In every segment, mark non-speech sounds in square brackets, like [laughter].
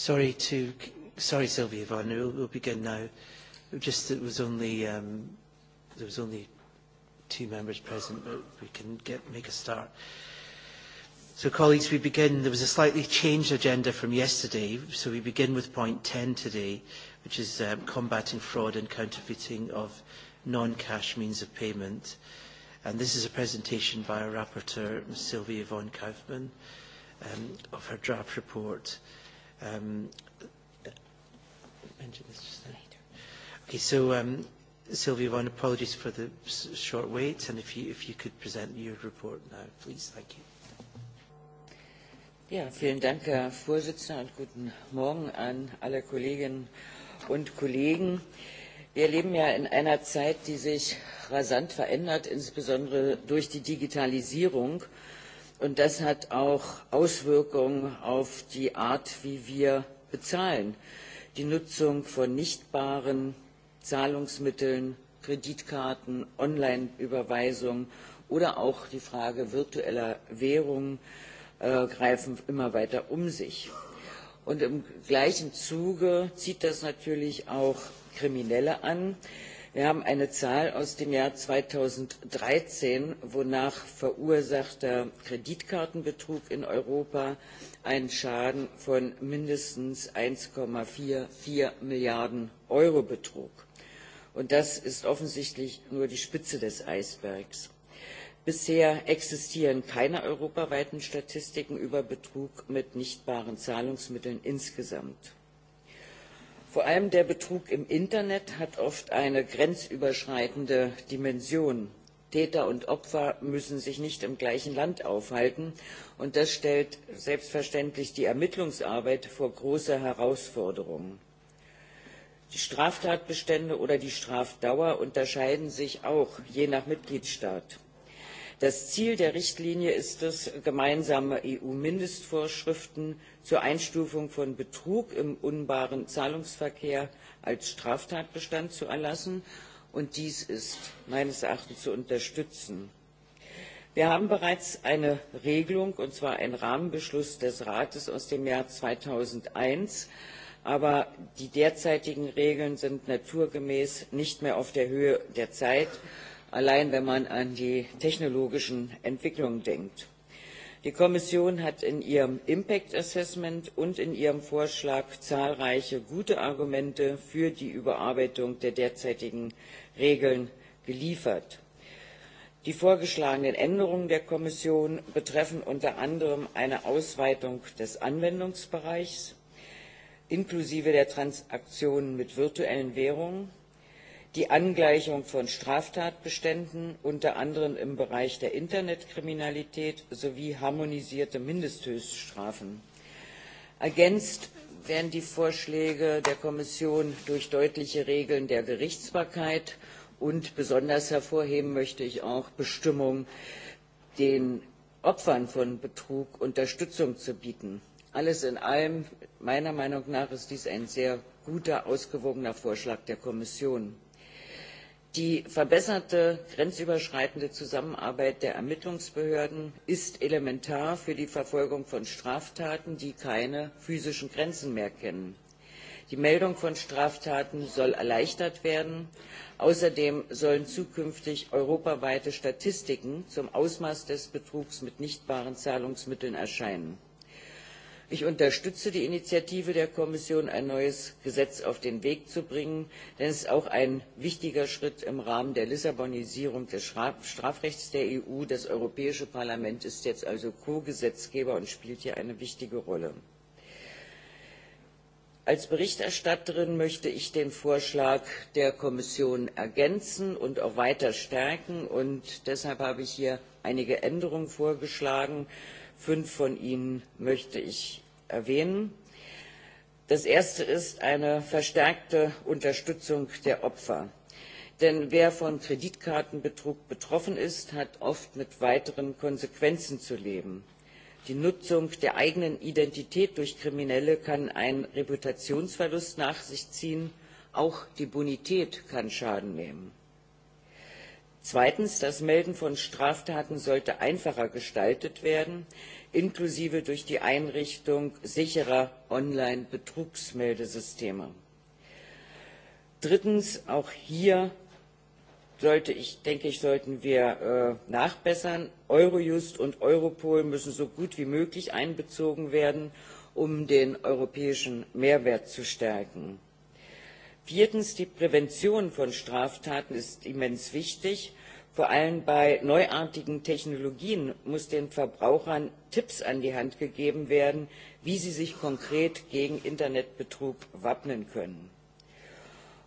Sorry to, sorry Sylvia Varner, we'll, we'll begin now. Just it was only, um, there was only two members present, but we can get, make a start. So colleagues, we begin, there was a slightly changed agenda from yesterday, so we begin with point 10 today, which is um, combating fraud and counterfeiting of non-cash means of payment. And this is a presentation by our rapporteur, Sylvia von Kaufmann, um, of her draft report. Um, mention this just later. Okay, so um, Sylvia one apologies for the short wait, and if you, if you could present your report now, please. Thank you. Ja, vielen Dank, Herr Vorsitzender, und guten Morgen an alle Kolleginnen und Kollegen. Wir leben ja in einer Zeit, die sich rasant verändert, insbesondere durch die Digitalisierung. Und das hat auch Auswirkungen auf die Art, wie wir bezahlen. Die Nutzung von nichtbaren Zahlungsmitteln, Kreditkarten, Online-Überweisungen oder auch die Frage virtueller Währungen äh, greifen immer weiter um sich. Und im gleichen Zuge zieht das natürlich auch Kriminelle an, äh, Wir haben eine Zahl aus dem Jahr 2013, wonach verursachter Kreditkartenbetrug in Europa einen Schaden von mindestens 1,44 Milliarden Euro betrug. Und das ist offensichtlich nur die Spitze des Eisbergs. Bisher existieren keine europaweiten Statistiken über Betrug mit nichtbaren Zahlungsmitteln insgesamt. Vor allem der Betrug im Internet hat oft eine grenzüberschreitende Dimension. Täter und Opfer müssen sich nicht im gleichen Land aufhalten, und das stellt selbstverständlich die Ermittlungsarbeit vor große Herausforderungen. Die Straftatbestände oder die Strafdauer unterscheiden sich auch je nach Mitgliedstaat. Das Ziel der Richtlinie ist es, gemeinsame EU-Mindestvorschriften zur Einstufung von Betrug im unbaren Zahlungsverkehr als Straftatbestand zu erlassen. Und dies ist meines Erachtens zu unterstützen. Wir haben bereits eine Regelung, und zwar einen Rahmenbeschluss des Rates aus dem Jahr 2001, aber die derzeitigen Regeln sind naturgemäß nicht mehr auf der Höhe der Zeit allein wenn man an die technologischen Entwicklungen denkt. Die Kommission hat in ihrem Impact Assessment und in ihrem Vorschlag zahlreiche gute Argumente für die Überarbeitung der derzeitigen Regeln geliefert. Die vorgeschlagenen Änderungen der Kommission betreffen unter anderem eine Ausweitung des Anwendungsbereichs inklusive der Transaktionen mit virtuellen Währungen, die Angleichung von Straftatbeständen, unter anderem im Bereich der Internetkriminalität, sowie harmonisierte Mindesthöchststrafen. Ergänzt werden die Vorschläge der Kommission durch deutliche Regeln der Gerichtsbarkeit und besonders hervorheben möchte ich auch Bestimmungen, den Opfern von Betrug Unterstützung zu bieten. Alles in allem, meiner Meinung nach, ist dies ein sehr guter, ausgewogener Vorschlag der Kommission die verbesserte grenzüberschreitende zusammenarbeit der ermittlungsbehörden ist elementar für die verfolgung von straftaten die keine physischen grenzen mehr kennen. die meldung von straftaten soll erleichtert werden. außerdem sollen zukünftig europaweite statistiken zum ausmaß des betrugs mit nichtbaren zahlungsmitteln erscheinen. Ich unterstütze die Initiative der Kommission, ein neues Gesetz auf den Weg zu bringen, denn es ist auch ein wichtiger Schritt im Rahmen der Lissabonisierung des Strafrechts der EU. Das Europäische Parlament ist jetzt also Co-Gesetzgeber und spielt hier eine wichtige Rolle. Als Berichterstatterin möchte ich den Vorschlag der Kommission ergänzen und auch weiter stärken. Und deshalb habe ich hier einige Änderungen vorgeschlagen. Fünf von ihnen möchte ich erwähnen. Das erste ist eine verstärkte Unterstützung der Opfer. Denn wer von Kreditkartenbetrug betroffen ist, hat oft mit weiteren Konsequenzen zu leben. Die Nutzung der eigenen Identität durch Kriminelle kann einen Reputationsverlust nach sich ziehen. Auch die Bonität kann Schaden nehmen. Zweitens, das Melden von Straftaten sollte einfacher gestaltet werden, inklusive durch die Einrichtung sicherer Online-Betrugsmeldesysteme. Drittens, auch hier sollte ich, denke ich, sollten wir äh, nachbessern. Eurojust und Europol müssen so gut wie möglich einbezogen werden, um den europäischen Mehrwert zu stärken. Viertens, die Prävention von Straftaten ist immens wichtig. Vor allem bei neuartigen Technologien muss den Verbrauchern Tipps an die Hand gegeben werden, wie sie sich konkret gegen Internetbetrug wappnen können.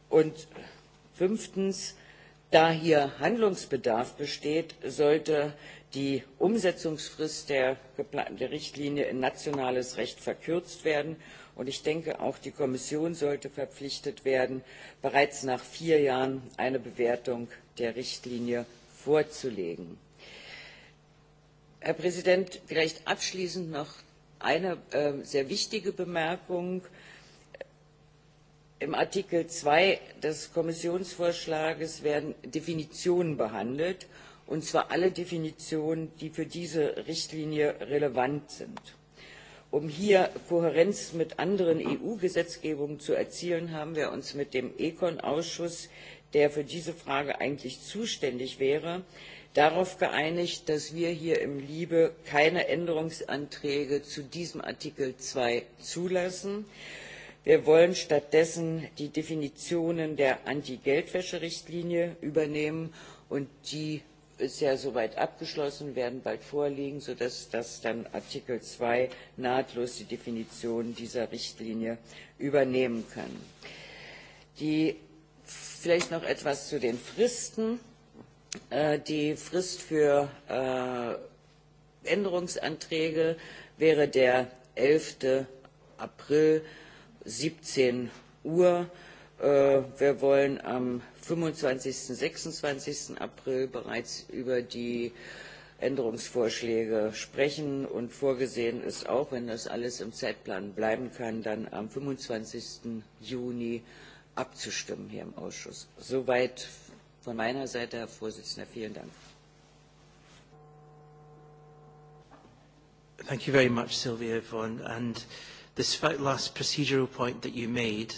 Und fünftens, da hier Handlungsbedarf besteht, sollte die Umsetzungsfrist der, geplanten Richtlinie in nationales Recht verkürzt werden Und ich denke, auch die Kommission sollte verpflichtet werden, bereits nach vier Jahren eine Bewertung der Richtlinie vorzulegen. Herr Präsident, vielleicht abschließend noch eine äh, sehr wichtige Bemerkung. Im Artikel 2 des Kommissionsvorschlages werden Definitionen behandelt, und zwar alle Definitionen, die für diese Richtlinie relevant sind. Um hier Kohärenz mit anderen EU-Gesetzgebungen zu erzielen, haben wir uns mit dem Econ-Ausschuss, der für diese Frage eigentlich zuständig wäre, darauf geeinigt, dass wir hier im Liebe keine Änderungsanträge zu diesem Artikel 2 zulassen. Wir wollen stattdessen die Definitionen der Anti-Geldwäsche-Richtlinie übernehmen und die bisher soweit abgeschlossen, werden bald vorliegen, sodass das dann Artikel 2 nahtlos die Definition dieser Richtlinie übernehmen kann. Die, vielleicht noch etwas zu den Fristen. Äh, die Frist für äh, Änderungsanträge wäre der 11. April 17 Uhr. Äh, wir wollen am 25. 26. April bereits über die Änderungsvorschläge sprechen. Und vorgesehen ist auch, wenn das alles im Zeitplan bleiben kann, dann am 25. Juni abzustimmen hier im Ausschuss. Soweit von meiner Seite, Herr Vorsitzender. Vielen Dank. Thank you very much, Sylvia Vaughan. And this last procedural point that you made,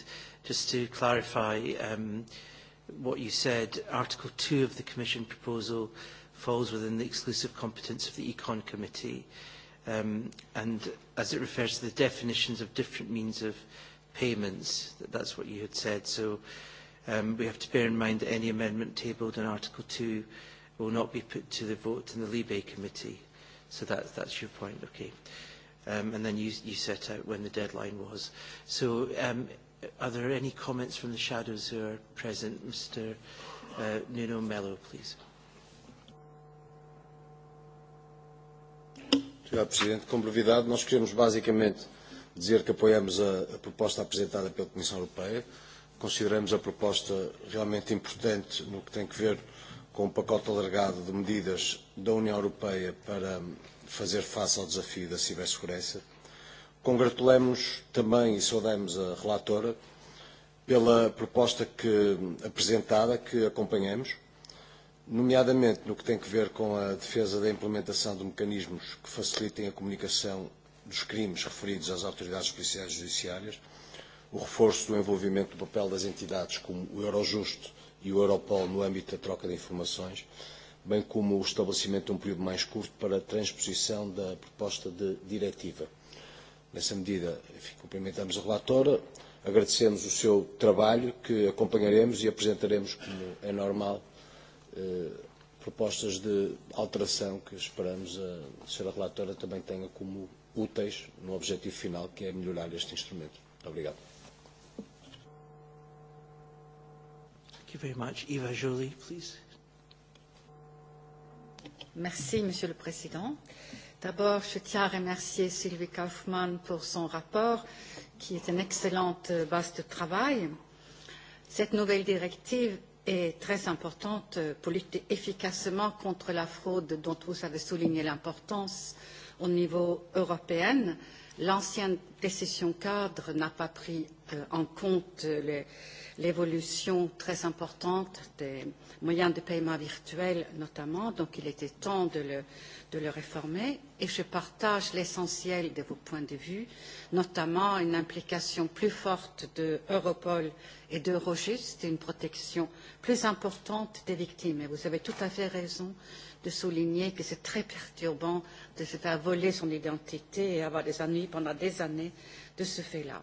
just to clarify, um, what you said, Article 2 of the Commission proposal falls within the exclusive competence of the Econ Committee, um, and as it refers to the definitions of different means of payments, that that's what you had said. So um, we have to bear in mind that any amendment tabled in Article 2 will not be put to the vote in the Libe Committee. So that, that's your point, okay. Um, and then you, you set out when the deadline was. So um, Are there any comments from the shadows who are present? Mr. Uh, Nuno Mello, please. Senhor Presidente. Como brevidade, nós queremos basicamente dizer que apoiamos a, a proposta apresentada pela Comissão Europeia. Consideramos a proposta realmente importante no que tem que ver com o pacote alargado de medidas da União Europeia para fazer face ao desafio da cibersegurança Congratulamos também e saudamos a relatora pela proposta que, apresentada, que acompanhamos, nomeadamente no que tem a ver com a defesa da implementação de mecanismos que facilitem a comunicação dos crimes referidos às autoridades policiais e judiciárias, o reforço do envolvimento do papel das entidades como o Eurojust e o Europol no âmbito da troca de informações, bem como o estabelecimento de um período mais curto para a transposição da proposta de diretiva. Nessa medida, enfim, cumprimentamos a relatora, agradecemos o seu trabalho, que acompanharemos e apresentaremos, como é normal, eh, propostas de alteração que esperamos a senhora relatora também tenha como úteis no objetivo final, que é melhorar este instrumento. Muito obrigado. Thank you very much. Eva Jolie, please. Merci, Monsieur le Président. D'abord, je tiens à remercier Sylvie Kaufmann pour son rapport, qui est une excellente base de travail. Cette nouvelle directive est très importante pour lutter efficacement contre la fraude dont vous avez souligné l'importance au niveau européen. L'ancienne décision cadre n'a pas pris euh, en compte l'évolution très importante des moyens de paiement virtuels notamment, donc il était temps de le, de le réformer et je partage l'essentiel de vos points de vue, notamment une implication plus forte de Europol et d'Eurojust et une protection plus importante des victimes. Et vous avez tout à fait raison de souligner que c'est très perturbant de se faire voler son identité et avoir des ennuis pendant des années de ce fait-là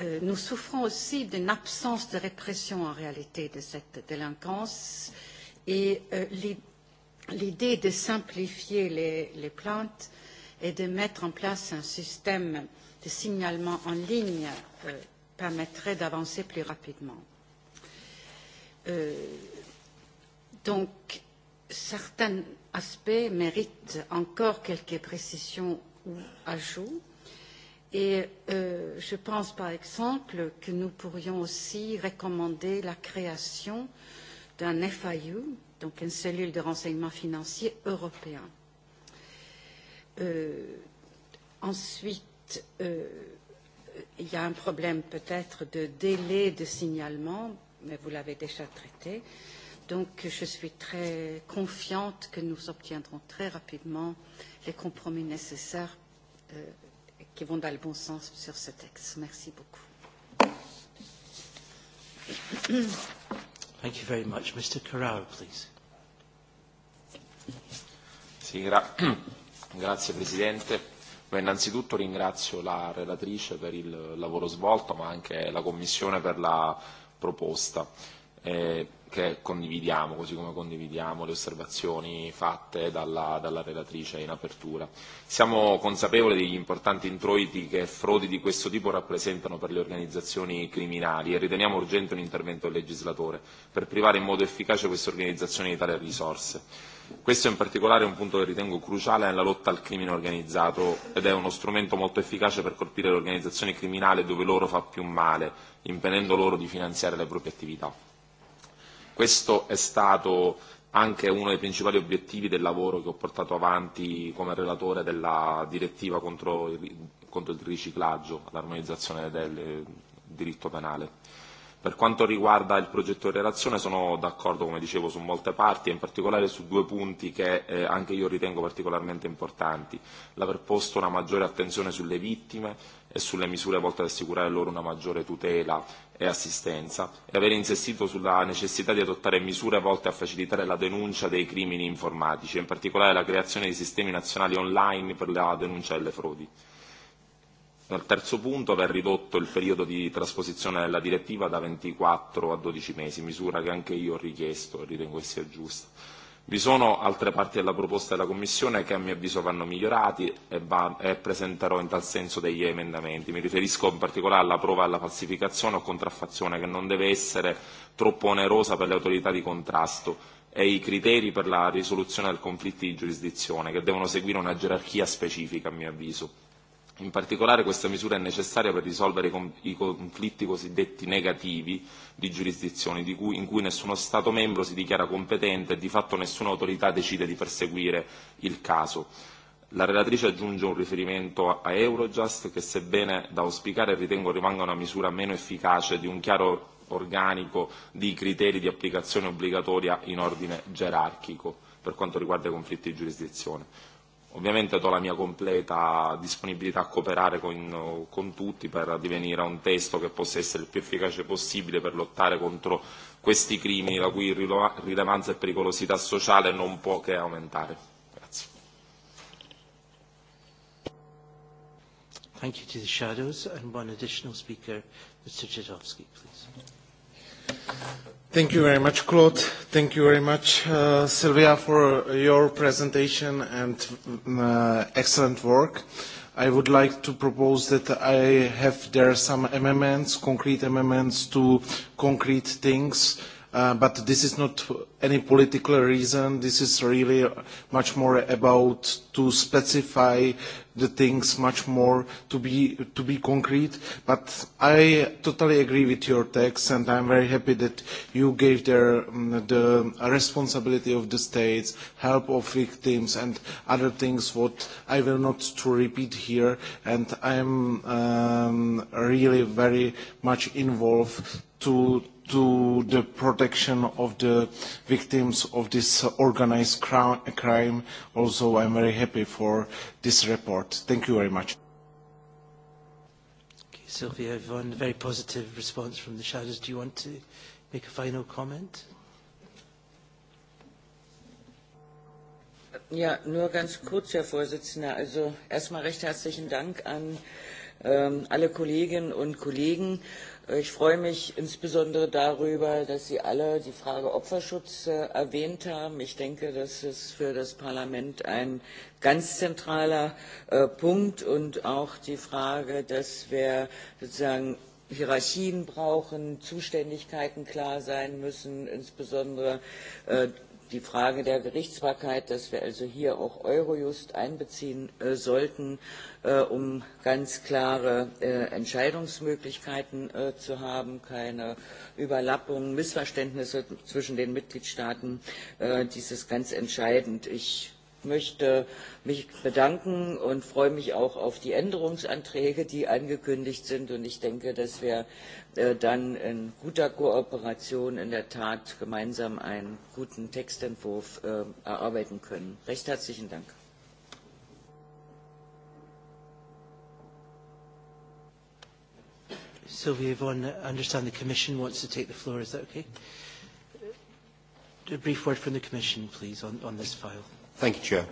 euh, nous souffrons aussi d'une absence de répression en réalité de cette délinquance et euh, les l'idée de simplifier les, les plaintes et de mettre en place un système de signalement en ligne euh, permettrait d'avancer plus rapidement. Euh, donc, certains aspects méritent encore quelques précisions ou ajouts. Et euh, je pense par exemple que nous pourrions aussi recommander la création d'un FIU, donc une cellule de renseignement financier européen. Euh, ensuite, euh, il y a un problème peut-être de délai de signalement, mais vous l'avez déjà traité. Donc je suis très confiante que nous obtiendrons très rapidement les compromis nécessaires euh, qui vont dans le bon sens sur ce texte. Merci beaucoup. Thank you very much. Mr. Corral, please. Sì, gra- [clears throat] grazie Presidente. Beh, innanzitutto ringrazio la relatrice per il lavoro svolto, ma anche la Commissione per la proposta eh, che condividiamo, così come condividiamo le osservazioni fatte dalla, dalla relatrice in apertura. Siamo consapevoli degli importanti introiti che frodi di questo tipo rappresentano per le organizzazioni criminali e riteniamo urgente un intervento del legislatore per privare in modo efficace queste organizzazioni di tale risorse. Questo in particolare è un punto che ritengo cruciale nella lotta al crimine organizzato ed è uno strumento molto efficace per colpire le organizzazioni criminali dove loro fa più male, impedendo loro di finanziare le proprie attività. Questo è stato anche uno dei principali obiettivi del lavoro che ho portato avanti come relatore della direttiva contro il, contro il riciclaggio, l'armonizzazione del diritto penale. Per quanto riguarda il progetto di relazione sono d'accordo, come dicevo, su molte parti e in particolare su due punti che eh, anche io ritengo particolarmente importanti. L'aver posto una maggiore attenzione sulle vittime e sulle misure volte ad assicurare loro una maggiore tutela e assistenza e aver insistito sulla necessità di adottare misure volte a facilitare la denuncia dei crimini informatici, in particolare la creazione di sistemi nazionali online per la denuncia delle frodi. Nel terzo punto, aver ridotto il periodo di trasposizione della direttiva da 24 a 12 mesi, misura che anche io ho richiesto e ritengo sia giusta Vi sono altre parti della proposta della Commissione che a mio avviso vanno migliorati e, va, e presenterò in tal senso degli emendamenti. Mi riferisco in particolare alla prova alla falsificazione o contraffazione che non deve essere troppo onerosa per le autorità di contrasto e i criteri per la risoluzione del conflitto di giurisdizione che devono seguire una gerarchia specifica a mio avviso. In particolare questa misura è necessaria per risolvere i conflitti cosiddetti negativi di giurisdizioni, di cui, in cui nessuno Stato membro si dichiara competente e di fatto nessuna autorità decide di perseguire il caso. La relatrice aggiunge un riferimento a Eurojust che, sebbene da auspicare, ritengo rimanga una misura meno efficace di un chiaro organico di criteri di applicazione obbligatoria in ordine gerarchico per quanto riguarda i conflitti di giurisdizione. Ovviamente do la mia completa disponibilità a cooperare con, con tutti per divenire un testo che possa essere il più efficace possibile per lottare contro questi crimini la cui rilevanza e pericolosità sociale non può che aumentare. Grazie. Thank you to the shadows and one additional speaker, Mr. Jadowski, please. Thank you very much, Claude. Thank you very much, uh, Sylvia, for your presentation and uh, excellent work. I would like to propose that I have there some amendments, concrete amendments to concrete things Uh, but this is not any political reason. This is really much more about to specify the things much more to be to be concrete. But I totally agree with your text, and I'm very happy that you gave their, um, the responsibility of the states, help of victims, and other things. What I will not to repeat here, and I'm um, really very much involved to to the protection of the victims of this organized crime. Also, I'm very happy for this report. Thank you very much. Okay, Sylvia, Yvonne, a very positive response from the shadows. Do you want to make a final comment? Ja, nur ganz kurz, Herr Vorsitzender. Also erstmal recht herzlichen Dank an ähm, alle Kolleginnen und Kollegen. Ich freue mich insbesondere darüber, dass Sie alle die Frage Opferschutz äh, erwähnt haben. Ich denke, das ist für das Parlament ein ganz zentraler äh, Punkt und auch die Frage, dass wir sozusagen Hierarchien brauchen, Zuständigkeiten klar sein müssen, insbesondere äh, die Frage der Gerichtsbarkeit, dass wir also hier auch Eurojust einbeziehen äh, sollten, äh, um ganz klare Entscheidungsmöglichkeiten zu haben, keine Überlappungen, Missverständnisse zwischen den Mitgliedstaaten. dies ist ganz entscheidend. Ich möchte mich bedanken und freue mich auch auf die Änderungsanträge, die angekündigt sind. Und ich denke, dass wir äh, dann in guter Kooperation in der Tat gemeinsam einen guten Textentwurf äh, erarbeiten können. Recht herzlichen Dank. Sylvia Yvonne, I understand the Commission wants to take the floor. Is that okay? A brief word from the Commission, please, on, on this file. Thank you, Chair.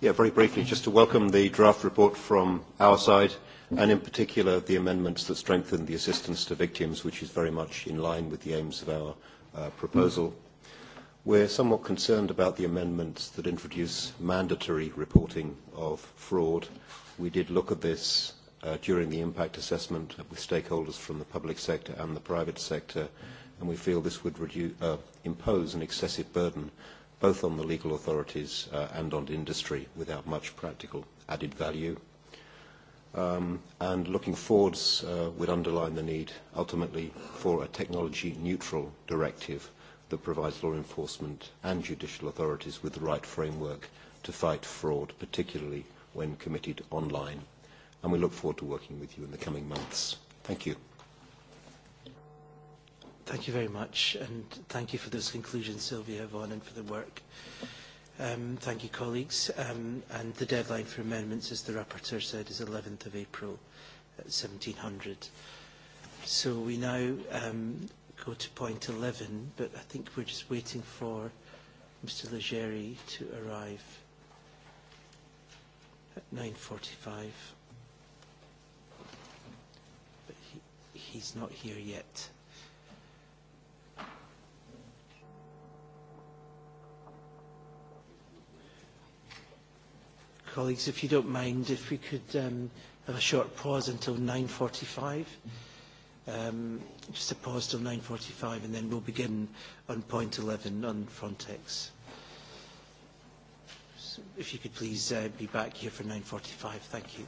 Yeah, very briefly, just to welcome the draft report from our side, and in particular the amendments that strengthen the assistance to victims, which is very much in line with the aims of our uh, proposal. We're somewhat concerned about the amendments that introduce mandatory reporting of fraud. We did look at this uh, during the impact assessment with stakeholders from the public sector and the private sector, and we feel this would reduce, uh, impose an excessive burden both on the legal authorities uh, and on industry without much practical added value. Um, and looking forwards uh, would underline the need ultimately for a technology neutral directive that provides law enforcement and judicial authorities with the right framework to fight fraud, particularly when committed online. And we look forward to working with you in the coming months. Thank you. Thank you very much, and thank you for those conclusions, Sylvia Yvonne, and for the work. Um, thank you, colleagues. Um, and the deadline for amendments, as the rapporteur said, is 11th of April at 1700. So we now um, go to point 11, but I think we're just waiting for Mr. Legeri to arrive at 9.45. But he, he's not here yet. Colleagues, if you don't mind, if we could um, have a short pause until 9.45. Um, just a pause till 9.45 and then we'll begin on point 11 on Frontex. So if you could please uh, be back here for 9.45. Thank you.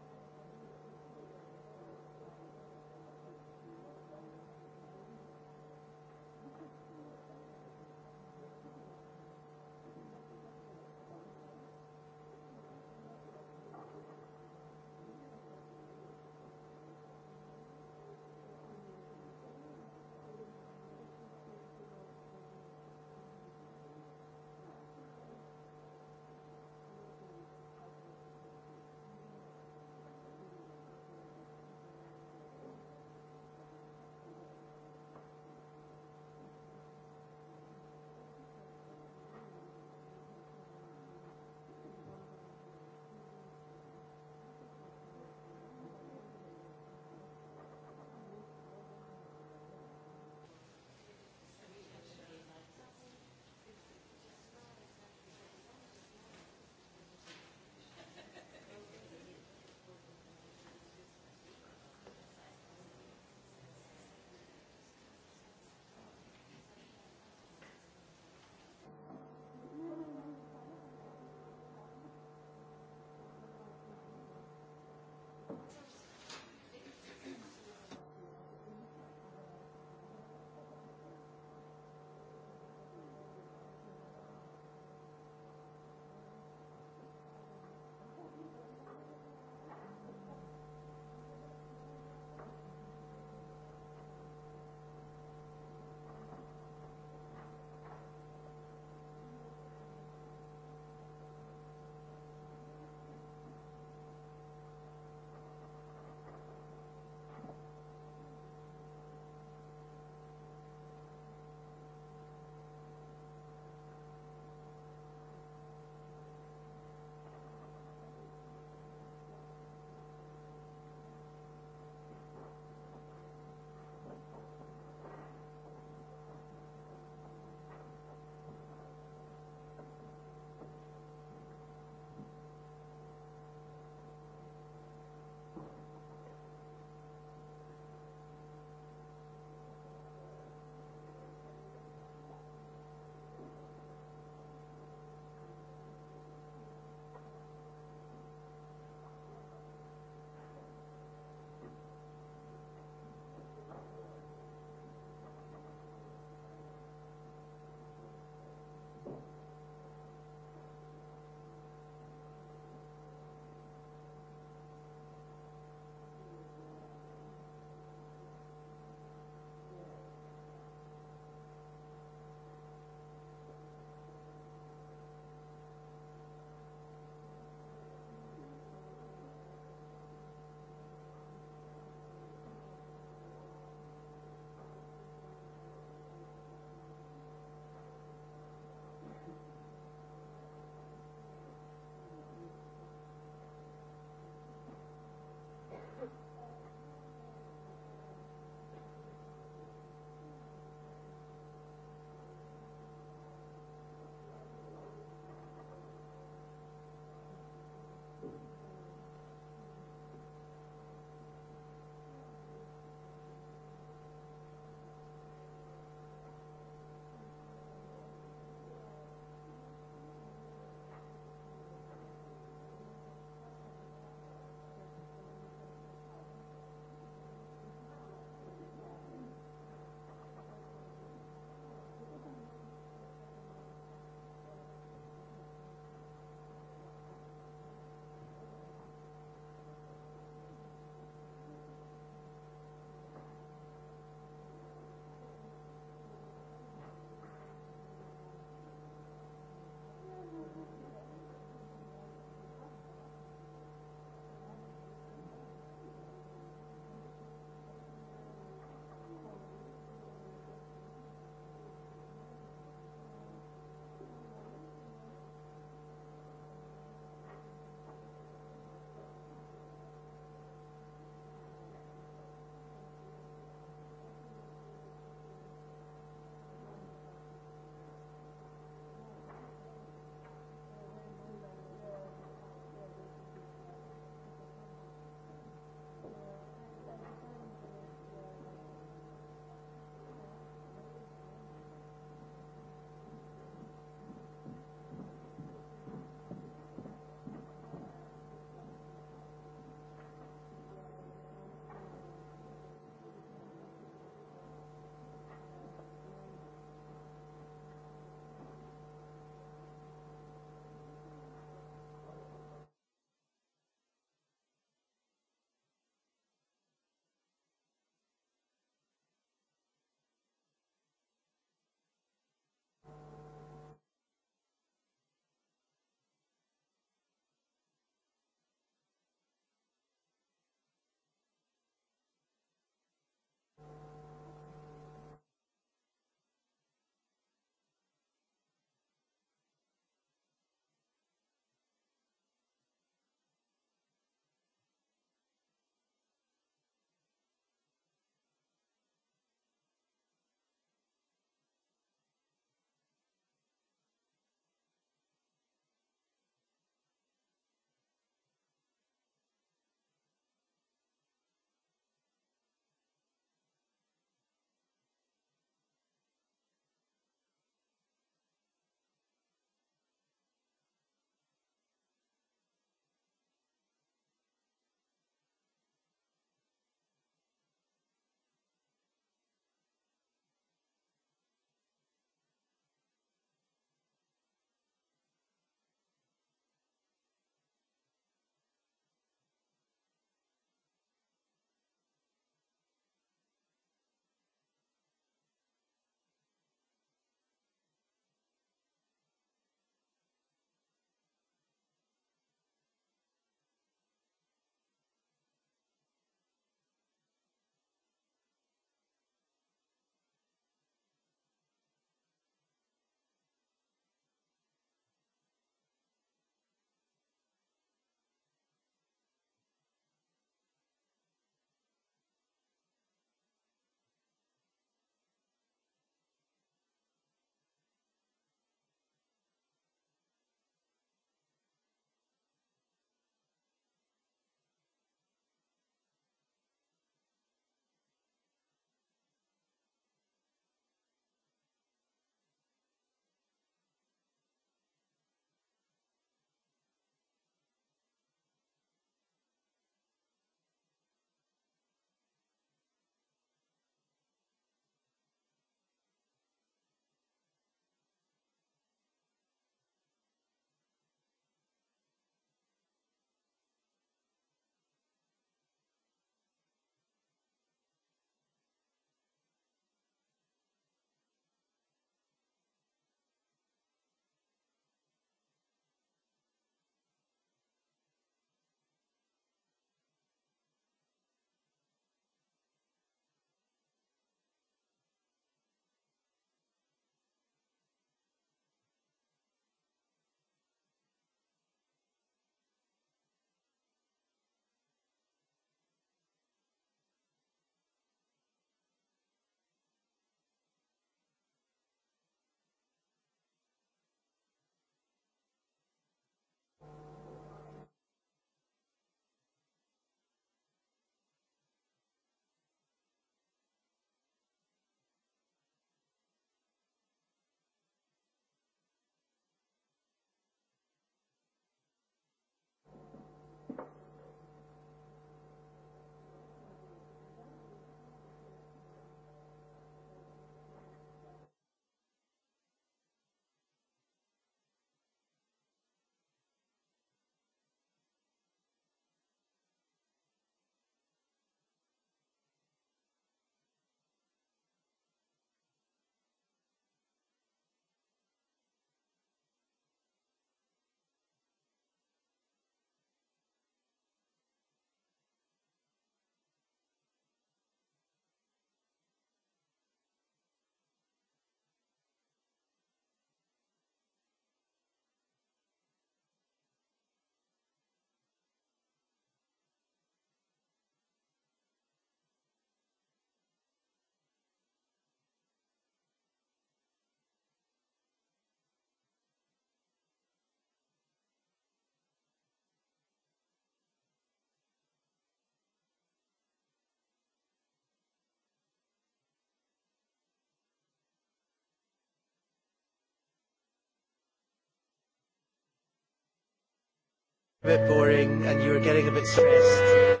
a bit boring and you were getting a bit stressed.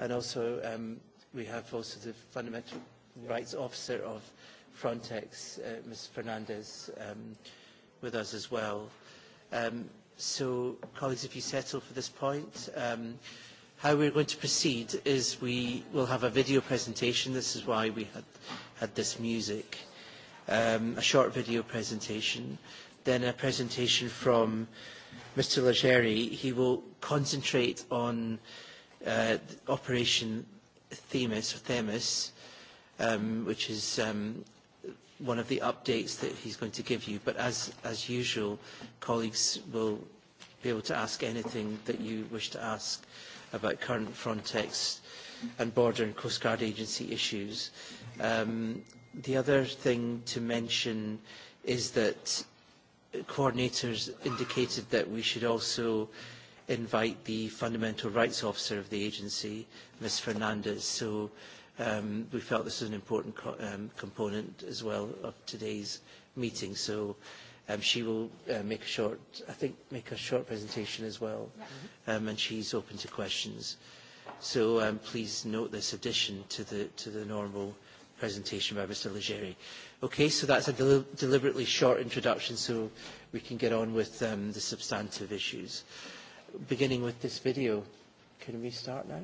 And also, um, we have also the fundamental rights officer of Frontex, uh, Ms. Fernandez, um, with us as well. Um, so, colleagues, if you settle for this point, um, how we're going to proceed is we will have a video presentation. This is why we had, had this music. Um, a short video presentation, then a presentation from Mr. Legeri. He will concentrate on uh, Operation Themis, or Themis um, which is um, one of the updates that he's going to give you. But as, as usual, colleagues will be able to ask anything that you wish to ask about current Frontex and border and Coast Guard agency issues. Um, the other thing to mention is that coordinators indicated that we should also invite the fundamental rights officer of the agency, Ms. Fernandez. So um, we felt this is an important co um, component as well of today's meeting. So um, she will uh, make a short, I think, make a short presentation as well, yeah. Mm-hmm. um, and she's open to questions. So um, please note this addition to the, to the normal presentation by Mr. Legere. Okay, so that's a del deliberately short introduction so we can get on with um, the substantive issues. Beginning with this video, can we start now?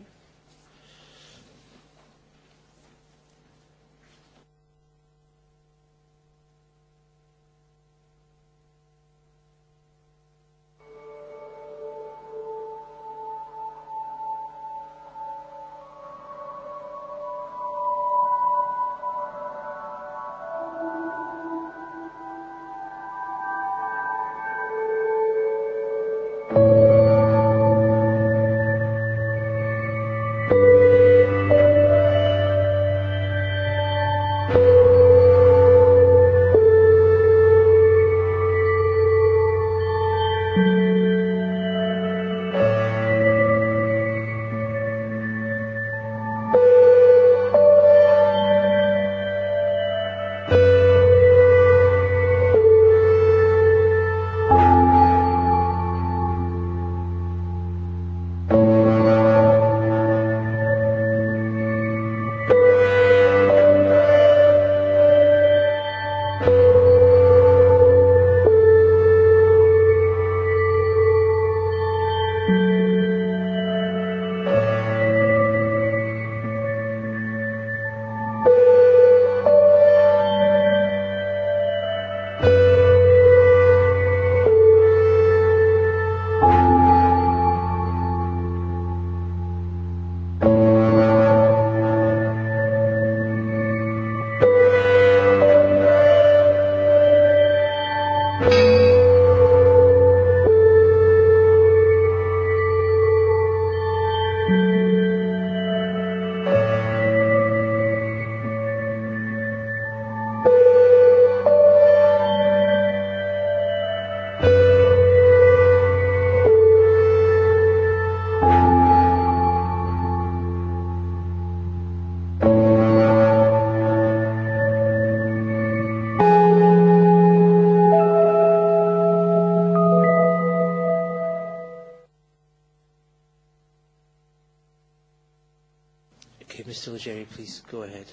please go ahead.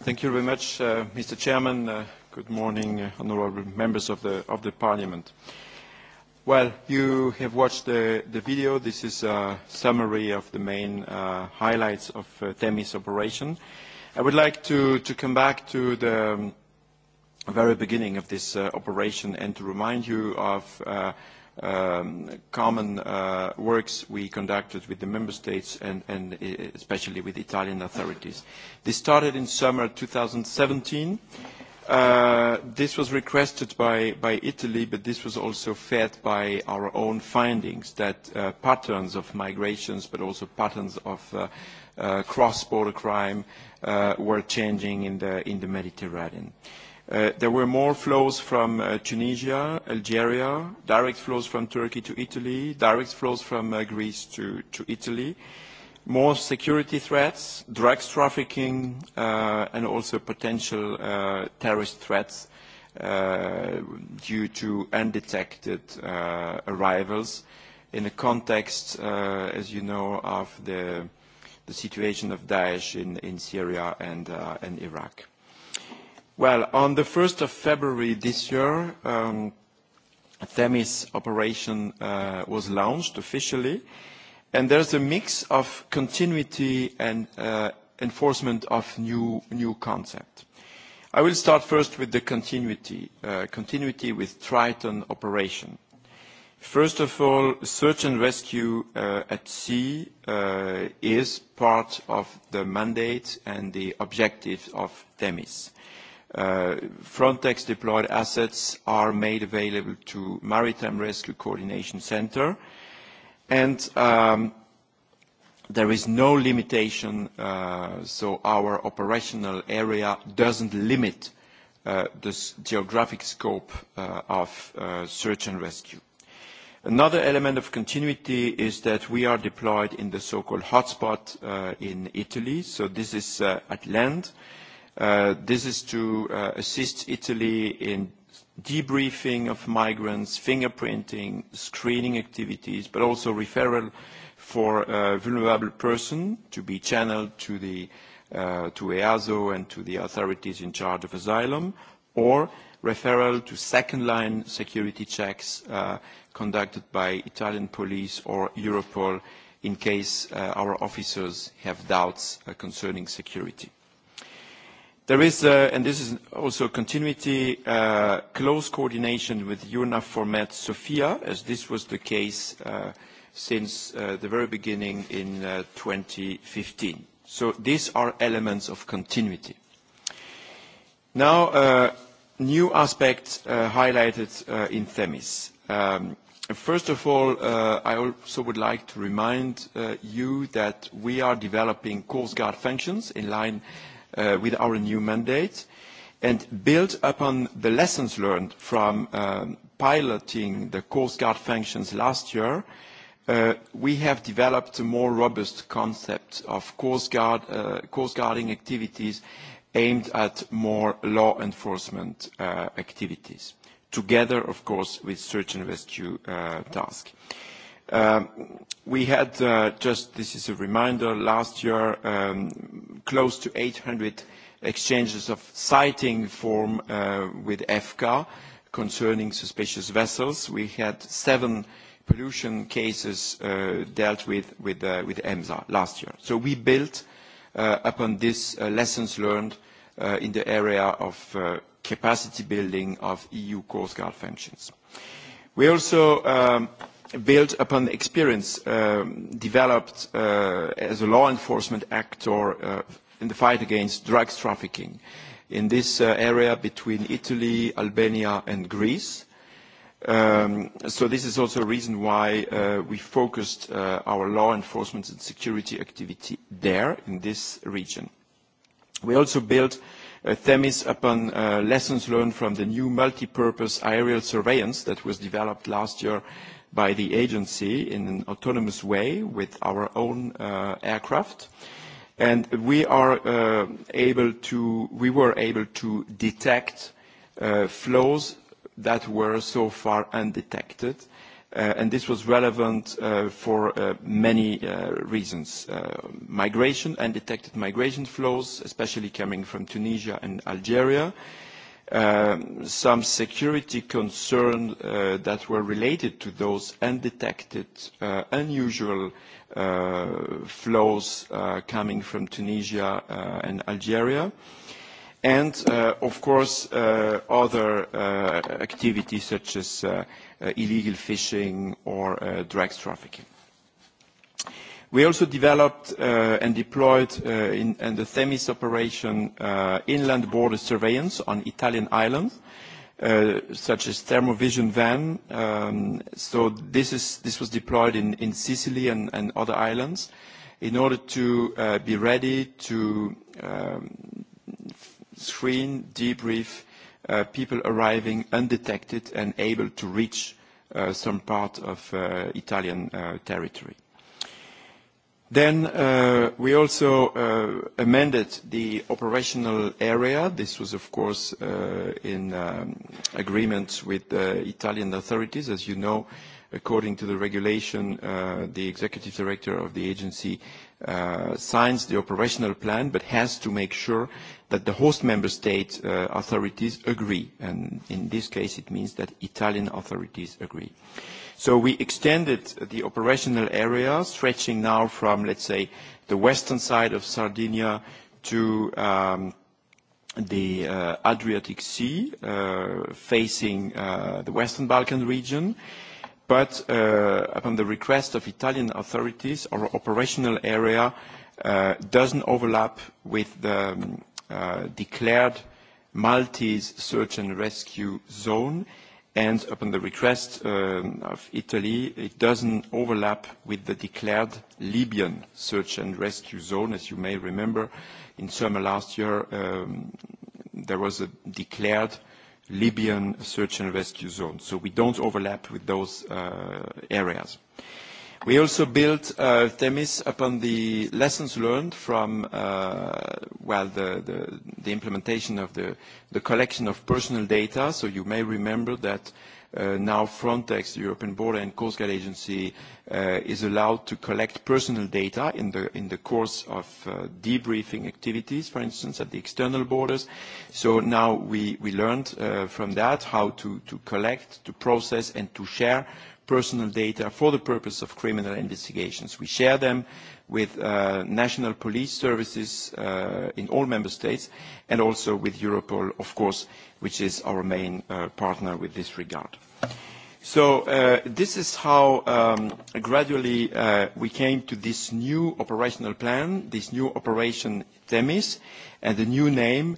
Thank you very much, uh, Mr. Chairman. Uh, good morning, uh, honorable members of the, of the Parliament. Well, you have watched the, the video. This is a summary of the main uh, highlights of uh, TEMI's operation. I would like to, to come back to the um, very beginning of this uh, operation and to remind you of uh, um, common uh, works we conducted with the member states and, and uh, especially with Italian authorities. This started in summer 2017. Uh, this was requested by, by Italy, but this was also fed by our own findings that uh, patterns of migrations, but also patterns of uh, uh, cross-border crime uh, were changing in the, in the Mediterranean. Uh, Uh, there were more flows from uh, Tunisia, Algeria, direct flows from Turkey to Italy, direct flows from uh, Greece to, Italy, more security threats, drugs trafficking, and also potential terrorist threats due to undetected arrivals in the context, as you know, of the, situation of Daesh in, Syria and Iraq. Well, on the 1st of February this year, um, Themis operation uh, was launched officially, and there's a mix of continuity and uh, enforcement of new, new concept. I will start first with the continuity, uh, continuity with Triton operation. First of all, search and rescue uh, at sea uh, is part of the mandate and the objective of Themis. Uh, Frontex deployed assets are made available to Maritime Rescue Coordination Center, and um, there is no limitation, uh, so our operational area doesn't limit uh, the geographic scope uh, of uh, search and rescue. Another element of continuity is that we are deployed in the so-called hotspot in Italy, so this is at land, Uh, this is to uh, assist Italy in debriefing of migrants, fingerprinting, screening activities, but also referral for vulnerable person to be channeled to the uh, to EASO and to the authorities in charge of asylum, or referral to second-line security checks conducted by Italian police or Europol in case our officers have doubts concerning security. There is, uh, and this is also continuity, uh, close coordination with EUNAVFOR Sofia, as this was the case uh, since uh, the very beginning in 2015. Uh, so these are elements of continuity. Now, new aspects highlighted in Themis. Um, First of all, uh, I also would like to remind uh, you that we are developing Coast Guard functions in line Uh, with our new mandate and build upon the lessons learned from uh, piloting the Coast Guard functions last year. Uh, we have developed a more robust concept of Coast, Guard, uh, Coast Guarding activities aimed at more law enforcement uh, activities, together, of course, with search and rescue task. tasks. Um, we had uh, just, this is a reminder, last year, um, close to 800 exchanges of sighting form uh, with EFCA concerning suspicious vessels. We had seven pollution cases uh, dealt with with, EMSA last year. So we built upon this lessons learned in the area of capacity building of EU Coast Guard functions. We also um, built upon the experience um, developed uh, as a law enforcement actor uh, in the fight against drugs trafficking in this uh, area between Italy, Albania, and Greece. Um, so this is also a reason why uh, we focused uh, our law enforcement and security activity there in this region. We also built uh, Themis upon uh, lessons learned from the new multi-purpose aerial surveillance that was developed last year by the agency in an autonomous way with our own uh, aircraft. And we, are, uh, able to, we were able to detect uh, flows that were so far undetected. Uh, and this was relevant uh, for uh, many reasons. Migration, undetected migration flows, especially coming from Tunisia and Algeria, Um, some security concerns uh, that were related to those undetected uh, unusual uh, flows coming from Tunisia and Algeria. And, of course, other activities such as illegal fishing or drugs trafficking. We also developed uh, and deployed uh, in, the Themis operation uh, inland border surveillance on Italian islands, such as thermovision van. Um, so this, was deployed in, Sicily and, other islands in order to be ready to um, screen, debrief people arriving undetected and able to reach some part of Italian territory. Then uh, we also uh, amended the operational area. This was, of course, uh, in um, agreement with the Italian authorities. As you know, according to the regulation, the executive director of the agency signs the operational plan, but has to make sure that the host member state authorities agree. And in this case, it means that Italian authorities agree. So we extended the operational area, stretching now from, let's say, the western side of Sardinia to um, the uh, Adriatic Sea, uh, facing uh, the Western Balkan region. But uh, upon the request of Italian authorities, our operational area uh, doesn't overlap with the um, uh, declared Maltese search and rescue zone and upon the request um, of Italy, it doesn't overlap with the declared Libyan search and rescue zone. As you may remember, in summer last year, um, there was a declared Libyan search and rescue zone. So we don't overlap with those uh, areas. Uh, We also built Themis upon the lessons learned from uh, well the, implementation of the, collection of personal data. So you may remember that uh, now Frontex, the European Border and Coast Guard Agency, uh, is allowed to collect personal data in the, course of debriefing activities, for instance, at the external borders. So now we, learned from that how to collect, to process, and to share personal data for the purpose of criminal investigations. We share them with uh, national police services uh, in all member states and also with Europol, of course, which is our main uh, partner with this regard. So uh, this is how um, gradually uh, we came to this new operational plan, this new operation Themis, and the new name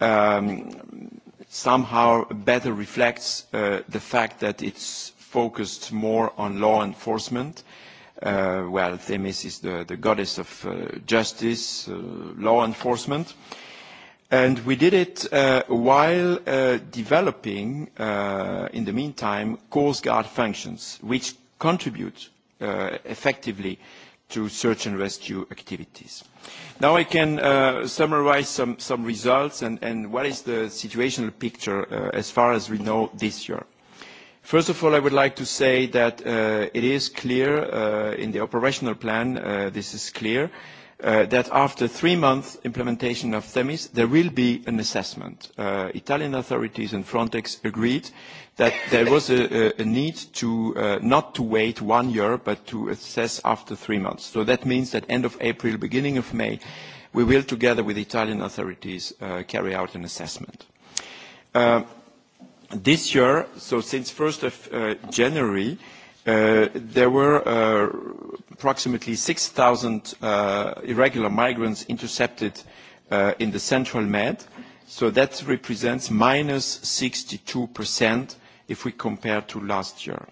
um, somehow better reflects uh, the fact that it's focused more on law enforcement. Uh, well, Themis is the, the goddess of uh, justice, uh, law enforcement. And we did it uh, while uh, developing, uh, in the meantime, Coast Guard functions, which contribute uh, effectively to search and rescue activities. Now I can uh, summarize some, some results and, and what is the situational picture uh, as far as we know this year. First of all, I would like to say that uh, it is clear uh, in the operational plan, uh, this is clear, that after three months implementation of Themis, there will be an assessment. Italian authorities and Frontex agreed that there was a, need to not to wait one year, but to assess after three months. So that means that end of April, beginning of May, we will, together with Italian authorities, carry out an assessment. This year, so since 1st of uh, January, uh, there were uh, approximately 6,000 irregular migrants intercepted in the Central Med. So that represents minus -62% if we compare to last year.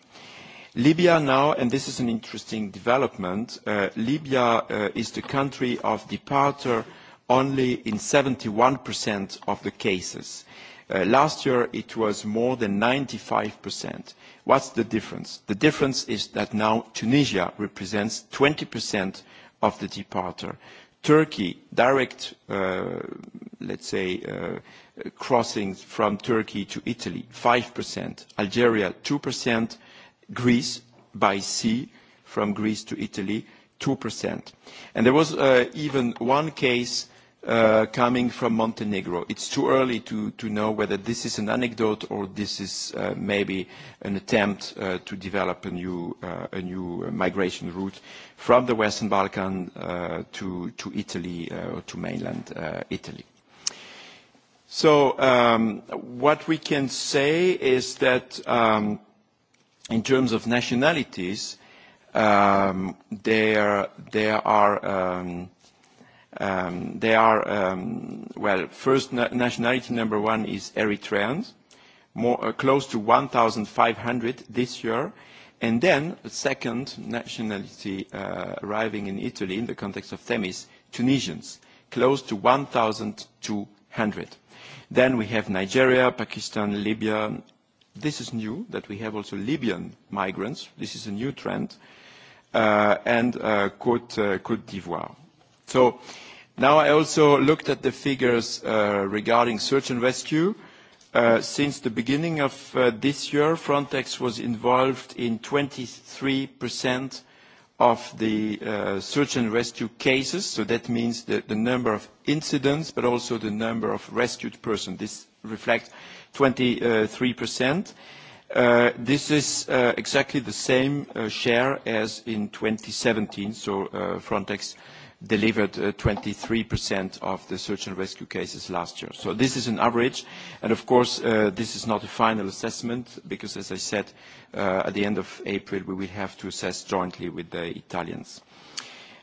Libya now, and this is an interesting development, Libya is the country of departure only in 71% of the cases. Uh, last year, it was more than 95%. What's the difference? The difference is that now Tunisia represents 20% of the departure. Turkey, direct, uh, let's say, uh, crossings from Turkey to Italy, 5%. Algeria, 2%. Greece, by sea, from Greece to Italy, 2%. And there was even one case Uh, coming from Montenegro. It's too early to, know whether this is an anecdote or this is uh, maybe an attempt uh, to develop a new, migration route from the Western Balkan to, Italy or to mainland Italy. So um, what we can say is that um, in terms of nationalities, um, there, there are Um, they are, um, well, first na nationality number one is Eritreans, more, uh, close to 1,500 this year. And then the second nationality uh, arriving in Italy in the context of Themis, Tunisians, close to 1,200. Then we have Nigeria, Pakistan, Libya. This is new, that we have also Libyan migrants. This is a new trend. Uh, and uh, Côte, uh, Côte d'Ivoire now I also looked at the figures uh, regarding search and rescue. Uh, since the beginning of uh, this year, Frontex was involved in 23% of the search and rescue cases. So that means the, number of incidents, but also the number of rescued persons. This reflects 23%. this is exactly the same share as in 2017. So Frontex delivered 23% uh, of the search and rescue cases last year. So this is an average, and of course, uh, this is not a final assessment because, as I said, uh, at the end of April, we will have to assess jointly with the Italians.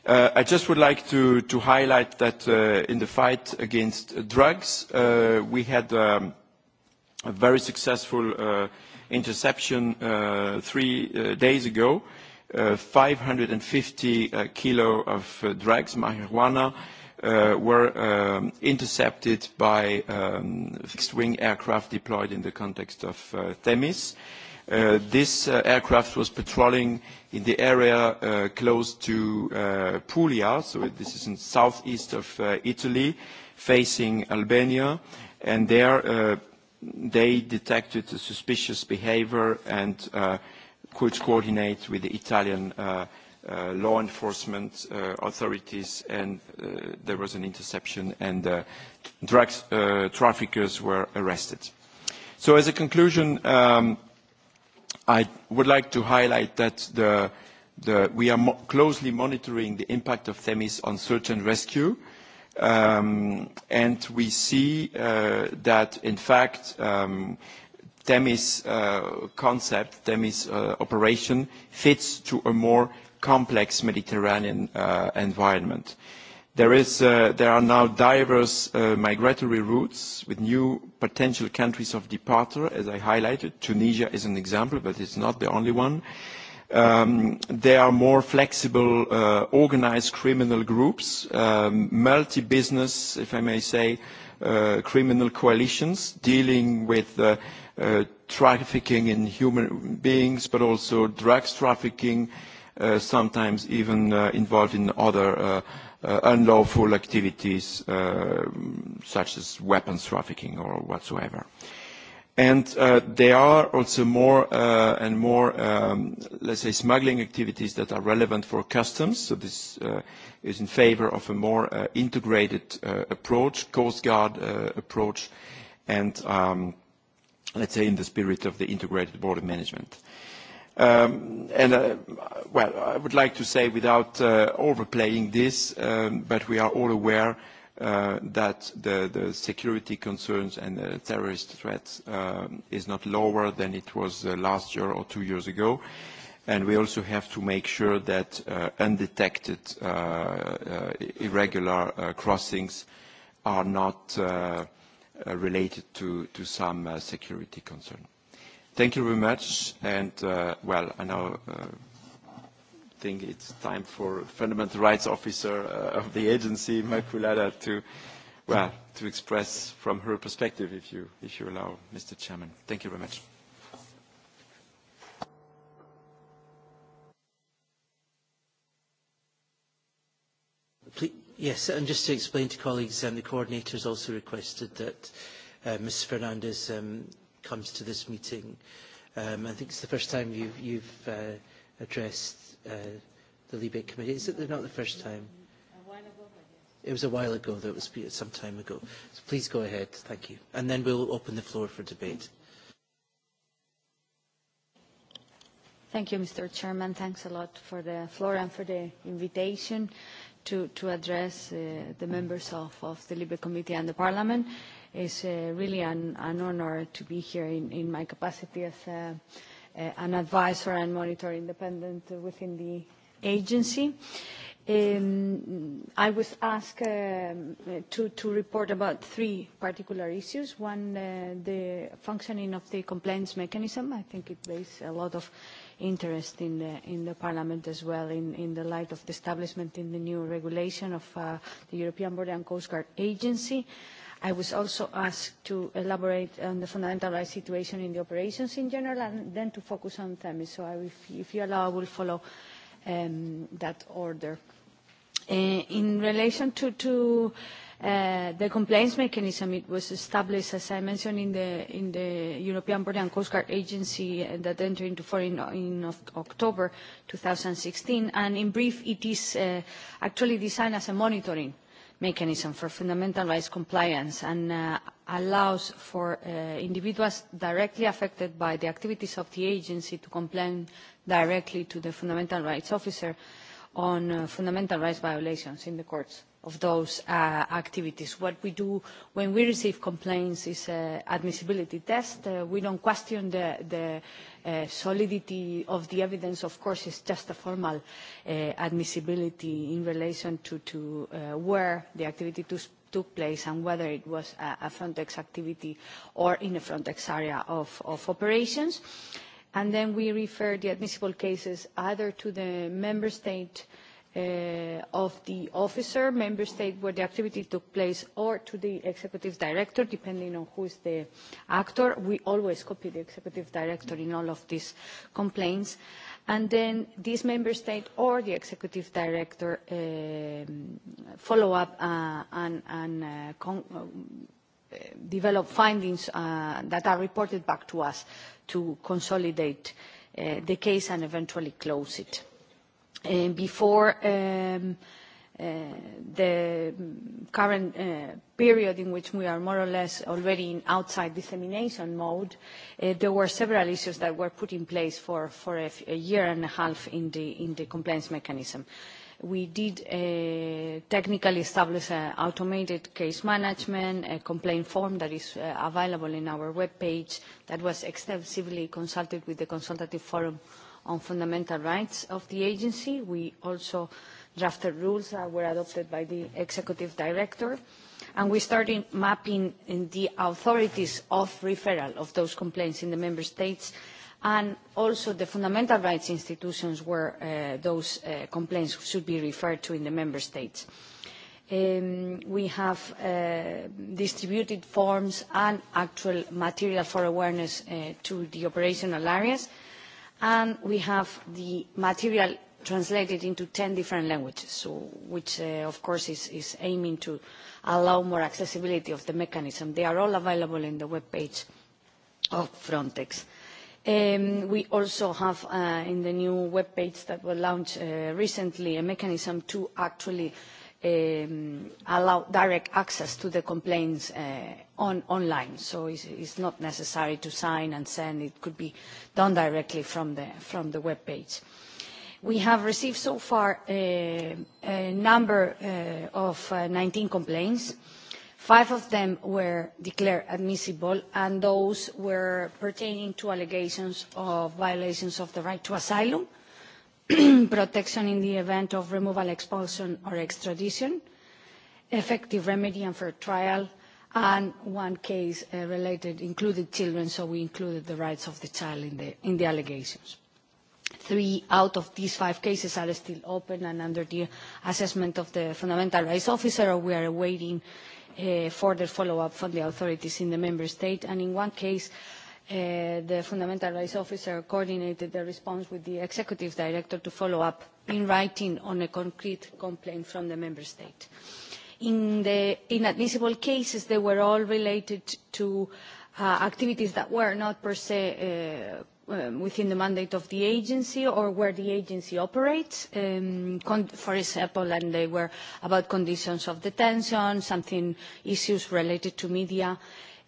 I just would like to, highlight that in the fight against drugs, we had um, a very successful interception three days ago, 550 uh, kilo of uh, drugs, marijuana, uh, were um, intercepted by um, fixed-wing aircraft deployed in the context of uh, Themis. Uh, this uh, aircraft was patrolling in the area uh, close to uh, Puglia, so this is in southeast of uh, Italy, facing Albania, and there uh, they detected a suspicious behavior and could coordinate with the Italian uh, uh, law enforcement uh, authorities, and uh, there was an interception, and uh, drug uh, traffickers were arrested. So as a conclusion, um, I would like to highlight that the, the, we are mo closely monitoring the impact of Themis on search and rescue, um, and we see uh, that, in fact, um, TEMI's uh, concept, TEMI's uh, operation, fits to a more complex Mediterranean uh, environment. There, are now diverse migratory routes with new potential countries of departure, as I highlighted. Tunisia is an example, but it's not the only one. Um, there are more flexible, organized criminal groups, um, multi-business, if I may say, Uh, criminal coalitions dealing with uh, uh, trafficking in human beings, but also drugs trafficking, uh, sometimes even uh, involved in other uh, uh, unlawful activities uh, such as weapons trafficking or whatsoever. And uh, there are also more uh, and more, um, let's say, smuggling activities that are relevant for customs. So this uh, is in favor of a more uh, integrated uh, approach, Coast Guard uh, approach, and um, let's say in the spirit of the integrated border management. Um, and uh, well, I would like to say without uh, overplaying this, um, but we are all aware uh, that the, the security concerns and the terrorist threat um, is not lower than it was last year or two years ago and we also have to make sure that uh, undetected uh, uh, irregular uh, crossings are not uh, uh, related to, to some uh, security concern. Thank you very much, and uh, well, I now uh, think it's time for Fundamental Rights Officer uh, of the agency, Makulada, to, well, to express from her perspective, if you, if you allow, Mr. Chairman. Thank you very much. yes, and just to explain to colleagues, um, the coordinators also requested that uh, Ms Fernandez um, comes to this meeting. Um, I think it's the first time you've, you've uh, addressed uh, the Libe Committee. Is it not the first time? It was a while ago, though it was some time ago. So please go ahead, thank you. And then we'll open the floor for debate. Thank you, Mr. Chairman. Thanks a lot for the floor and for the invitation. Uh, to, to address uh, the members of, of the Libre Committee and the Parliament. It's uh, really an, an honor to be here in, in my capacity as a, uh, uh, an advisor and monitor independent within the agency. Um, I was asked uh, to, to report about three particular issues. One, uh, the functioning of the complaints mechanism. I think it raised a lot of uh, interest in the, in the Parliament as well in, in the light of the establishment in the new regulation of uh, the European Border and Coast Guard Agency. I was also asked to elaborate on the fundamental rights situation in the operations in general and then to focus on them. So I, if, if you allow, I will follow um, that order. Uh, in relation to, to Uh, the complaints mechanism, it was established, as I mentioned, in the, in the European Border and Coast Guard Agency uh, that entered into force in, in October 2016. And in brief, it is uh, actually designed as a monitoring mechanism for fundamental rights compliance and uh, allows for uh, individuals directly affected by the activities of the agency to complain directly to the fundamental rights officer on uh, fundamental rights violations in the courts of those uh, activities. What we do when we receive complaints is an uh, admissibility test. Uh, we don't question the, the uh, solidity of the evidence. Of course, it's just a formal uh, admissibility in relation to, to uh, where the activity took took place and whether it was a, a Frontex activity or in a Frontex area of, of operations. And then we refer the admissible cases either to the member state uh, of the officer, member state where the activity took place, or to the executive director, depending on who is the actor. We always copy the executive director in all of these complaints. And then this member state or the executive director um, follow up uh, and, and uh, con uh, develop findings uh, that are reported back to us to consolidate uh, the case and eventually close it. Uh, before um, uh, the current uh, period in which we are more or less already in outside dissemination mode, there were several issues that were put in place for, a, year and a half in the, compliance mechanism. We did technically establish an automated case management, a complaint form that is available in our webpage that was extensively consulted with the consultative forum on fundamental rights of the agency. We also drafted rules that were adopted by the executive director. And we started mapping in the authorities of referral of those complaints in the member states and also the fundamental rights institutions where uh, those uh, complaints should be referred to in the member states. Um, we have uh, distributed forms and actual material for awareness uh, to the operational areas and we have the material translated into 10 different languages, so which, uh, of course, is, is aiming to allow more accessibility of the mechanism. They are all available in the web page of Frontex. Um, we also have uh, in the new web page that was launched uh, recently a mechanism to actually uh, um, allow direct access to the complaints uh, on, online. So it's, it's not necessary to sign and send. It could be done directly from the, from the web page. We have received so far a, uh, a number uh, of uh, 19 complaints. Five of them were declared admissible, and those were pertaining to allegations of violations of the right to asylum, uh, [clears throat] protection in the event of removal, expulsion or extradition, effective remedy and fair trial, and one case uh, related included children, so we included the rights of the child in the, in the allegations. Three out of these five cases are still open and under the assessment of the Fundamental Rights Officer, or we are awaiting uh, further follow-up from the authorities in the member state. And in one case, Uh, the fundamental rights officer coordinated the response with the executive director to follow up in writing on a concrete complaint from the member state. In the inadmissible cases, they were all related to uh, activities that were not per se uh, Um, within the mandate of the agency or where the agency operates. Um, for example, and they were about conditions of detention, something issues related to media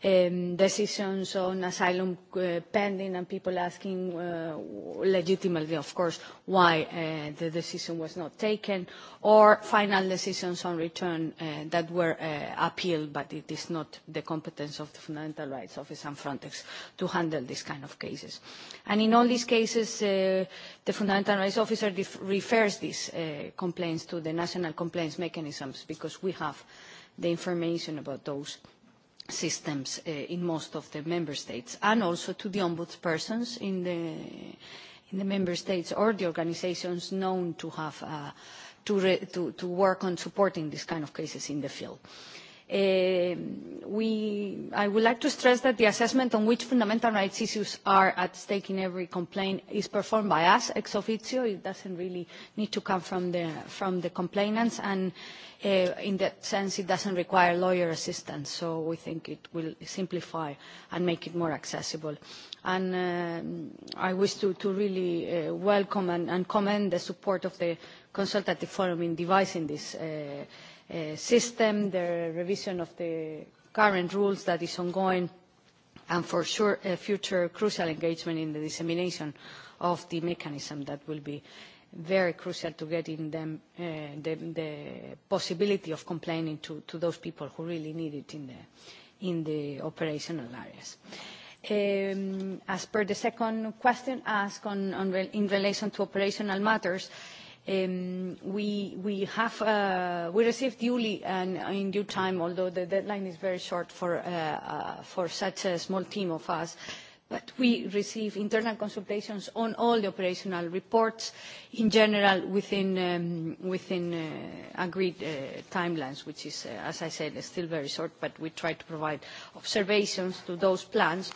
um, decisions on asylum uh, pending and people asking uh, legitimately, of course, why uh, the decision was not taken, or final decisions on return uh, that were uh, appealed, but it is not the competence of the Fundamental Rights Office and Frontex to handle these kind of cases. And in all these cases, uh, the Fundamental Rights Officer refers these uh, complaints to the national complaints mechanisms because we have the information about those systems eh, in most of the member states, and also to the ombudspersons in the, in the member states or the organizations known to have uh, to, re, to, to work on supporting these kind of cases in the field. Uh, Uh, we, I would like to stress that the assessment on which fundamental rights issues are at stake in every complaint is performed by us ex officio. It doesn't really need to come from the, from the complainants, and uh, in that sense, it doesn't require lawyer assistance. So we think it will simplify and make it more accessible. And uh, I wish to, to really uh, welcome and, and commend the support of the consultative forum in devising this uh, Uh, system, the revision of the current rules that is ongoing, and for sure a uh, future crucial engagement in the dissemination of the mechanism that will be very crucial to getting them uh, the, the possibility of complaining to, to those people who really need it in the, in the operational areas. Um, as per the second question asked on, on re in relation to operational matters, uh, Um, uh, we, received duly and in due time, although the deadline is very short uh, uh, for, such a small team of us, but we receive internal consultations on all the operational reports in general within, um, within agreed timelines, which is, as I said, is still very short, but we try to provide observations to those plans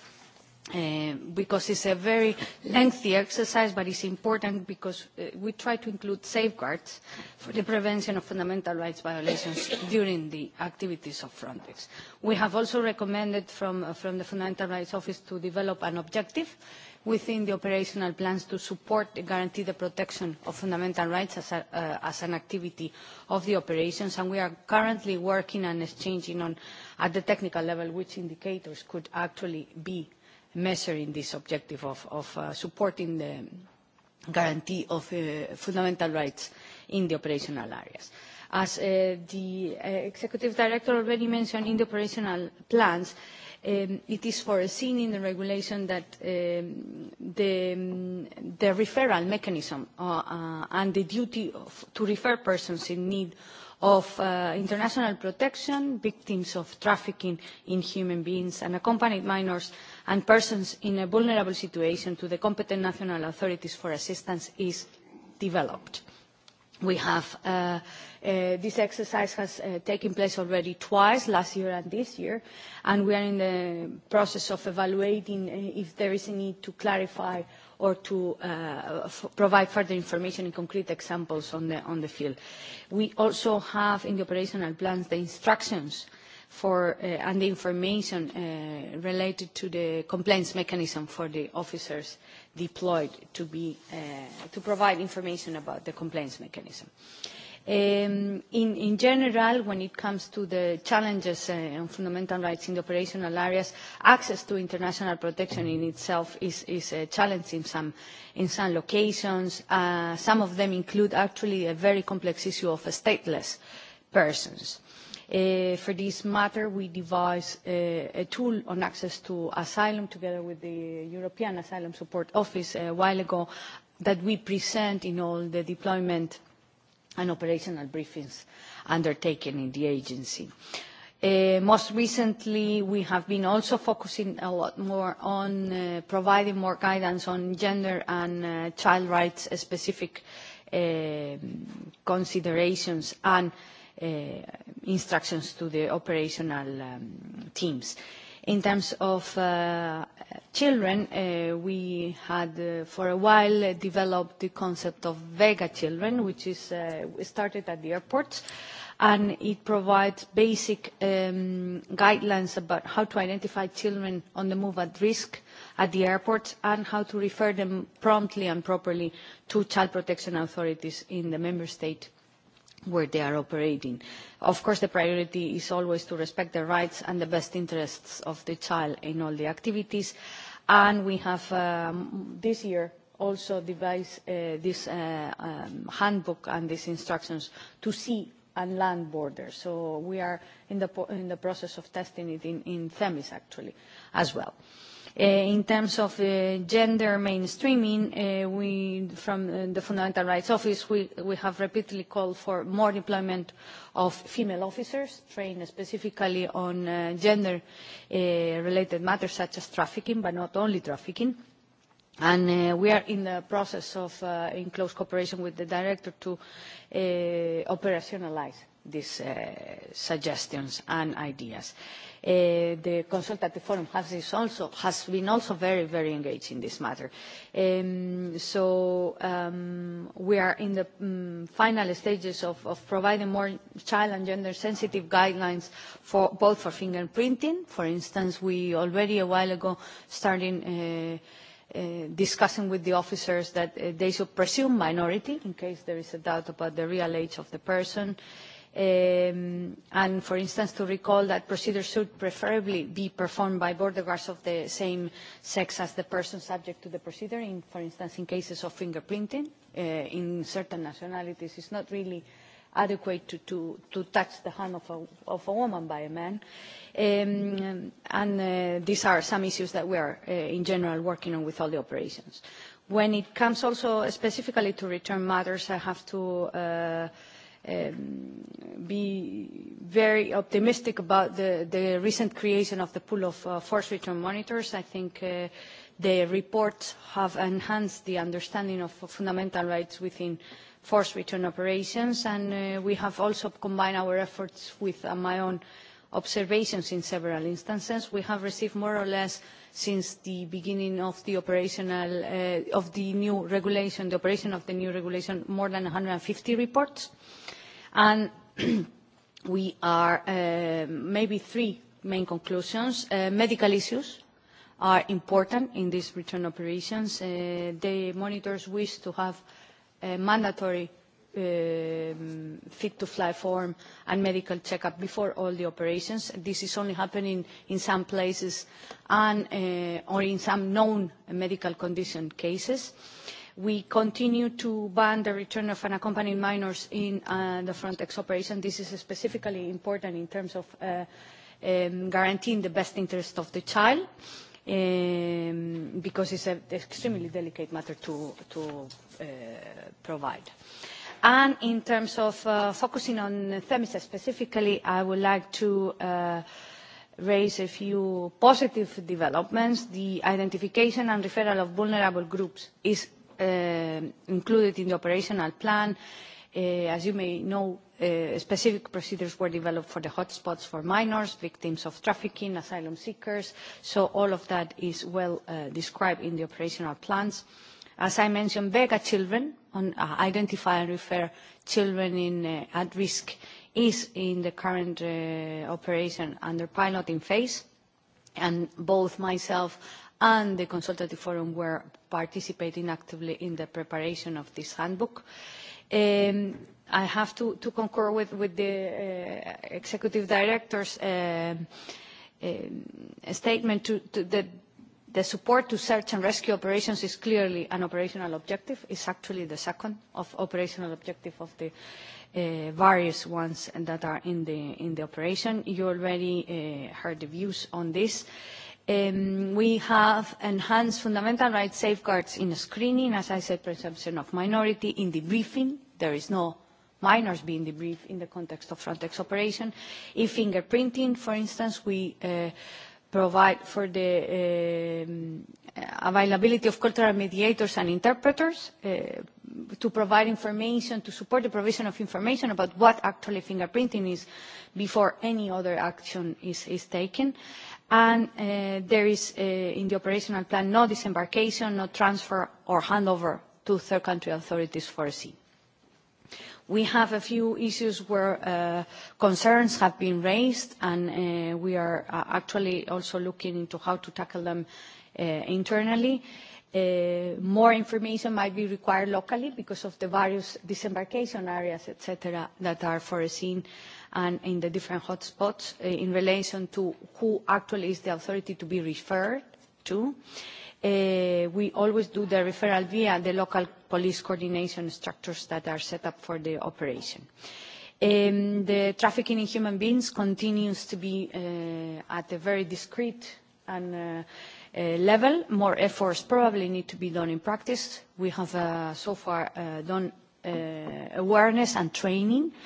Uh, because it's a very lengthy exercise, but it's important because uh, we try to include safeguards for the prevention of fundamental rights violations during the activities of Frontex. We have also recommended from, uh, from the Fundamental Rights Office to develop an objective within the operational plans to support and guarantee the protection of fundamental rights as, a, uh, as an activity of the operations, and we are currently working and exchanging on, at the technical level, which indicators could actually be measuring this objective of, of uh, supporting the guarantee of uh, fundamental rights in the operational areas. As uh, the uh, Executive Director already mentioned in the operational plans, um, it is foreseen in the regulation that um, the, um, the referral mechanism uh, uh, and the duty of, to refer persons in need of uh, international protection, victims of trafficking in human beings and accompanied minors and persons in a vulnerable situation to the competent national authorities for assistance is developed. We have, uh, uh, this exercise has uh, taken place already twice, last year and this year, and we are in the process of evaluating uh, if there is a need to clarify or to uh, provide further information and concrete examples on the, on the field. We also have in the operational plans the instructions uh, for, uh, and the information uh, related to the complaints mechanism for the officers deployed to, be, uh, to provide information about the complaints mechanism. Um, in, in general, when it comes to the challenges uh, on fundamental rights in the operational areas, access to international protection in itself is, is a uh, challenge in some, in some locations. Uh, some of them include actually a very complex issue of stateless persons. Uh, for this matter, we devised uh, a tool on access to asylum together with the European Asylum Support Office a while ago that we present in all the deployment and operational briefings undertaken in the agency. Uh, most recently, we have been also focusing a lot more on uh, providing more guidance on gender and uh, child rights specific considerations and Uh, instructions to the operational um, teams. In terms of uh, children, uh, we had uh, for a while developed the concept of Vega children, which is uh, started at the airports, and it provides basic um, guidelines about how to identify children on the move at risk at the airports and how to refer them promptly and properly to child protection authorities in the member state where they are operating. Of course, the priority is always to respect the rights and the best interests of the child in all the activities. And we have um, this year also devised uh, this uh, um, handbook and these instructions to see and land borders. So we are in the, po in the process of testing it in, in THEMIS, actually, as well. Uh, Eh, in terms of uh, gender mainstreaming, uh, we, from the Fundamental Rights Office, we, we have repeatedly called for more deployment of female officers trained specifically on gender-related matters such as trafficking, but not only trafficking. And we are in the process of, in close cooperation with the director, to operationalize these suggestions and ideas. Uh, Uh, the consultative forum has, this also, has been also very, very engaged in this matter. Um, so um, we are in the um, final stages of, of providing more child and gender-sensitive guidelines for both for fingerprinting. For instance, we already a while ago started uh, Uh, discussing with the officers that uh, they should presume minority in case there is a doubt about the real age of the person. Uh, Um, and for instance, to recall that procedures should preferably be performed by border guards of the same sex as the person subject to the procedure, in, for instance, in cases of fingerprinting uh, in certain nationalities. It's not really adequate to, to, to touch the hand of a, of a woman by a man. Um, and uh, these are some issues that we are, uh, in general, working on with all the operations. When it comes also specifically to return matters, I have to uh, Um, be very optimistic about the, the recent creation of the pool of uh, force return monitors. I think uh, the reports have enhanced the understanding of fundamental rights within force return operations, and uh, we have also combined our efforts with uh, my own uh, observations in several instances. We have received more or less since the beginning of the operational uh, of the new regulation, the operation of the new regulation, more than 150 reports. And [clears throat] we are uh, maybe three main conclusions. Uh, medical issues are important in these return operations. Uh, the monitors wish to have mandatory Um, fit to fly form and medical checkup before all the operations. This is only happening in some places and, uh, or in some known medical condition cases. We continue to ban the return of unaccompanied minors in uh, the Frontex operation. This is specifically important in terms of uh, um, guaranteeing the best interest of the child um, because it's an extremely delicate matter to, to uh, provide. Uh, And in terms of uh, focusing on Femisa specifically, I would like to uh, raise a few positive developments. The identification and referral of vulnerable groups is uh, included in the operational plan. Uh, as you may know, uh, specific procedures were developed for the hotspots for minors, victims of trafficking, asylum seekers. So all of that is well uh, described in the operational plans. Uh, As I mentioned, Vega children, on uh, identify and refer children in, uh, at risk, is in the current uh, operation under piloting phase, and both myself and the consultative forum were participating actively in the preparation of this handbook. Um, I have to, to concur with, with the uh, executive director's uh, uh, statement to, to that the support to search and rescue operations is clearly an operational objective. It's actually the second of operational objective of the uh, various ones that are in the, in the operation. You already uh, heard the views on this. Um, we have enhanced fundamental rights safeguards in screening, as I said, presumption of minority, in debriefing. There is no minors being debriefed in the context of Frontex operation. In fingerprinting, for instance, we uh, provide for the um, availability of cultural mediators and interpreters uh, to provide information, to support the provision of information about what actually fingerprinting is before any other action is, is taken. And uh, there is, uh, in the operational plan, no disembarkation, no transfer or handover to third country authorities foreseen. We have a few issues where uh, concerns have been raised, and uh, we are uh, actually also looking into how to tackle them internally. More information might be required locally because of the various disembarkation areas, et cetera, that are foreseen and in the different hotspots in relation to who actually is the authority to be referred to. Uh, we always do the referral via the local police coordination structures that are set up for the operation. Um, the trafficking in human beings continues to be uh, at a very discreet and uh, uh, level. More efforts probably need to be done in practice. We have uh, so far uh, done uh, awareness and training. Uh,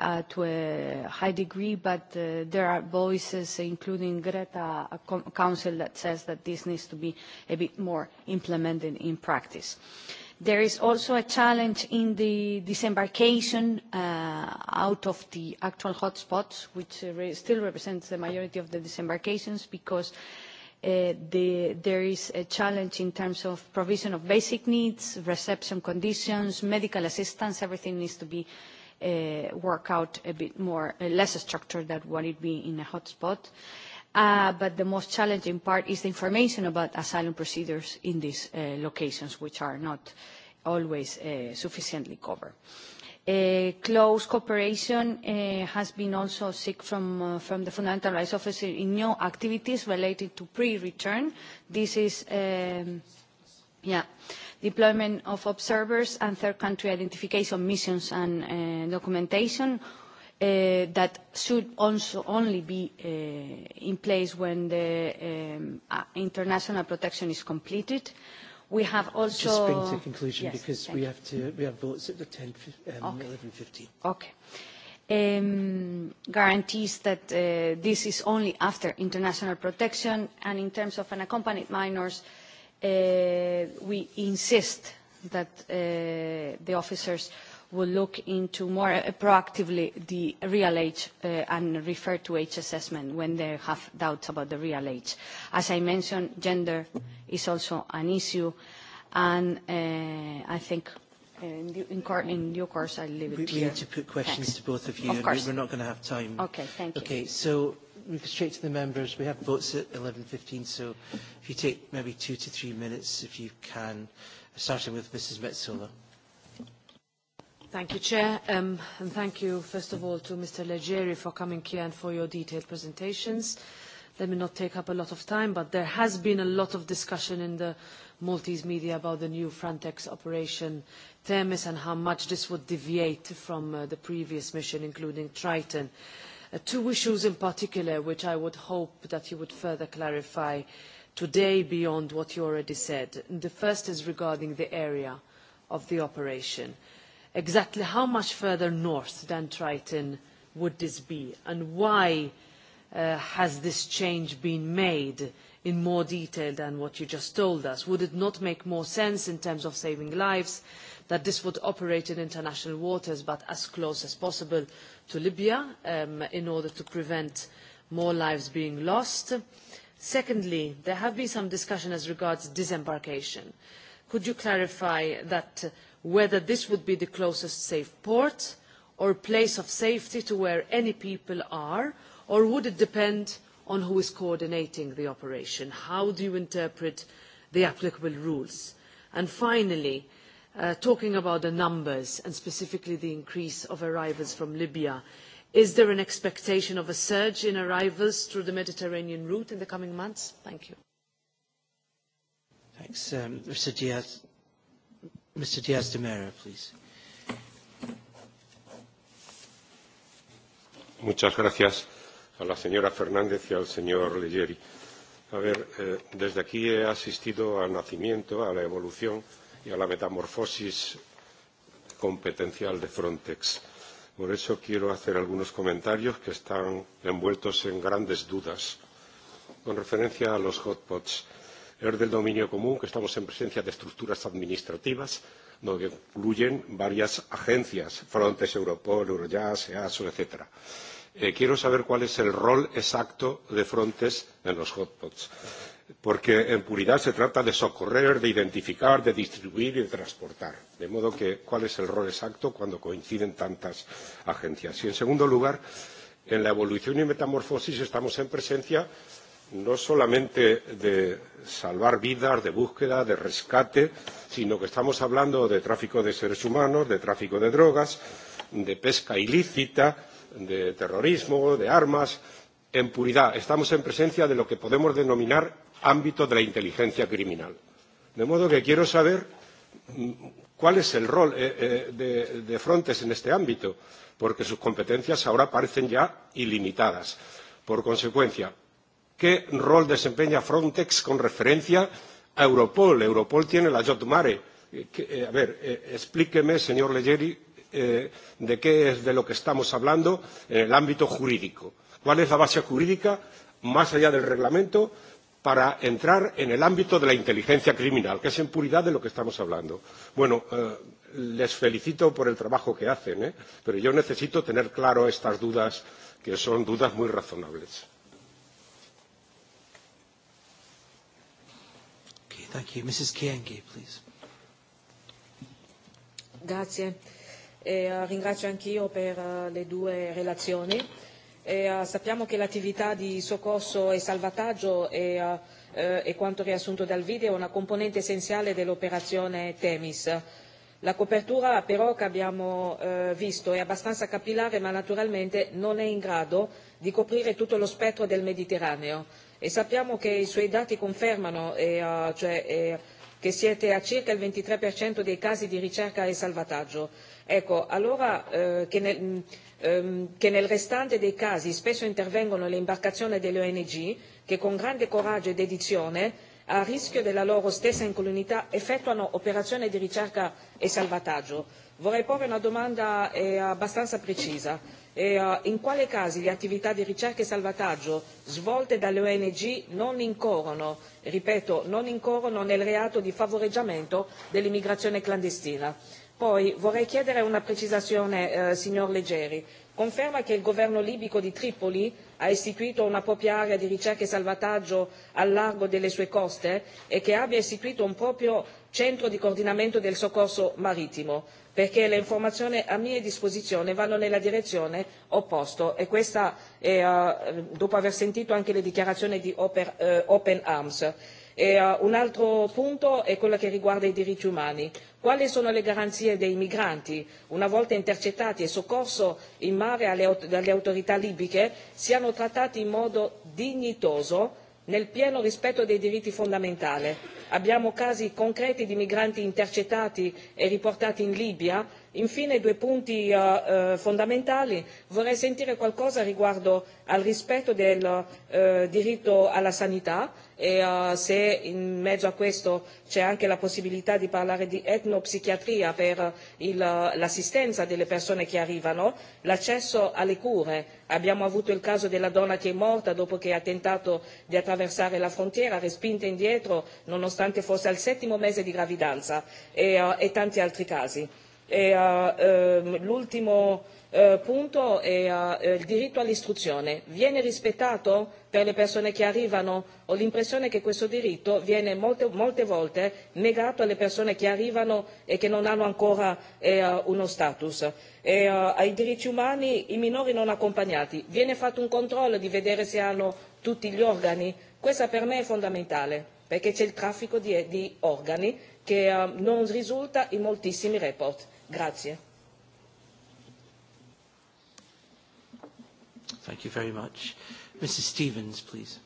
Uh, to a high degree, but uh, there are voices, including Greta a Council, that says that this needs to be a bit more implemented in practice. There is also a challenge in the disembarkation uh, out of the actual hotspots, which uh, re still represents the majority of the disembarkations because Uh, the, there is a challenge in terms of provision of basic needs, reception conditions, medical assistance. Everything needs to be Uh, work out a bit more, less structured than what it'd be in a hotspot. Uh, but the most challenging part is the information about asylum procedures in these uh, locations, which are not always sufficiently covered. close cooperation has been also sought from, the Fundamental Rights Office in new activities related to pre-return. This is, um, yeah deployment of observers and third country identification missions and uh, documentation uh, that should also only be uh, in place when the um, international protection is completed. We have also- Just bring to conclusion- Yes. Because we have to, we have votes at the 10, um, okay. 11:15. Okay. Um, guarantees that uh, this is only after international protection, and in terms of unaccompanied minors, Uh, we insist that uh, the officers will look into more proactively the real age uh, and refer to age assessment when they have doubts about the real age. As I mentioned, gender is also an issue, and uh, I think uh, in, due, in, cor in due course I'll leave it we, here. We need to put questions Thanks. to both of you. Of course. We're not going to have time. Okay, thank you. Okay, so move straight to the members. We have votes at 11.15, so if you take maybe two to three minutes, if you can, starting with Mrs. Metzola. Thank you, Chair, um, and thank you, first of all, to Mr. Leggeri for coming here and for your detailed presentations. Let me not take up a lot of time, but there has been a lot of discussion in the Maltese media about the new Frontex operation Themis and how much this would deviate from uh, the previous mission, including Triton two issues in particular, which I would hope that you would further clarify today beyond what you already said. The first is regarding the area of the operation. Exactly how much further north than Triton would this be, and why uh, has this change been made in more detail than what you just told us? Would it not make more sense in terms of saving lives that this would operate in international waters but as close as possible to Libya um, in order to prevent more lives being lost? Secondly, there have been some discussion as regards disembarkation. Could you clarify that uh, whether this would be the closest safe port or place of safety to where any people are, or would it depend on who is coordinating the operation? How do you interpret the applicable rules? And finally, uh, talking about the numbers and specifically the increase of arrivals from Libya, is there an expectation of a surge in arrivals through the Mediterranean route in the coming months? Thank you. Thanks. Um, Mr. Diaz, Mr. Diaz de Mera, please. Muchas gracias a la señora Fernández y al señor Leggeri. A ver, eh, desde aquí he asistido al nacimiento, a la evolución y a la metamorfosis competencial de Frontex. Por eso quiero hacer algunos comentarios que están envueltos en grandes dudas. Con referencia a los hotpots, es del dominio común que estamos en presencia de estructuras administrativas donde incluyen varias agencias, Frontex, Europol, Eurojust, EASO, etcétera Eh, quiero saber cuál es el rol exacto de Frontex en los hotspots, porque en puridad se trata de socorrer, de identificar, de distribuir y de transportar. De modo que, ¿cuál es el rol exacto cuando coinciden tantas agencias? Y en segundo lugar, en la evolución y metamorfosis estamos en presencia no solamente de salvar vidas, de búsqueda, de rescate, sino que estamos hablando de tráfico de seres humanos, de tráfico de drogas, de pesca ilícita, de terrorismo, de armas, en puridad. Estamos en presencia de lo que podemos denominar ámbito de la inteligencia criminal. De modo que quiero saber mm, cuál es el rol eh, eh, de, Frontex en este ámbito, porque sus competencias ahora parecen ya ilimitadas. Por consecuencia, ¿qué rol desempeña Frontex con referencia a Europol? Europol tiene la Jotmare. Eh, a ver, explíqueme, señor Leggeri, eh, de qué es de lo que estamos hablando en el ámbito jurídico. ¿Cuál es la base jurídica, más allá del reglamento, para entrar en el ámbito de la inteligencia criminal, que es en puridad de lo que estamos hablando? Bueno, eh, les felicito por el trabajo que hacen, ¿eh? pero yo necesito tener claro estas dudas, que son dudas muy razonables. thank you. Mrs. Kienge, please. Grazie e uh, ringrazio anch'io per uh, le due relazioni. E, uh, sappiamo che l'attività di soccorso e salvataggio e uh, uh, quanto riassunto dal video, è una componente essenziale dell'operazione Temis. La copertura però che abbiamo eh, visto è abbastanza capillare ma naturalmente non è in grado di coprire tutto lo spettro del Mediterraneo e sappiamo che i suoi dati confermano eh, cioè, eh, che siete a circa il 23% dei casi di ricerca e salvataggio Ecco, allora eh, che, nel, ehm, che nel restante dei casi spesso intervengono le imbarcazioni delle ONG che con grande coraggio e dedizione a rischio della loro stessa incolumità effettuano operazioni di ricerca e salvataggio. Vorrei porre una domanda eh, abbastanza precisa. Eh, in quale casi le attività di ricerca e salvataggio svolte dalle ONG non incorrono, ripeto, non incorrono nel reato di favoreggiamento dell'immigrazione clandestina? Poi vorrei chiedere una precisazione, eh, signor Leggeri. Conferma che il governo libico di Tripoli ha istituito una propria area di ricerca e salvataggio al largo delle sue coste e che abbia istituito un proprio centro di coordinamento del soccorso marittimo perché le informazioni a mia disposizione vanno nella direzione opposta e questa è, eh, dopo aver sentito anche le dichiarazioni di eh, open arms. E, uh, un altro punto è quello che riguarda i diritti umani. Quali sono le garanzie dei migranti, una volta intercettati e soccorso in mare alle, dalle autorità libiche, siano trattati in modo dignitoso nel pieno rispetto dei diritti fondamentali. Abbiamo casi concreti di migranti intercettati e riportati in Libia Infine due punti uh, uh, fondamentali, vorrei sentire qualcosa riguardo al rispetto del uh, diritto alla sanità e uh, se in mezzo a questo c'è anche la possibilità di parlare di etnopsichiatria per il, l'assistenza delle persone che arrivano, l'accesso alle cure. Abbiamo avuto il caso della donna che è morta dopo che ha tentato di attraversare la frontiera, respinta indietro nonostante fosse al settimo mese di gravidanza e, uh, e tanti altri casi E, uh, um, l'ultimo uh, punto è uh, il diritto all'istruzione. Viene rispettato per le persone che arrivano? Ho l'impressione che questo diritto viene molte, molte volte negato alle persone che arrivano e che non hanno ancora uh, uno status. E, uh, ai diritti umani i minori non accompagnati. Viene fatto un controllo di vedere se hanno tutti gli organi? Questa per me è fondamentale perché c'è il traffico di, di organi che uh, non risulta in moltissimi report Grazie. Thank you very much. Mrs. Stevens, please.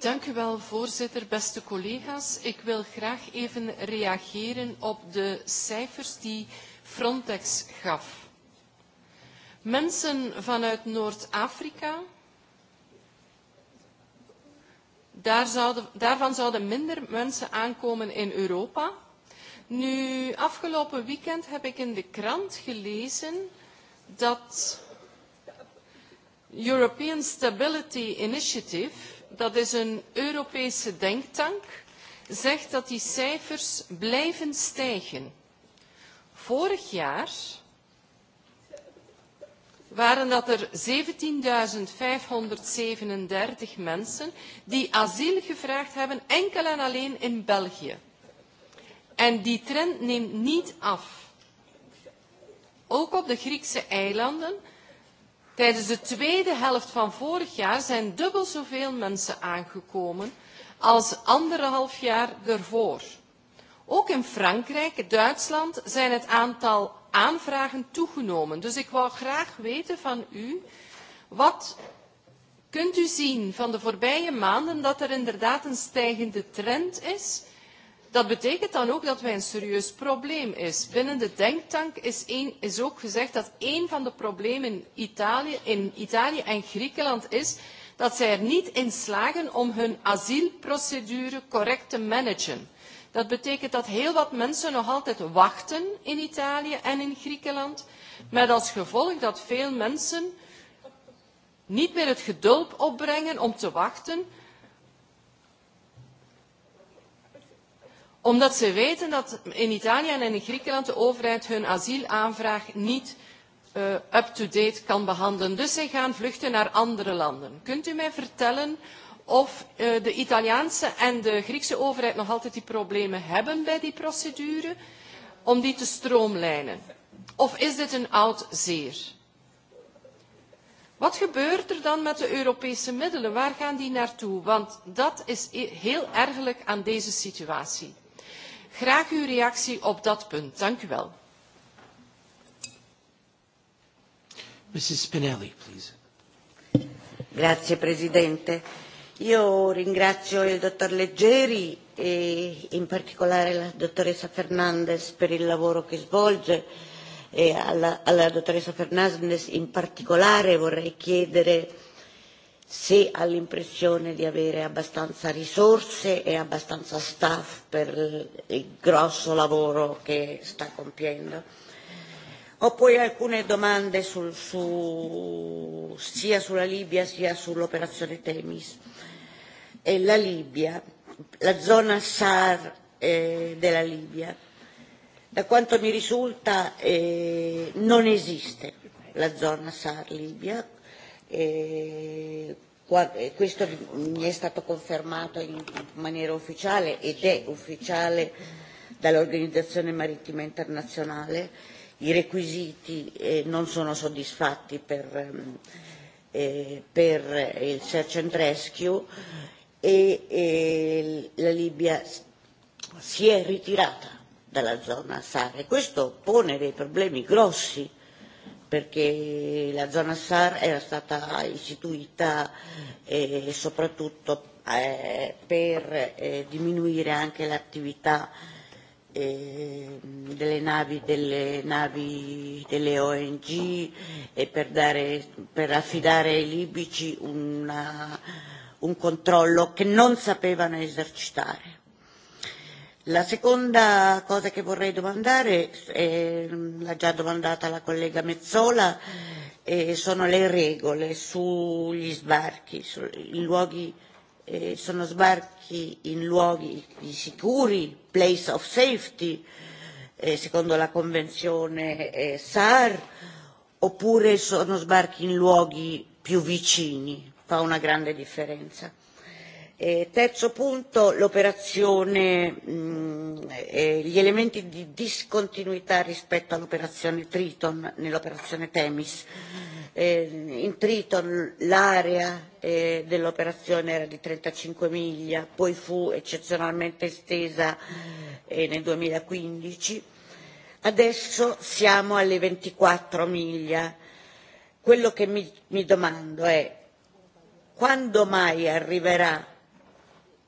Dank u wel, voorzitter. Beste collega's, ik wil graag even reageren op de cijfers die Frontex gaf. Mensen vanuit Noord-Afrika Daar zouden, daarvan zouden minder mensen aankomen in Europa. Nu, afgelopen weekend heb ik in de krant gelezen dat European Stability Initiative, dat is een Europese denktank, zegt dat die cijfers blijven stijgen. Vorig jaar waren dat er zeventien vijfhonderdzevenendertig mensen die asiel gevraagd hebben enkel en alleen in België. En die trend neemt niet af. Ook op de Griekse eilanden. Tijdens de tweede helft van vorig jaar zijn dubbel zoveel mensen aangekomen als anderhalf jaar ervoor. Ook in Frankrijk, Duitsland zijn het aantal aanvragen toegenomen. Dus ik wou graag weten van u, wat kunt u zien van de voorbije maanden dat er inderdaad een stijgende trend is? Dat betekent dan ook dat wij een serieus probleem is. Binnen de denktank is, een, is ook gezegd dat een van de problemen in Italië, in Italië en Griekenland is dat zij er niet in slagen om hun asielprocedure correct te managen. Dat betekent dat heel wat mensen nog altijd wachten in Italië en in Griekenland, met als gevolg dat veel mensen niet meer het geduld opbrengen om te wachten, omdat ze weten dat in Italië en in Griekenland de overheid hun asielaanvraag niet uh, up-to-date kan behandelen. Dus zij gaan vluchten naar andere landen. Kunt u mij vertellen of eh, de Italiaanse en de Griekse overheid nog altijd die problemen hebben bij die procedure, om die te stroomlijnen? Of is dit een oud zeer? Wat gebeurt er dan met de Europese middelen? Waar gaan die naartoe? Want dat is heel ergerlijk aan deze situatie. Graag uw reactie op dat punt. Dank u wel. Mrs. Spinelli, please. Grazie Presidente. Io ringrazio il dottor Leggeri e in particolare la dottoressa Fernandez per il lavoro che svolge e alla, alla dottoressa Fernandez in particolare vorrei chiedere se ha l'impressione di avere abbastanza risorse e abbastanza staff per il grosso lavoro che sta compiendo. Ho poi alcune domande sul, su, sia sulla Libia sia sull'operazione Temis e la Libia, la zona SAR eh, della Libia. Da quanto mi risulta eh, non esiste la zona SAR Libia, eh, eh, questo mi è stato confermato in maniera ufficiale ed è ufficiale dall'Organizzazione Marittima Internazionale. I requisiti eh, non sono soddisfatti per, eh, per il search and rescue e eh, la Libia si è ritirata dalla zona SAR e questo pone dei problemi grossi perché la zona SAR era stata istituita eh, soprattutto eh, per eh, diminuire anche l'attività eh, delle navi, delle navi delle ONG e per, dare, per affidare ai libici una un controllo che non sapevano esercitare. La seconda cosa che vorrei domandare, eh, l'ha già domandata la collega Mezzola, eh, sono le regole sugli sbarchi, sui luoghi, eh, sono sbarchi in luoghi sicuri, place of safety, eh, secondo la convenzione eh, SAR, oppure sono sbarchi in luoghi più vicini fa una grande differenza. E terzo punto, l'operazione, eh, gli elementi di discontinuità rispetto all'operazione Triton nell'operazione Temis. Eh, in Triton l'area eh, dell'operazione era di 35 miglia, poi fu eccezionalmente estesa eh, nel 2015. Adesso siamo alle 24 miglia. Quello che mi, mi domando è quando mai arriverà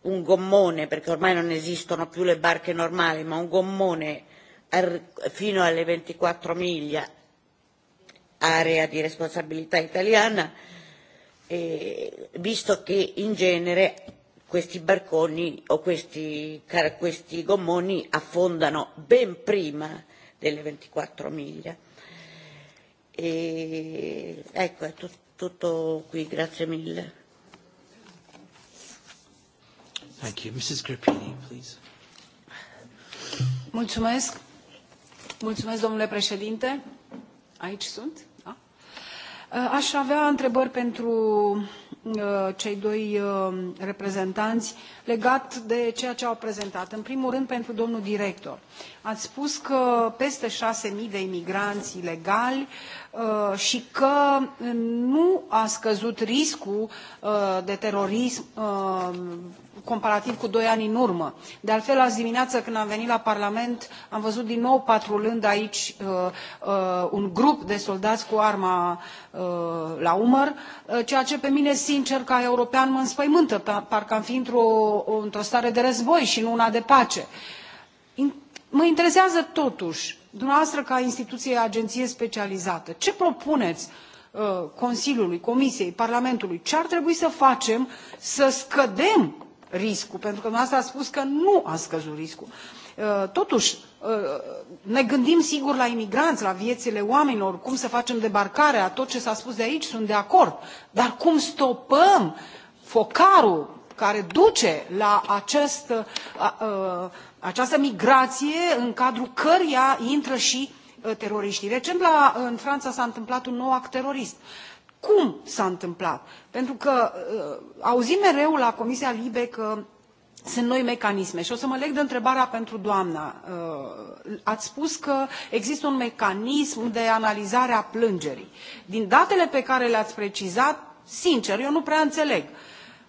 un gommone, perché ormai non esistono più le barche normali, ma un gommone fino alle 24 miglia, area di responsabilità italiana, eh, visto che in genere questi barconi o questi, questi gommoni affondano ben prima delle 24 miglia. E, ecco, è tut- tutto qui, grazie mille. Thank you. Mrs. Grappini, please. Mulțumesc. Mulțumesc, domnule președinte. Aici sunt. Da? Uh, aș avea întrebări pentru uh, cei doi uh, reprezentanți legat de ceea ce au prezentat. În primul rând, pentru domnul director Ați spus că peste 6.000 de imigranți ilegali uh, și că nu a scăzut riscul uh, de terorism uh, comparativ cu doi ani în urmă. De altfel, azi dimineață când am venit la Parlament, am văzut din nou patrulând aici un grup de soldați cu arma la umăr, ceea ce pe mine, sincer, ca european, mă înspăimântă, parcă am fi într-o într stare de război și nu una de pace Mă interesează totuși, dumneavoastră ca instituție, agenție specializată, ce propuneți uh, Consiliului, Comisiei, Parlamentului, ce ar trebui să facem să scădem riscul? Pentru că dumneavoastră ați spus că nu a scăzut riscul. Uh, totuși, uh, ne gândim sigur la imigranți, la viețile oamenilor, cum să facem debarcarea, tot ce s-a spus de aici, sunt de acord. Dar cum stopăm focarul care duce la acest, această migrație în cadrul căreia intră și teroriștii. Recent la, în Franța s-a întâmplat un nou act terorist. Cum s-a întâmplat? Pentru că auzim mereu la Comisia Libe că sunt noi mecanisme și o să mă leg de întrebarea pentru doamna. Ați spus că există un mecanism de analizare a plângerii. Din datele pe care le-ați precizat, sincer, eu nu prea înțeleg.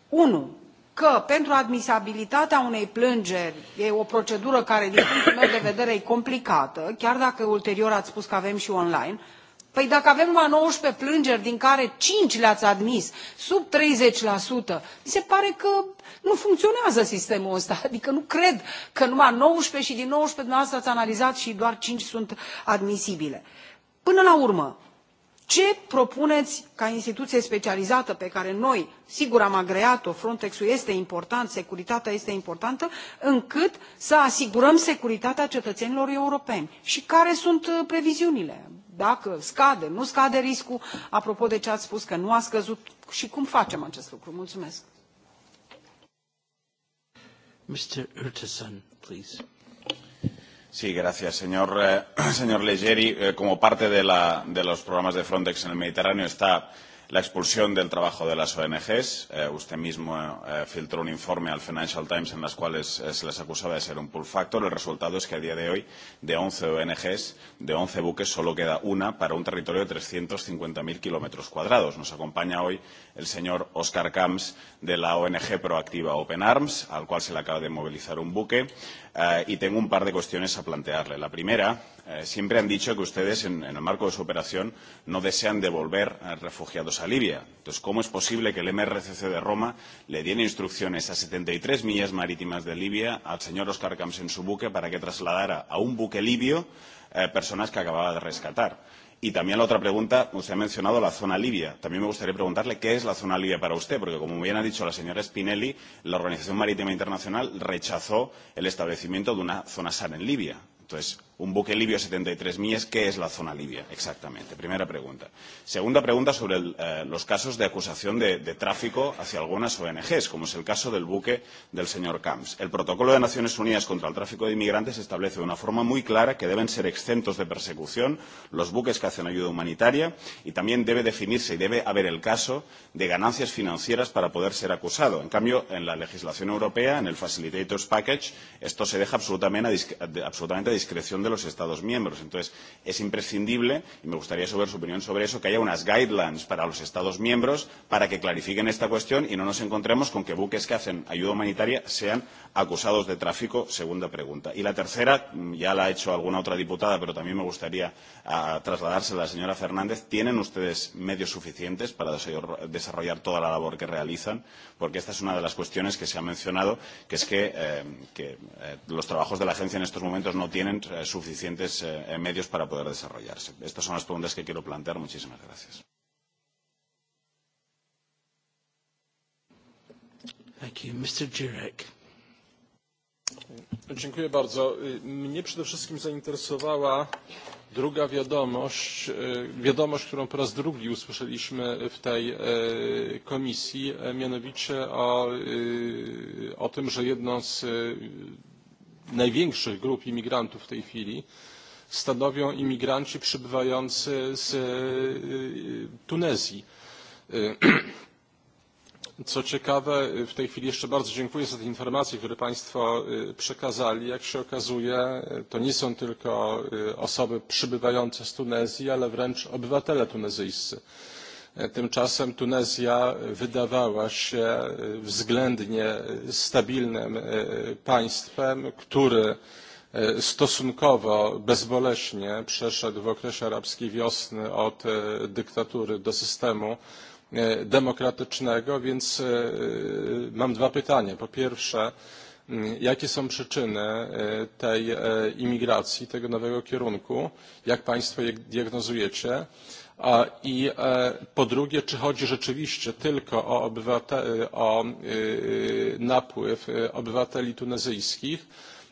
1 că pentru admisibilitatea unei plângeri e o procedură care din punctul meu de vedere e complicată chiar dacă ulterior ați spus că avem și online păi dacă avem numai nouăsprezece plângeri din care cinci le ați admis sub treizeci mi se pare că nu funcționează sistemul ăsta [laughs] adică nu cred că numai nouăsprezece și din nouăsprezece dumneavoastră ați analizat și doar cinci sunt admisibile. până la urmă ce propuneți ca instituție specializată pe care noi sigur am agreat o frontex ul este important securitatea este importantă încât să asigurăm securitatea cetățenilor europeni și care sunt uh, previziunile dacă scade nu scade riscul apropo de ce ați spus că nu a scăzut și cum facem acest lucru? mulțumesc. Mr. Urtasun, please. Sí, gracias, señor, eh, [clears throat] señor Leggeri. Eh, como parte de, la, de los programas de Frontex en el Mediterráneo está la expulsión del trabajo de las ONGs. Eh, usted mismo eh, filtró un informe al Financial Times en las cuales eh, se les acusaba de ser un pull factor. El resultado es que a día de hoy, de 11 ONGs, de 11 buques, solo queda una para un territorio de 350.000 kilómetros cuadrados. Nos acompaña hoy el señor Oscar Camps de la ONG proactiva Open Arms, al cual se le acaba de movilizar un buque. Eh, y tengo un par de cuestiones a plantearle. La primera, eh, siempre han dicho que ustedes, en, en el marco de su operación, no desean devolver eh, refugiados a Libia. Entonces, ¿cómo es posible que el MRCC de Roma le diera instrucciones a 73 millas marítimas de Libia al señor Oscar Camps en su buque para que trasladara a un buque libio eh, personas que acababa de rescatar? Y también la otra pregunta, usted ha mencionado la zona libia. También me gustaría preguntarle qué es la zona libia para usted, porque como bien ha dicho la señora Spinelli, la Organización Marítima Internacional rechazó el establecimiento de una zona SAR en Libia. Entonces, un buque libio 73 millas, ¿qué es la zona libia exactamente? Primera pregunta. Segunda pregunta sobre el, eh, los casos de acusación de, de tráfico hacia algunas ONGs, como es el caso del buque del señor Camps. El protocolo de Naciones Unidas contra el tráfico de inmigrantes establece de una forma muy clara que deben ser exentos de persecución los buques que hacen ayuda humanitaria y también debe definirse y debe haber el caso de ganancias financieras para poder ser acusado. En cambio, en la legislación europea, en el Facilitators Package, esto se deja absolutamente a, disc absolutamente a discreción de los Estados miembros. Entonces, es imprescindible, y me gustaría saber su opinión sobre eso, que haya unas guidelines para los Estados miembros para que clarifiquen esta cuestión y no nos encontremos con que buques que hacen ayuda humanitaria sean acusados de tráfico? Segunda pregunta. Y la tercera, mm, ya la ha hecho alguna otra diputada, pero también me gustaría a, ah, trasladársela a la señora Fernández. ¿Tienen ustedes medios suficientes para desarrollar toda la labor que realizan? Porque esta es una de las cuestiones que se ha mencionado, que es que, eh, que eh, los trabajos de la agencia en estos momentos no tienen eh, suficientes eh, eh medios para poder desarrollarse. Estas son las preguntas que quiero plantear. Muchísimas gracias. Thank you. Mr. Jurek. Dziękuję bardzo. Mnie przede wszystkim zainteresowała druga wiadomość, e, wiadomość, którą po raz drugi usłyszeliśmy w tej e, komisji, e, mianowicie o, o tym, że jedną z największych grup imigrantów w tej chwili stanowią imigranci przybywający z Tunezji [clears throat] Co ciekawe, w tej chwili jeszcze bardzo dziękuję za te informacje, które Państwo przekazali. Jak się okazuje, to nie są tylko osoby przybywające z Tunezji, ale wręcz obywatele tunezyjscy. E, tymczasem Tunezja wydawała się względnie stabilnym państwem, który stosunkowo bezboleśnie przeszedł w okresie arabskiej wiosny od dyktatury do systemu E, demokratycznego, więc e, e, mam dwa pytania. Po pierwsze, jakie są przyczyny tej imigracji, tego nowego kierunku, jak Państwo je diagnozujecie? I po drugie, czy chodzi rzeczywiście tylko o, obywate, o napływ obywateli tunezyjskich,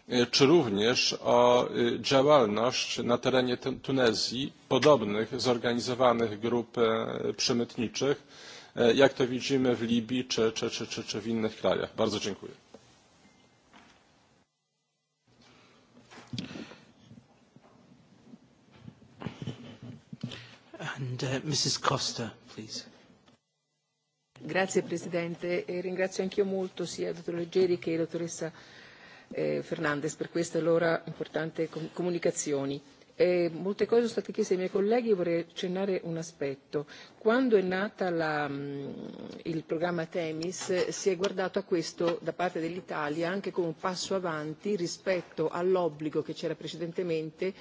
E, czy również o e, działalność na terenie Tunezji podobnych zorganizowanych grup e, przemytniczych, jak to widzimy w Libii czy, czy, czy, czy, czy w innych krajach. Bardzo dziękuję. And, uh, Mrs. Costa, please. Grazie Presidente e ringrazio anch'io molto sia il dottor Leggeri che la dottoressa Eh, fernandes per queste loro importanti com- comunicazioni. E molte cose sono state chieste ai miei colleghi e vorrei accennare un aspetto. Quando è nato mm, il programma Temis si è guardato a questo da parte dell'Italia anche come un passo avanti rispetto all'obbligo che c'era precedentemente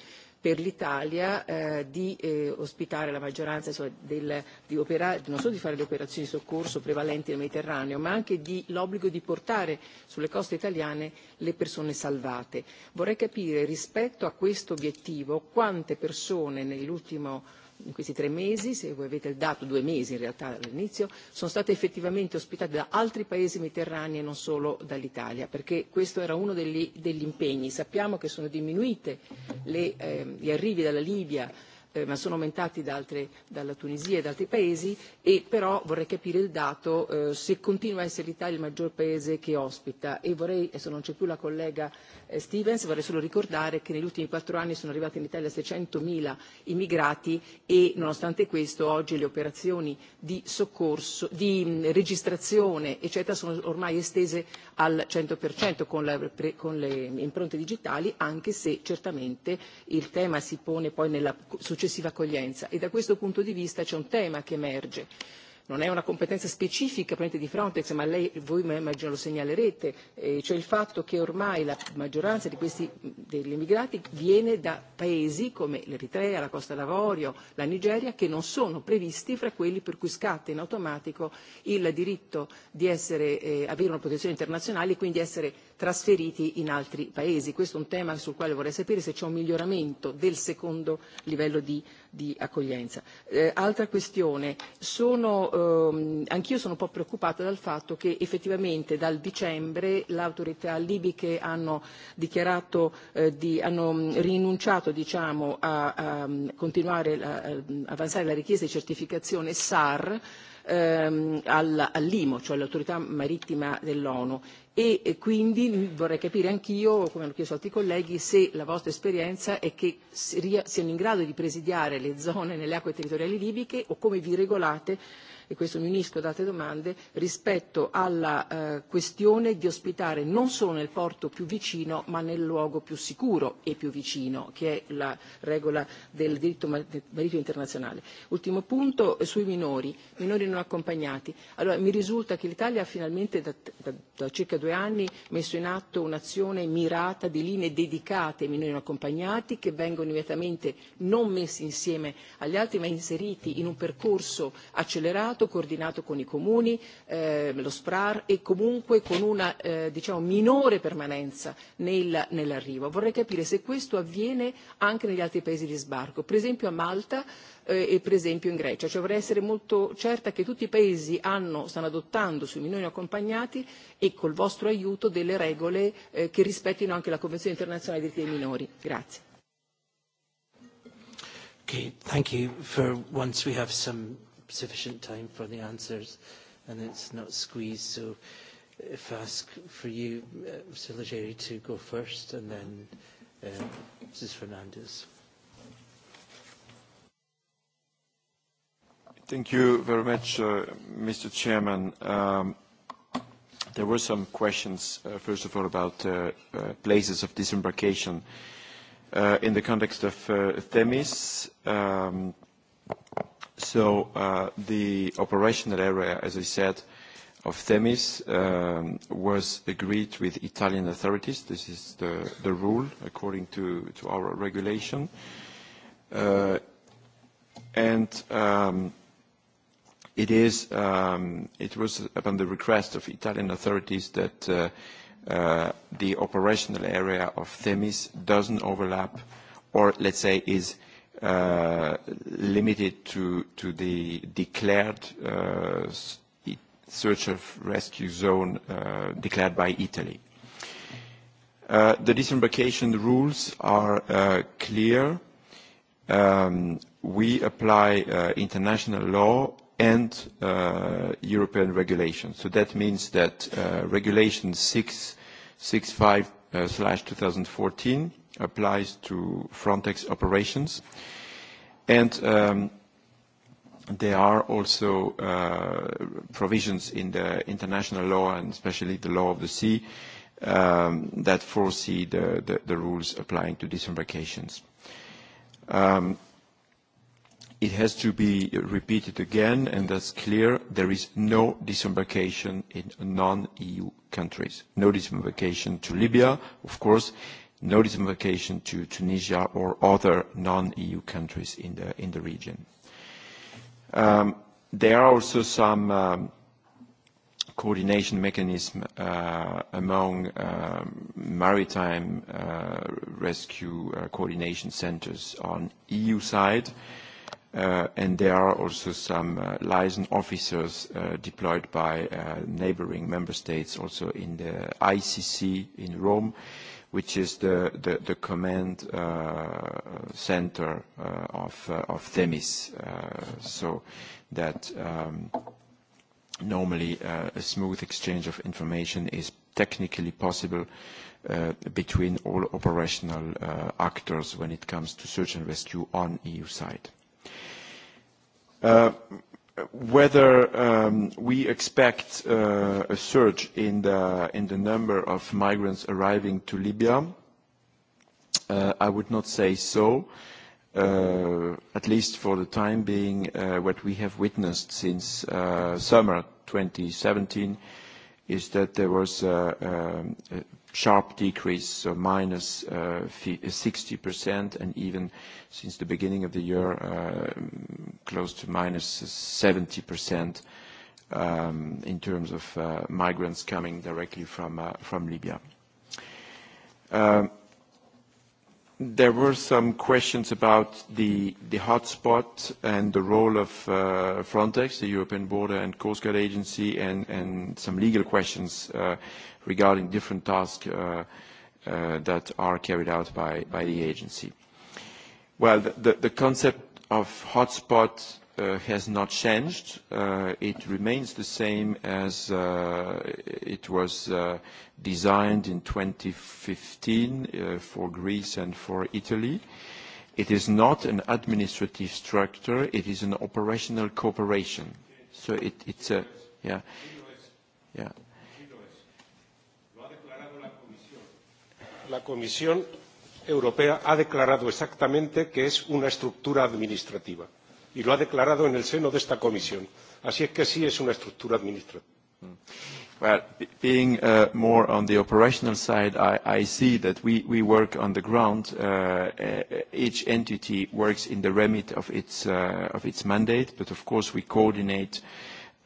per l'Italia eh, di eh, ospitare la maggioranza insomma, del, di operare, non solo di fare le operazioni di soccorso prevalenti nel Mediterraneo, ma anche di, l'obbligo di portare sulle coste italiane le persone salvate. Vorrei capire rispetto a questo obiettivo quante persone nell'ultimo in questi tre mesi, se voi avete il dato, due mesi in realtà dall'inizio, sono state effettivamente ospitate da altri paesi mediterranei e non solo dall'Italia, perché questo era uno degli, degli impegni. Sappiamo che sono diminuite le, eh, gli arrivi dalla Libia, eh, ma sono aumentati da altre, dalla Tunisia e da altri paesi, e però vorrei capire il dato eh, se continua a essere l'Italia il maggior paese che ospita e vorrei, adesso non c'è più la collega Eh, Stevens. Vorrei solo ricordare che negli ultimi quattro anni sono arrivati in Italia 600.000 immigrati e nonostante questo oggi le operazioni di soccorso, di mm, registrazione eccetera sono ormai estese al 100% con, la, con le impronte digitali anche se certamente il tema si pone poi nella successiva accoglienza e da questo punto di vista c'è un tema che emerge non è una competenza specifica di Frontex, ma lei, voi immagino lo segnalerete, eh, cioè il fatto che ormai la maggioranza di questi, degli immigrati viene da paesi come l'Eritrea, la Costa d'Avorio, la Nigeria, che non sono previsti fra quelli per cui scatta in automatico il diritto di essere, eh, avere una protezione internazionale e quindi essere trasferiti in altri paesi. Questo è un tema sul quale vorrei sapere se c'è un miglioramento del secondo livello di, di accoglienza. Eh, altra questione, sono, ehm, anch'io sono un po' preoccupata dal fatto che effettivamente dal dicembre le autorità libiche hanno dichiarato, eh, di, hanno mm, rinunciato diciamo, a, a mm, continuare a, avanzare la richiesta di certificazione SAR ehm, all'IMO, cioè l'autorità marittima dell'ONU E, e quindi vorrei capire anch'io, come hanno chiesto altri colleghi, se la vostra esperienza è che siano in grado di presidiare le zone nelle acque territoriali libiche o come vi regolate e questo mi unisco ad altre domande, rispetto alla eh, questione di ospitare non solo nel porto più vicino ma nel luogo più sicuro e più vicino, che è la regola del diritto marittimo internazionale. Ultimo punto eh, sui minori, minori non accompagnati. Allora, mi risulta che l'Italia ha finalmente da, da, da circa due anni messo in atto un'azione mirata di linee dedicate ai minori non accompagnati che vengono immediatamente non messi insieme agli altri ma inseriti in un percorso accelerato Stato coordinato con i comuni, eh, lo SPRAR e comunque con una eh, diciamo, minore permanenza nel, nell'arrivo. Vorrei capire se questo avviene anche negli altri paesi di sbarco, per esempio a Malta eh, e per esempio in Grecia. Cioè vorrei essere molto certa che tutti i paesi hanno, stanno adottando sui minori accompagnati e col vostro aiuto delle regole eh, che rispettino anche la Convenzione internazionale dei diritti dei minori. Grazie. Okay, thank you. For once we have some sufficient time for the answers and it's not squeezed. So if I ask for you, uh, Mr. Legere, to go first and then uh, um, Mrs. Fernandez. Thank you very much, uh, Mr. Chairman. Um, there were some questions, uh, first of all, about uh, uh, places of disembarkation uh, in the context of uh, Themis. Um, So uh, the operational area, as I said, of Themis um, was agreed with Italian authorities. This is the, rule according to, our regulation. Uh, and um, um, it, was upon the request of Italian authorities that uh, the operational area of Themis doesn't overlap, or let's say is Uh, limited to, the declared uh, e, search and rescue zone uh, declared by Italy. the disembarkation rules are clear. Um, we apply international law and European regulations. So that means that Regulation 665/2014 applies to Frontex operations. And um, there are also uh, provisions in the international law, and especially the law of the sea, um, that foresee the, the, the rules applying to disembarkations. Um, it has to be repeated again, and that's clear, there is no disembarkation in non-EU countries. No disembarkation to Libya, of course, no disembarkation to Tunisia or other non-EU countries in the, in the region. Um, there are also some um, coordination mechanism uh, among um, maritime uh, rescue uh, coordination centers on EU side, uh, and there are also some uh, liaison officers uh, deployed by neighboring member states also in the ICC in Rome which is the, the, the command uh, center uh, of, uh, of Themis. Uh, so that um, normally uh, a smooth exchange of information is technically possible uh, between all operational uh, actors when it comes to search and rescue on EU side. Uh, whether um, we expect uh, a surge in the, number of migrants arriving to Libya, uh, I would not say so, uh, at least for the time being, what we have witnessed since summer 2017 is that there was a um, sharp decrease, so minus 60%, uh, uh, and even since the beginning of the year, uh, close to minus 70% um, in terms of migrants coming directly from, Libya. Um, there were some questions about the, hotspot and the role of Frontex, the European Border and Coast Guard Agency, and some legal questions regarding different tasks uh, uh, that are carried out by, by the agency. Well, the, the concept of hotspot Uh, has not changed. Uh, it remains the same as uh, it was uh, designed in 2015 for Greece and for Italy. It is not an administrative structure. It is an operational cooperation. So it, it's a yeah. Yeah. la Comisión Europea ha declarado exactamente que es una estructura administrativa y lo ha declarado en el seno de esta comisión. Así es que sí es una estructura administrativa. Mm. Well, being uh, more on the operational side, I, I see that we, we work on the ground. Uh, uh each entity works in the remit of its, uh, of its mandate, but of course we coordinate,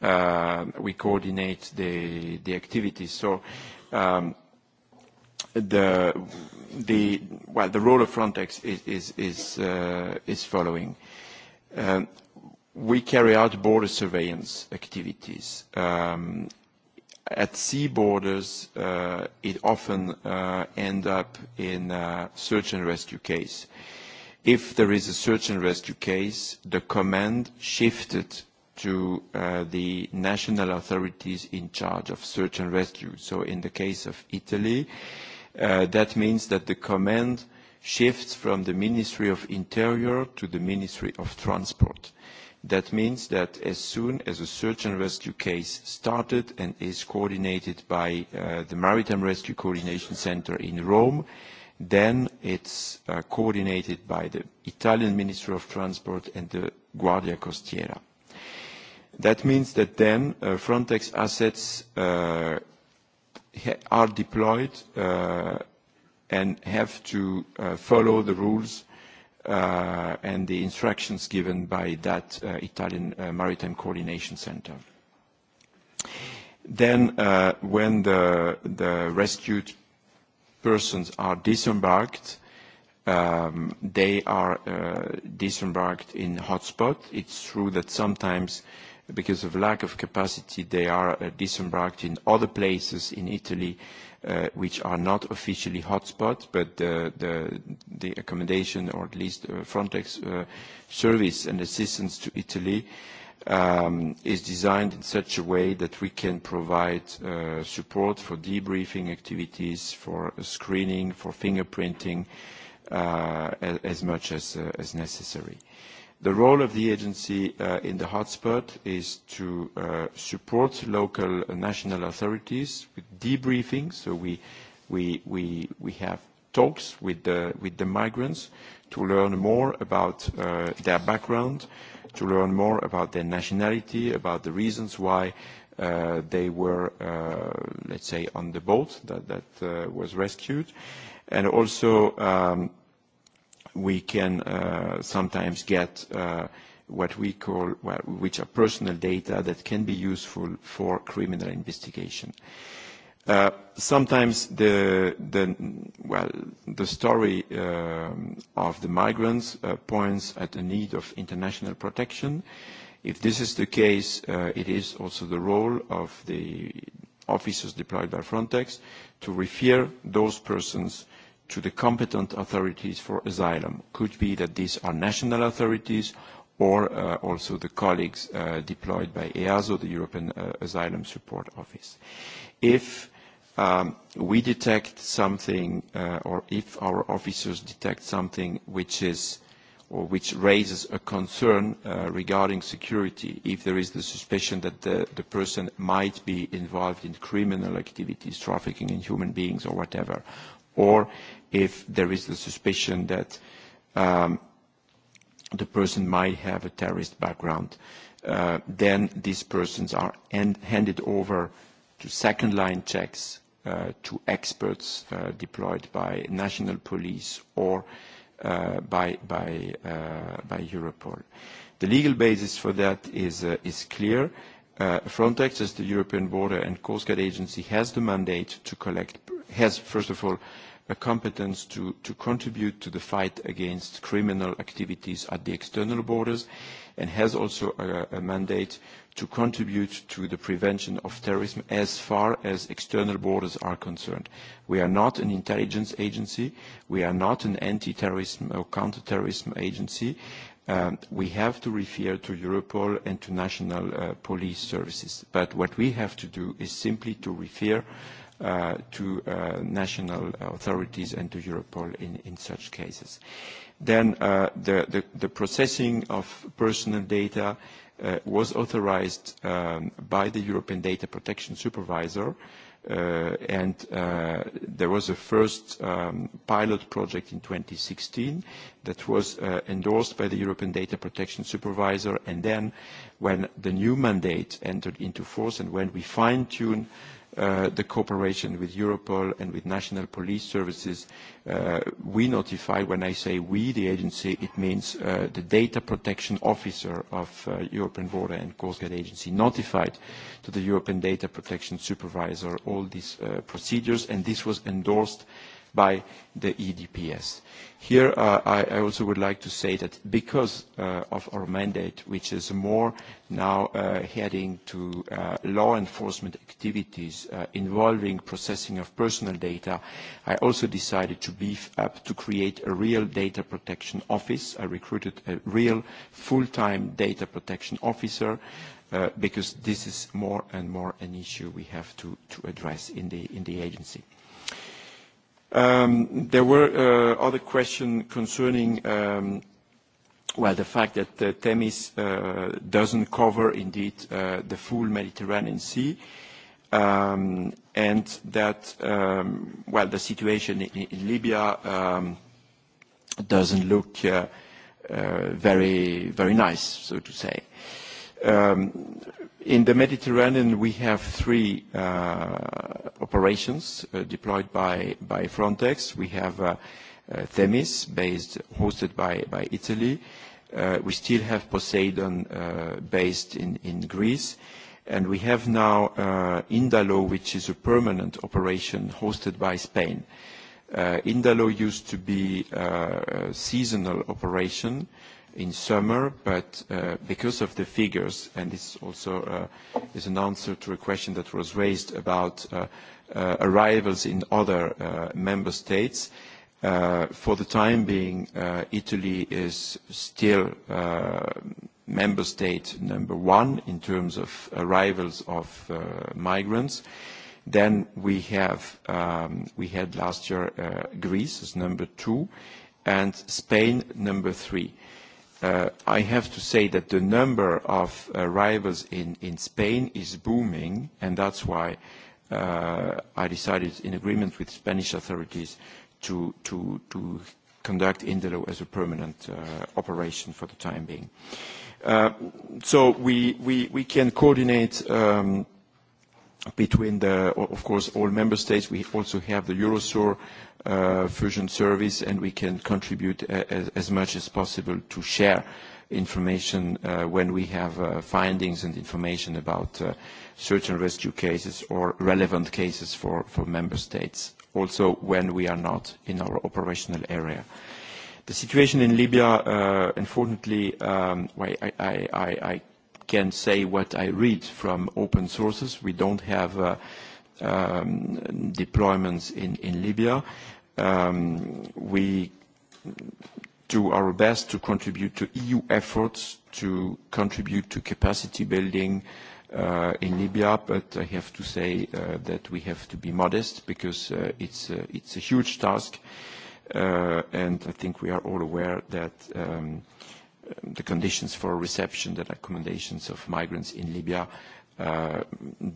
uh, we coordinate the, the activities. So, um, the the well the role of Frontex is is is, uh, is following. Um, we carry out border surveillance activities. Um, at sea borders, uh, it often uh, end up in a search and rescue case. If there is a search and rescue case, the command shifted to the national authorities in charge of search and rescue. So in the case of Italy, Uh, that means that the command shifts from the Ministry of Interior to the Ministry of Transport. That means that as soon as a search and rescue case started and is coordinated by uh, the Maritime Rescue Coordination Center in Rome, then it's uh, coordinated by the Italian Ministry of Transport and the Guardia Costiera. That means that then uh, Frontex assets uh, are deployed uh, and have to uh, follow the rules uh, and the instructions given by that Italian Maritime Coordination Center. Then when the rescued persons are disembarked, Um, they are uh, disembarked in hotspot. It's true that sometimes, because of lack of capacity, they are uh, disembarked in other places in Italy, uh, which are not officially hotspot, but the, the, the accommodation, or at least uh, Frontex uh, service and assistance to Italy, um, is designed in such a way that we can provide uh, support for debriefing activities, for screening, for fingerprinting, Uh, as, much as, uh, as necessary. The role of the agency uh, in the hotspot is to support local national authorities with debriefing. So we, we, we, we have talks with the, with the migrants to learn more about their background, to learn more about their nationality, about the reasons why they were, let's say, on the boat that, that was rescued, and also um, we can uh, sometimes get uh, what we call, well, which are personal data that can be useful for criminal investigation. Uh, sometimes the, the, well, the story um, of the migrants uh, points at the need of international protection. If this is the case, uh, it is also the role of the officers deployed by Frontex to refer those persons to the competent authorities for asylum. Could be that these are national authorities or uh, also the colleagues uh, deployed by EASO, the European uh, Asylum Support Office. If um, we detect something uh, or if our officers detect something which is or which raises a concern uh, regarding security, if there is the suspicion that the, the person might be involved in criminal activities, trafficking in human beings or whatever, or if there is the suspicion that um, the person might have a terrorist background. Uh, then these persons are hand handed over to second-line checks uh, to experts uh, deployed by national police or uh, by, by, uh, by Europol. The legal basis for that is, uh, is clear. Frontex, as the European Border and Coast Guard Agency, has the mandate to collect, has, first of all, a competence to, to contribute to the fight against criminal activities at the external borders and has also a, a mandate to contribute to the prevention of terrorism as far as external borders are concerned. We are not an intelligence agency. We are not an anti-terrorism or counter-terrorism agency. Um, we have to refer to Europol and to national uh, police services. But what we have to do is simply to refer Uh, to uh, national authorities and to Europol in, in such cases. Then uh, the, the, the processing of personal data uh, was authorized um, by the European Data Protection Supervisor uh, and uh, there was a first um, pilot project in 2016 that was uh, endorsed by the European Data Protection Supervisor and then when the new mandate entered into force and when we fine-tuned Uh, the cooperation with Europol and with national police services. Uh, we notify, when I say we, the agency, it means uh, the data protection officer of uh, European Border and Coast Guard Agency notified to the European Data Protection Supervisor all these uh, procedures, and this was endorsed by the EDPS. Here, uh, I, I also would like to say that because uh, of our mandate, which is more now uh, heading to uh, law enforcement activities uh, involving processing of personal data, I also decided to beef up to create a real data protection office. I recruited a real full-time data protection officer, uh, because this is more and more an issue we have to, to address in the, in the agency. Um, there were uh, other question concerning, um, well, the fact that the uh, Themis uh, doesn't cover indeed the full Mediterranean Sea, um, and that, well, the situation in, in Libya doesn't look very, very nice, so to say. Um, in the Mediterranean, we have three uh, operations uh, deployed by, Frontex. We have uh, Themis, based, hosted by, Italy. We still have Poseidon, based in Greece. And we have now Indalo, which is a permanent operation hosted by Spain. Indalo used to be a seasonal operation, in summer, but uh, because of the figures, and this also uh, is an answer to a question that was raised about uh, arrivals in other member states. For the time being, Italy is still member state number one in terms of arrivals of migrants. Then we have, um, we had last year, Greece as number two, and Spain number three. Uh, I have to say that the number of arrivals in, Spain is booming, and that's why uh, I decided, in agreement with Spanish authorities, to, conduct Indelo as a permanent uh, operation for the time being. So we, can coordinate um, between the, of course, all member states. We also have the Eurosur Uh, fusion service, and we can contribute as, as much as possible to share information uh, when we have uh, findings and information about uh, search and rescue cases or relevant cases for, for member states, also when we are not in our operational area. The situation in Libya, uh, unfortunately, um, I, I, I, I can say what I read from open sources. We don't have uh, um, deployments in, in Libya. Um, we do our best to contribute to EU efforts to contribute to capacity building uh, in Libya, but I have to say uh, that we have to be modest because uh, it's, a, it's a huge task. and I think we are all aware that um, the conditions for reception, the accommodations of migrants in Libya Uh,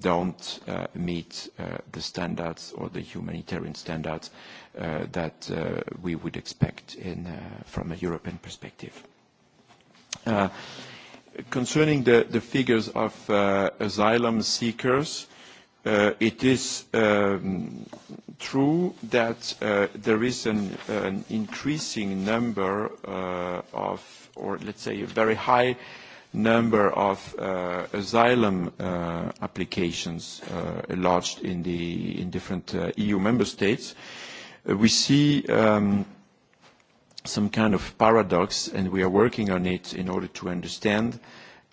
don't uh, meet uh, the standards or the humanitarian standards that we would expect from a European perspective. concerning the, figures of asylum seekers, it is um, true that there is an, increasing number of, or let's say a very high number of uh, asylum uh, applications uh, lodged in, the, in different uh, EU member states, uh, we see um, some kind of paradox, and we are working on it in order to understand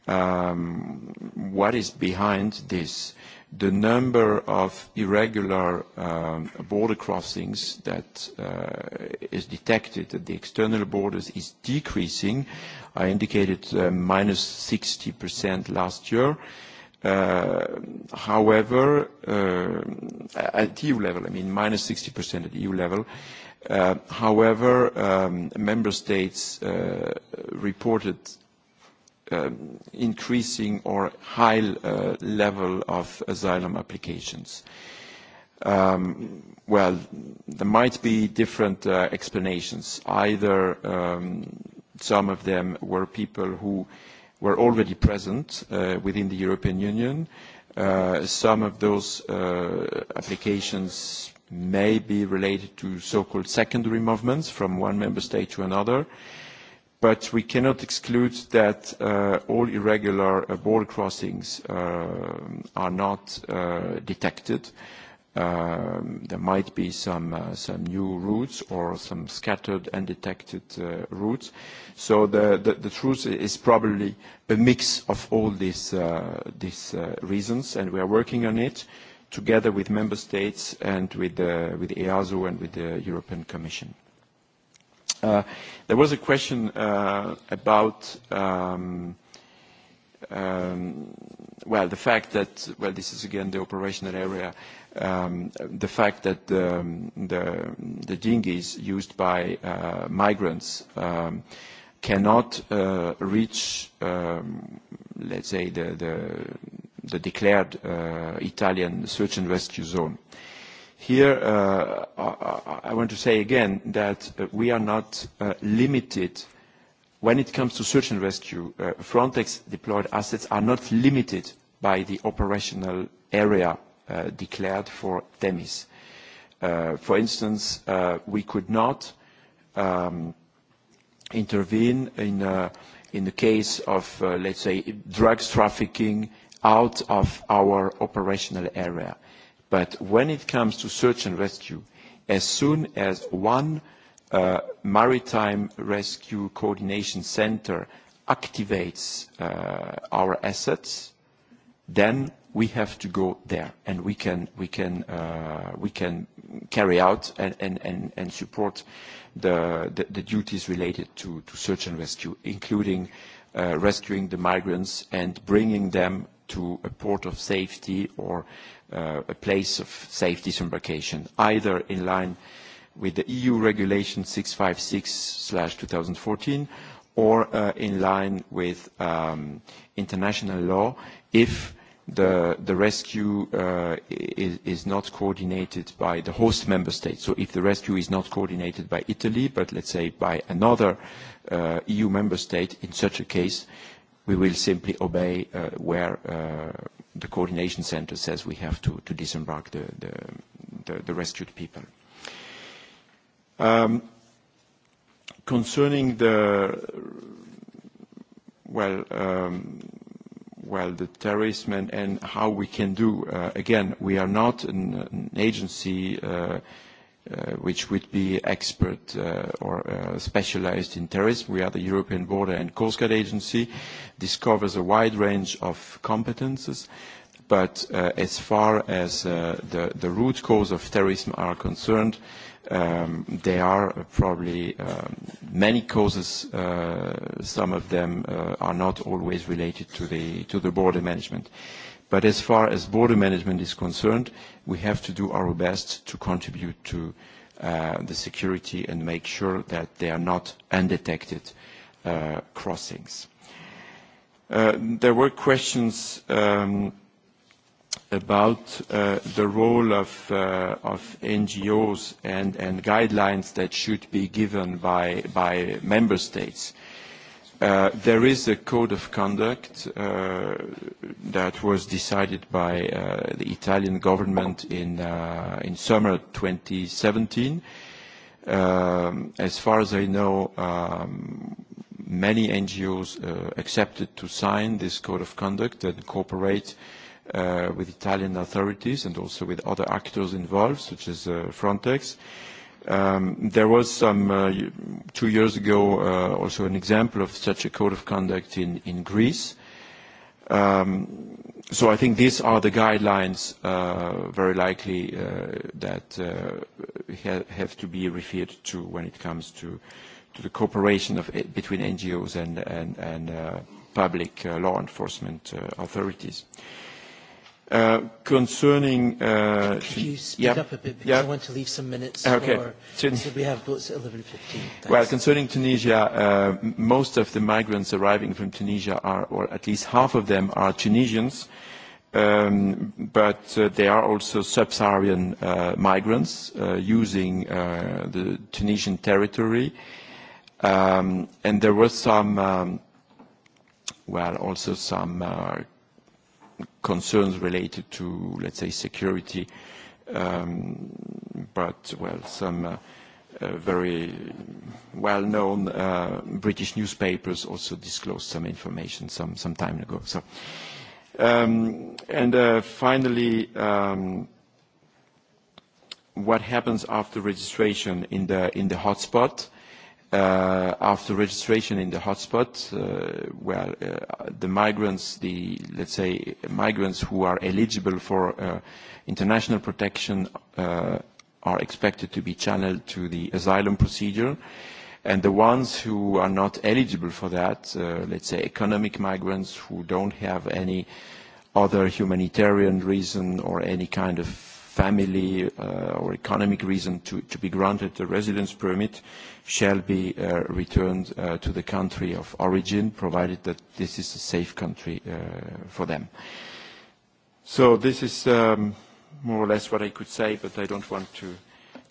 um, what is behind this the number of irregular uh, border crossings that uh, is detected at the external borders is decreasing. I indicated uh, minus 60% last year. however, at EU level, I mean, minus 60% at EU level. However, um, member states reported Uh, increasing or high uh, level of asylum applications. Um, well, there might be different uh, explanations. Either um, some of them were people who were already present within the European Union. some of those applications may be related to so-called secondary movements from one member state to another but we cannot exclude that uh, all irregular uh, border crossings uh, are not uh, detected. Um, there might be some, uh, some new routes or some scattered undetected uh, routes. So the, the, the truth is probably a mix of all these, these reasons, and we are working on it together with member states and with, with EASO and with the European Commission. Uh, there was a question uh, about um, um, well, the fact that, well, this is again the operational area, um, the fact that the, dinghies used by uh, migrants cannot reach, let's say, the, the, the declared uh, Italian search and rescue zone. Uh, Here, uh, I want to say again that uh, we are not uh, limited when it comes to search and rescue. Uh, Frontex deployed assets are not limited by the operational area uh, declared for Themis. Uh, for instance, we could not um, intervene in, in the case of, let's say, drugs trafficking out of our operational area. But when it comes to search and rescue, as soon as one uh, maritime rescue coordination center activates uh, our assets, then we have to go there, and we can, we can, uh, we can carry out and, and, and support the, the, the duties related to, to search and rescue, including uh, rescuing the migrants and bringing them to a port of safety or Uh, a place of safe disembarkation, either in line with the EU Regulation 656/2014 or uh, in line with um, international law if the, the rescue uh, is, is not coordinated by the host member state. So if the rescue is not coordinated by Italy, but let's say by another uh, EU member state, in such a case, we will simply obey uh, where uh, the coordination center says we have to, to disembark the, the, the, the rescued people. Um, concerning the well, um, well, the terrorism and, and how we can do. Uh, again, we are not an, an agency uh, Uh, which would be expert uh, or uh, specialized in terrorism. We are the European Border and Coast Guard Agency, discovers a wide range of competences, but uh, as far as uh, the, the root cause of terrorism are concerned, um, there are probably um, many causes. Some of them are not always related to the, to the border management. But as far as border management is concerned, we have to do our best to contribute to uh, the security and make sure that they are not undetected uh, crossings. Uh, there were questions um, about the role of, NGOs and, guidelines that should be given by member states. Uh, there is a code of conduct uh, that was decided by uh, the Italian government in, uh, in summer 2017. Um, as far as I know, um, many NGOs uh, accepted to sign this code of conduct and cooperate uh, with Italian authorities and also with other actors involved, such as uh, Frontex. Uh, Um, there was some, uh, two years ago, uh, also an example of such a code of conduct in, Greece. Um, so I think these are the guidelines uh, very likely that have to be referred to when it comes to, the cooperation eh, between NGOs and, public law enforcement authorities. Uh, concerning. Uh, Could you speed up a bit because yeah. I want to leave some minutes for. Okay. so we have votes at 11:15. Thanks. Well, concerning Tunisia, uh, most of the migrants arriving from Tunisia are, or at least half of them are Tunisians, um, but they are also sub-Saharan migrants using the Tunisian territory. Um, and there were some, um, well, also some concerns related to, let's say, security, um, but, well, some uh, uh, very well-known uh, British newspapers also disclosed some information some, some time ago. So, um, and finally, um, what happens after registration in the, in the hotspot? Uh, after registration in the hotspot, uh, where uh, the migrants, the, let's say, migrants who are eligible for uh, international protection uh, are expected to be channeled to the asylum procedure. And the ones who are not eligible for that, let's say economic migrants who don't have any other humanitarian reason or any kind of family uh, or economic reason to, to be granted a residence permit shall be uh, returned uh, to the country of origin, provided that this is a safe country uh, for them. So this is um, more or less what I could say, but I don't want to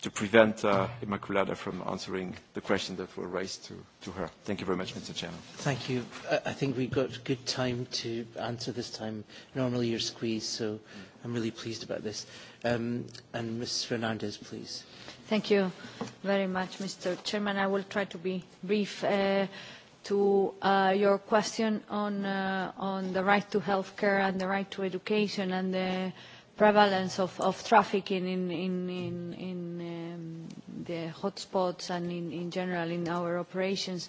to prevent uh, Immaculada from answering the question that were raised to, to her. Thank you very much, Mr. Chairman. Thank you. I think we've got good time to answer this time. Normally you're squeezed, so I'm really pleased about this. Um, and Ms. Fernandez, please. Thank you very much, Mr. Chairman. I will try to be brief. Uh, to uh, your question on, uh, on the right to health care and the right to education and the uh, prevalence of, of trafficking in, in, in, in um, the hotspots and in, in general in our operations,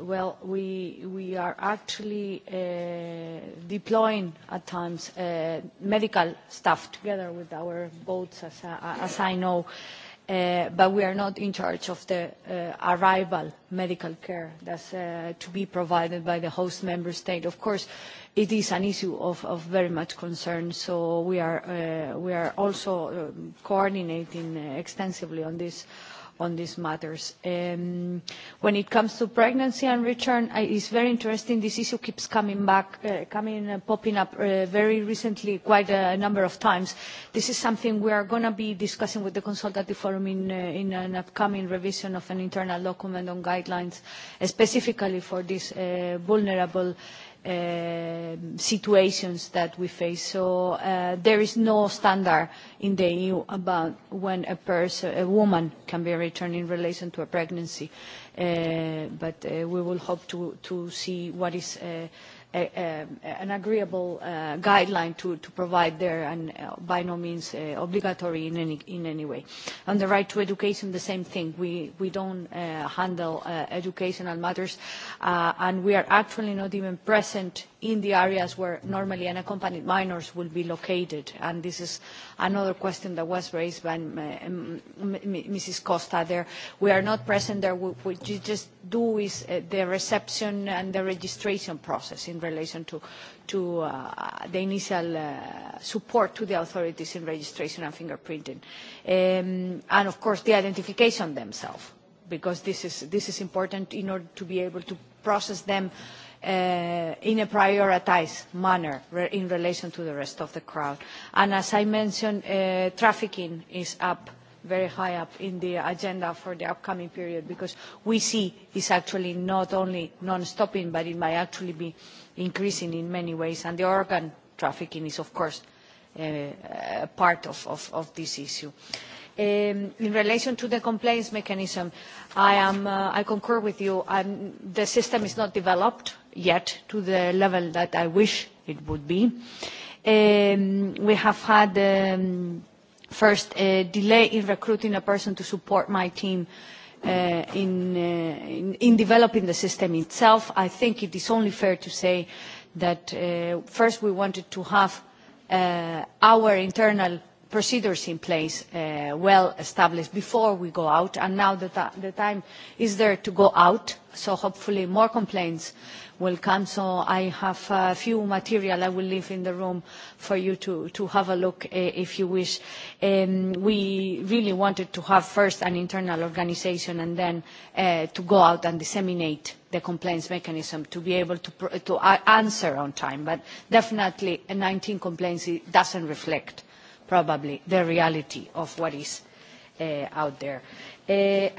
well, we, we are actually uh, deploying at times uh, medical staff together with our boats, as, I, uh, as I know, uh, but we are not in charge of the uh, arrival medical care that's uh, to be provided by the host member state. Of course, uh, it is an issue of, of very much concern. So we are, uh, we are also um, uh, coordinating extensively on this on these matters. Um, when it comes to pregnancy and return, I, it's very interesting. This issue keeps coming back, uh, coming, uh, popping up uh, very recently, quite a number of times. This is something we are going to be discussing with the consultative forum in, uh, in, an upcoming revision of an internal document on guidelines, specifically for these uh, vulnerable Uh, situations that we face. So uh, there is no standard in the EU about when a person, a woman, can be returned in relation to a pregnancy. Uh, but uh, we will hope to, to see what is uh, a, a, an agreeable uh, guideline to, to provide there and uh, by no means uh, obligatory in any, in any way. On the right to education, the same thing. We, we don't uh, handle uh, educational matters uh, and we are actually not even present in the areas where normally unaccompanied minors will be located. And this is another question that was raised by Mrs. Um, uh, Costa there. We are not present there, which is just do is uh, the reception and the registration process in relation to, to uh, the initial uh, support to the authorities in registration and fingerprinting. Um, and of course the identification themselves, because this is, this is important in order to be able to process them Uh, in a prioritized manner re in relation to the rest of the crowd. And as I mentioned, uh, trafficking is up very high up in the agenda for the upcoming period because we see it's actually not only non-stopping, but it might actually be increasing in many ways. And the organ trafficking is, of course, uh, a part of, of, of this issue. Um, in relation to the complaints mechanism, I, am, uh, I concur with you. I'm, the system is not developed yet to the level that I wish it would be. Um, we have had um, first, a delay in recruiting a person to support my team uh, in, uh, in, in developing the system itself. I think it is only fair to say that uh, first we wanted to have uh, our internal procedures in place uh, well established before we go out and now the, the time is there to go out so hopefully more complaints uh, will come. So I have a few material I will leave in the room for you to, to have a look uh, if you wish. Um, we really wanted to have first an internal organization and then uh, to go out and disseminate the complaints mechanism to be able to, to answer on time. But definitely 19 complaints doesn't reflect probably the reality of what is Uh, out there. Uh,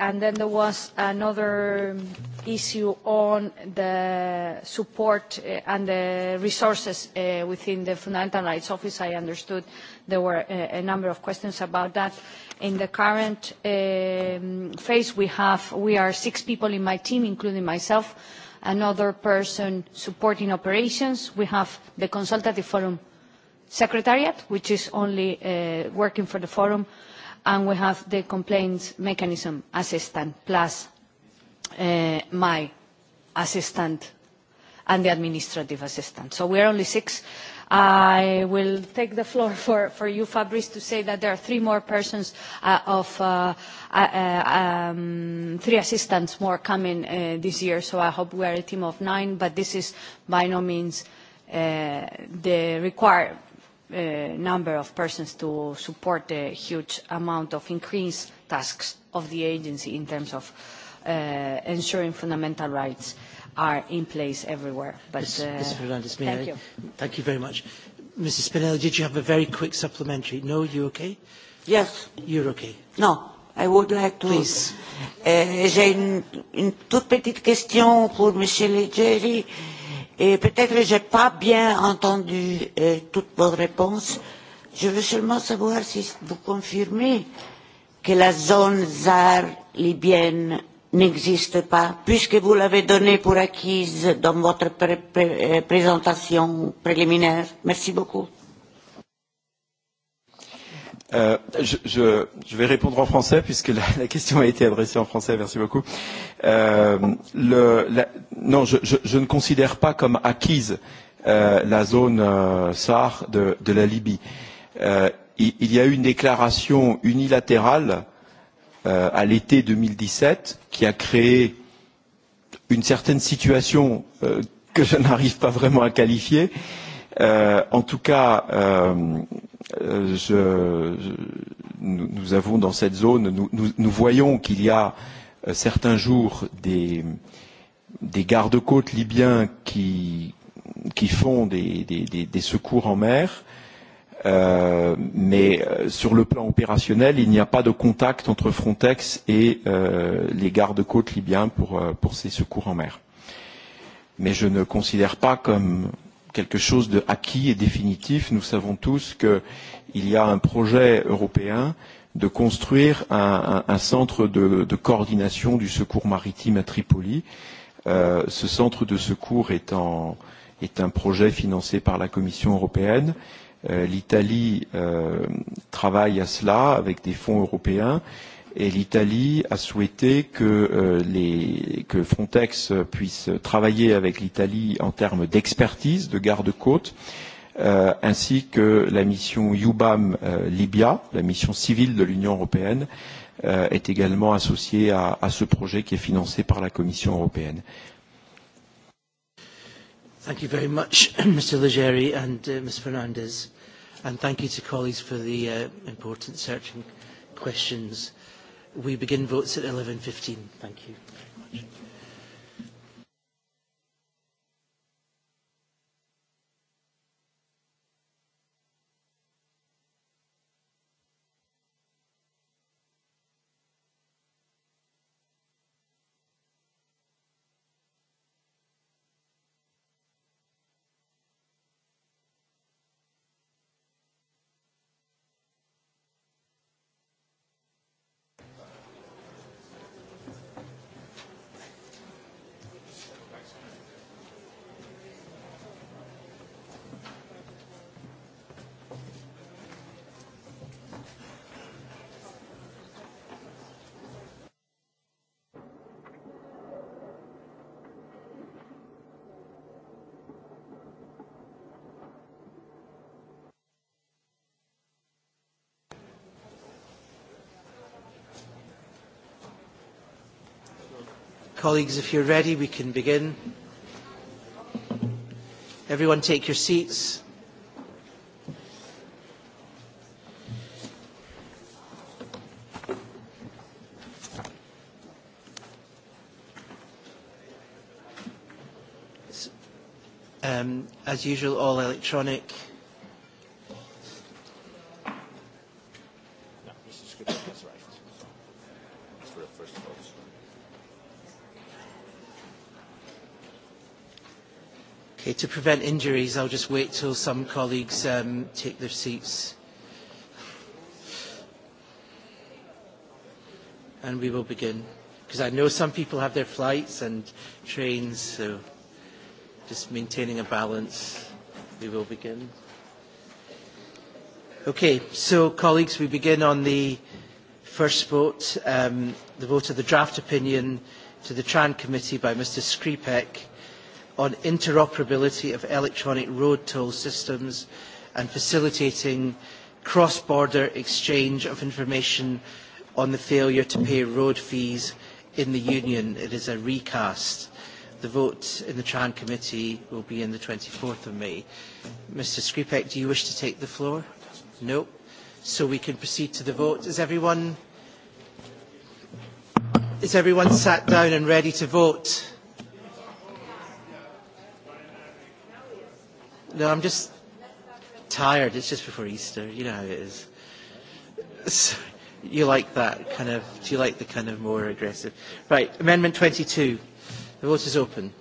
and then there was another issue on the support uh, and the resources within the Fundamental Rights Office. I understood there were a, number of questions about that. In the current um, phase, we, have, we are six people in my team, including myself, another person supporting operations. We have the Consultative Forum Secretariat, which is only working for the forum, and we have the complaints mechanism assistant plus uh, my assistant and the administrative assistant. So we are only six. I will take the floor [laughs] for, for you, Fabrice, to say that there are three more persons uh, of uh, uh, uh, um, three assistants more coming uh, this year. So I hope we are a team of nine, but this is by no means uh, the required Uh, number of persons to support the huge amount of increased tasks of the agency in terms of uh, ensuring fundamental rights are in place everywhere. But, Uh, Ms. Fernandez, thank you. I, Thank you very much. Mrs. Spinelli, did you have a very quick supplementary? No, you okay? Yes. You're okay. No, I would like to... Please. Uh, J'ai une, une toute petite question pour Monsieur Leggeri. Euh, Et peut-être j'ai pas bien entendu euh, toutes vos réponses. Je veux seulement savoir si vous confirmez que la zone ZAR libyenne n'existe pas, puisque vous l'avez donnée pour acquise dans votre pré pré euh, présentation préliminaire. Merci beaucoup. Euh, je, je vais répondre en français puisque la, la question a été adressée en français. Merci beaucoup. Euh, le, la, non, je, je, je ne considère pas comme acquise euh, la zone euh, SAR de, de la Libye. Euh, il, il y a eu une déclaration unilatérale euh, à l'été 2017 qui a créé une certaine situation euh, que je n'arrive pas vraiment à qualifier. Euh, en tout cas, euh, Euh, je, nous, nous avons dans cette zone, nous, nous, nous voyons qu'il y a euh, certains jours des, des gardes-côtes libyens qui, qui font des, des, des, des secours en mer, euh, mais euh, sur le plan opérationnel, il n'y a pas de contact entre Frontex et euh, les gardes-côtes libyens pour, euh, pour ces secours en mer. Mais je ne considère pas comme quelque chose de acquis et définitif. Nous savons tous qu'il y a un projet européen de construire un, un, un centre de, de coordination du secours maritime à Tripoli. Euh, ce centre de secours est, en, est un projet financé par la Commission européenne. Euh, L'Italie euh, travaille à cela avec des fonds européens. Euh, et l'Italie a souhaité que, euh, les, que Frontex puisse travailler avec l'Italie en termes d'expertise de garde-côte, euh, ainsi que la mission UBAM euh, Libya, la mission civile de l'Union européenne, euh, est également associée à, à ce projet qui est financé par la Commission européenne. Thank you very much, [coughs] Mr. Legeri and uh, Ms. Fernandez, and thank you to colleagues for the uh, important searching questions. We begin votes at 11.15. Thank you. colleagues, if you're ready, we can begin. Everyone take your seats. Um, as usual, all electronic. prevent injuries, I'll just wait till some colleagues um, take their seats. And we will begin. Because I know some people have their flights and trains, so just maintaining a balance, we will begin. Okay, so colleagues, we begin on the first vote, um, the vote of the draft opinion to the Tran Committee by Mr Skripek on interoperability of electronic road toll systems and facilitating cross-border exchange of information on the failure to pay road fees in the Union. It is a recast. The vote in the Tran Committee will be on the 24th of May. Mr Skripek, do you wish to take the floor? No. So we can proceed to the vote. Is everyone, is everyone sat down and ready to vote? No, I'm just tired. It's just before Easter. You know how it is. So, you like that kind of, do you like the kind of more aggressive? Right, Amendment 22. The vote is open.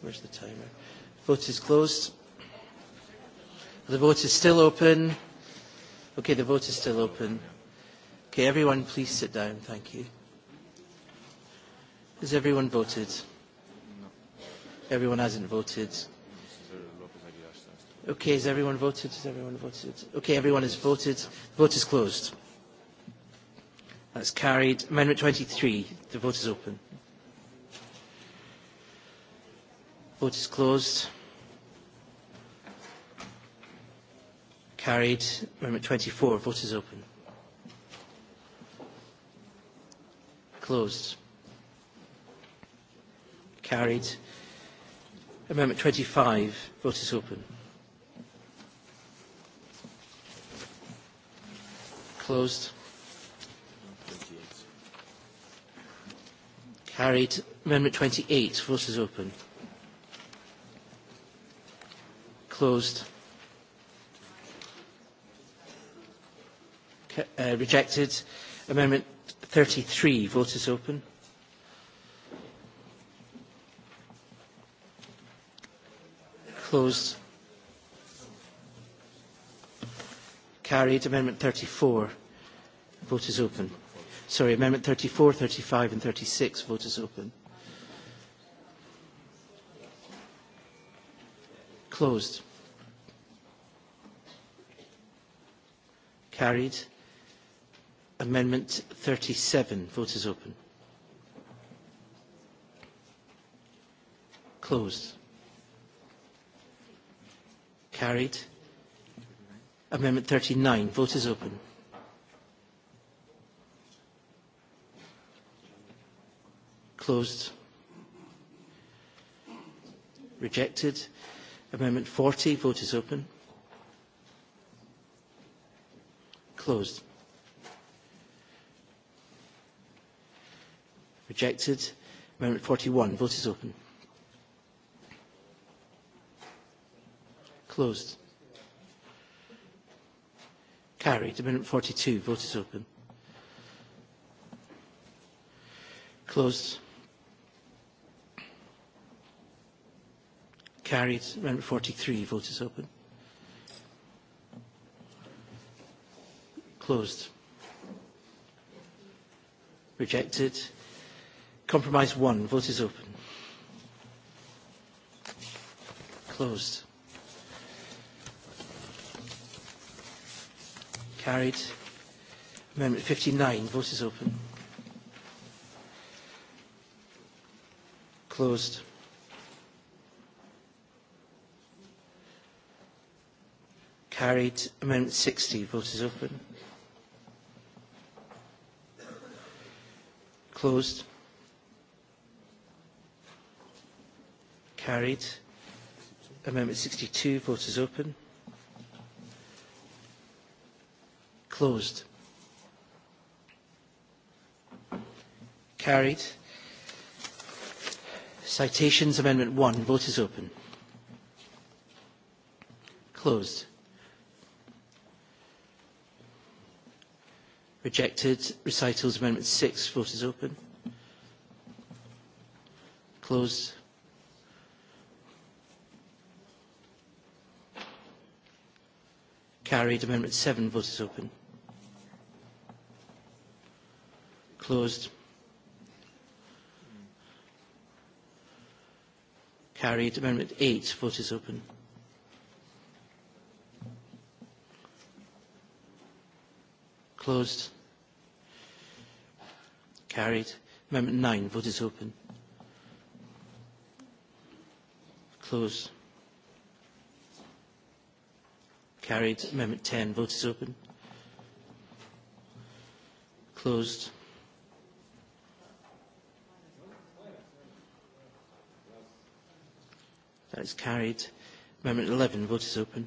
Where's the timer? Vote is closed. The vote is still open. Okay, the vote is still open. Okay, everyone please sit down. Thank you. Has everyone voted? Everyone hasn't voted. Okay, has everyone voted? Has everyone voted? Okay, everyone has voted. The vote is closed. That's carried. Amendment 23. The vote is open. Vote is closed. Carried. Amendment 24. Vote is open. Closed. Carried. Amendment 25. Vote is open. Closed. Carried. Amendment 28. Vote is open. Closed. Uh, rejected. Amendment 33. Vote is open. Closed. Carried. Amendment 34. Vote is open. Sorry, Amendment 34, 35 and 36. Vote is open. Closed. Carried. Amendment 37. Vote is open. Closed. Carried. Amendment 39. Vote is open. Closed. Rejected. Amendment 40. Vote is open. Closed. Rejected. Amendment 41. Vote is open. Closed. Carried. Amendment 42. Vote is open. Closed. Carried. Amendment 43. Vote is open. Closed. Rejected. Compromise 1. Vote is open. Closed. Carried. Amendment 59. Vote is open. Closed. Carried. Amendment 60. Vote is open. Closed. Carried. Amendment 62. Vote is open. Closed. Carried. Citations Amendment 1. Vote is open. Closed. Rejected. Recitals Amendment 6. Vote is open. Closed. Carried. Amendment 7. Vote is open. Closed. Carried. Amendment 8. Vote is open. Closed. Carried. Amendment 9. Vote is open. Closed. Carried. Amendment 10. Vote is open. Closed. That is carried. Amendment 11. Vote is open.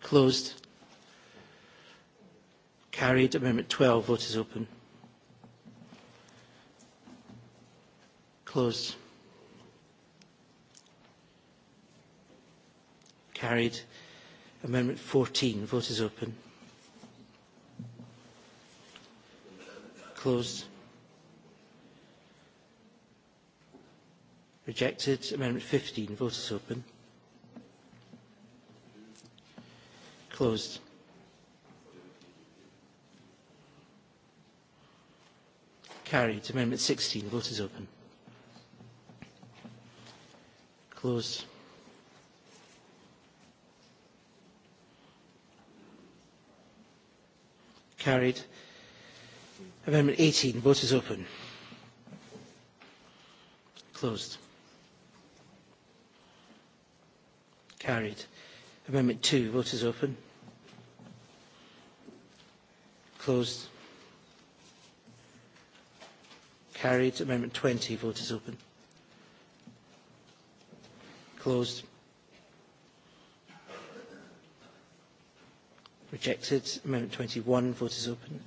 Closed. Carried. Amendment 12. Vote is open. Closed. Carried. Amendment 14. Vote is open. Closed. Rejected. Amendment 15. Vote is open. Closed. Carried. Amendment 16. Vote is open. Closed. Carried. Amendment 18. Vote is open. Closed. Carried. Amendment 2. Vote is open. Closed. Carried. Amendment 20. Vote is open. Closed. Rejected. Amendment 21. Vote is open.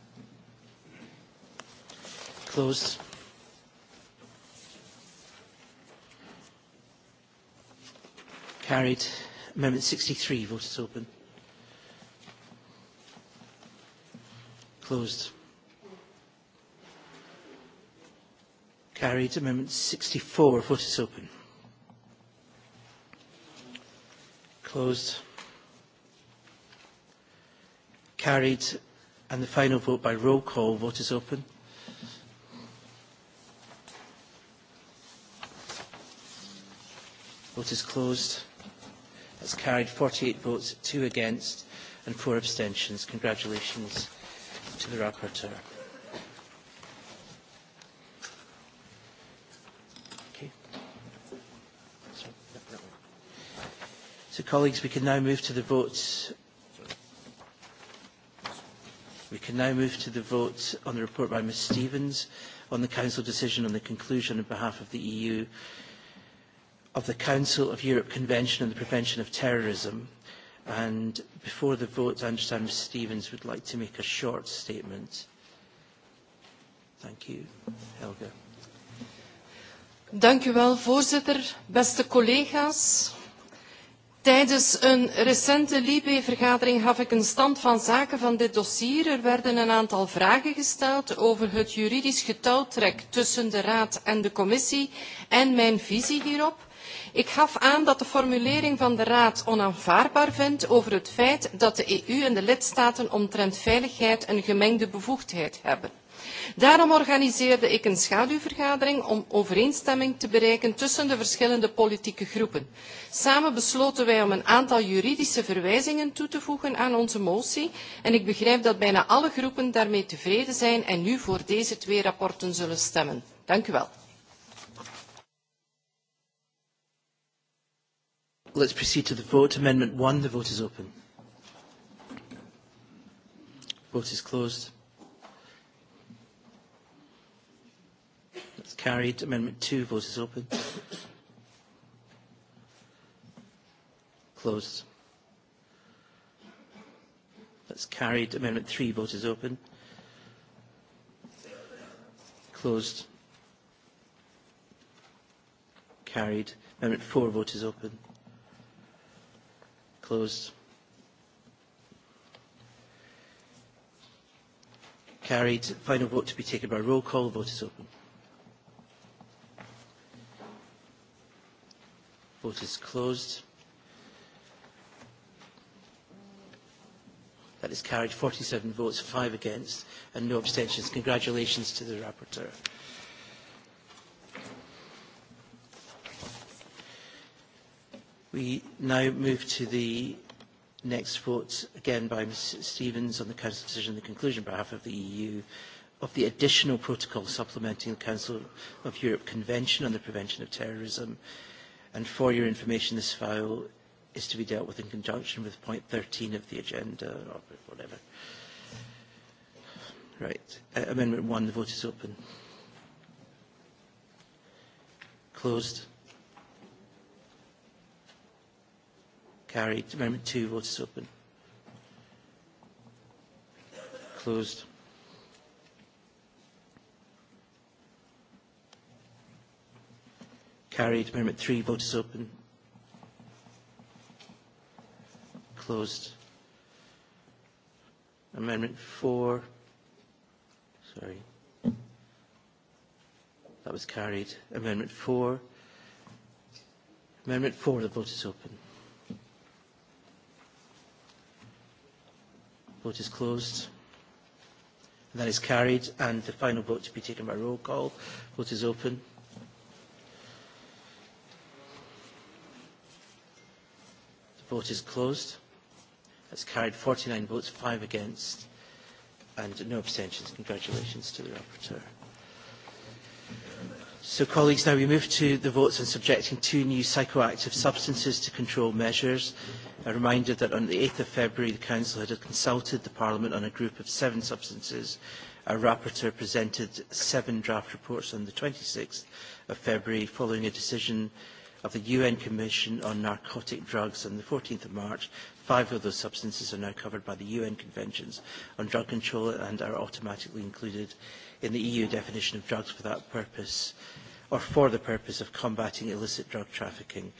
Closed. Carried. Amendment 63. Vote is open. Closed. Carried. Amendment 64. Vote is open. Closed. Carried. And the final vote by roll call. Vote is open. Vote is closed has carried 48 votes, two against and four abstentions. Congratulations to the rapporteur. So colleagues, we can now move to the votes. We can now move to the vote on the report by Ms Stevens on the Council decision on the conclusion on behalf of the EU of the Council of Europe Convention on the Prevention of Terrorism. And before the vote, I understand Ms Stevens would like to make a short statement. Thank you. Helga. Dank u wel, voorzitter. Beste collega's. Tijdens een recente Libé-vergadering gaf ik een stand van zaken van dit dossier. Er werden een aantal vragen gesteld over het juridisch getouwtrek tussen de Raad en de Commissie en mijn visie hierop. Ik gaf aan dat de formulering van de Raad onaanvaardbaar vindt over het feit dat de EU en de lidstaten omtrent veiligheid een gemengde bevoegdheid hebben. Daarom organiseerde ik een schaduwvergadering om overeenstemming te bereiken tussen de verschillende politieke groepen. Samen besloten wij om een aantal juridische verwijzingen toe te voegen aan onze motie en ik begrijp dat bijna alle groepen daarmee tevreden zijn en nu voor deze twee rapporten zullen stemmen. Dank u wel. Let's proceed to the vote. Amendment 1, the vote is open. Vote is closed. That's carried. Amendment 2, vote is open. Closed. That's carried. Amendment 3, vote is open. Closed. Carried. Amendment 4, vote is open. Closed. Carried. Final vote to be taken by roll call. Vote is open. Vote is closed. That is carried 47 votes, 5 against and no abstentions. Congratulations to the rapporteur. We now move to the next vote, again by Ms Stevens, on the Council decision and the conclusion on behalf of the EU of the additional protocol supplementing the Council of Europe Convention on the Prevention of Terrorism. And for your information, this file is to be dealt with in conjunction with point 13 of the agenda, or whatever. Right. Uh, amendment 1, the vote is open. Closed. Carried. Amendment 2. Vote is open. Closed. Carried. Amendment 3. Vote is open. Closed. Amendment 4. Sorry. That was carried. Amendment 4. Amendment 4. The vote is open. Vote is closed. And that is carried. And the final vote to be taken by roll call. Vote is open. The vote is closed. That's carried 49 votes, 5 against, and no abstentions. Congratulations to the rapporteur. So colleagues, now we move to the votes on subjecting two new psychoactive substances to control measures. A reminder that on the 8th of February, the Council had consulted the Parliament on a group of seven substances. Our rapporteur presented seven draft reports on the 26th of February, following a decision of the UN Commission on Narcotic Drugs on the 14th of March. Five of those substances are now covered by the UN Conventions on Drug Control and are automatically included in the EU definition of drugs for that purpose or for the purpose of combating illicit drug trafficking.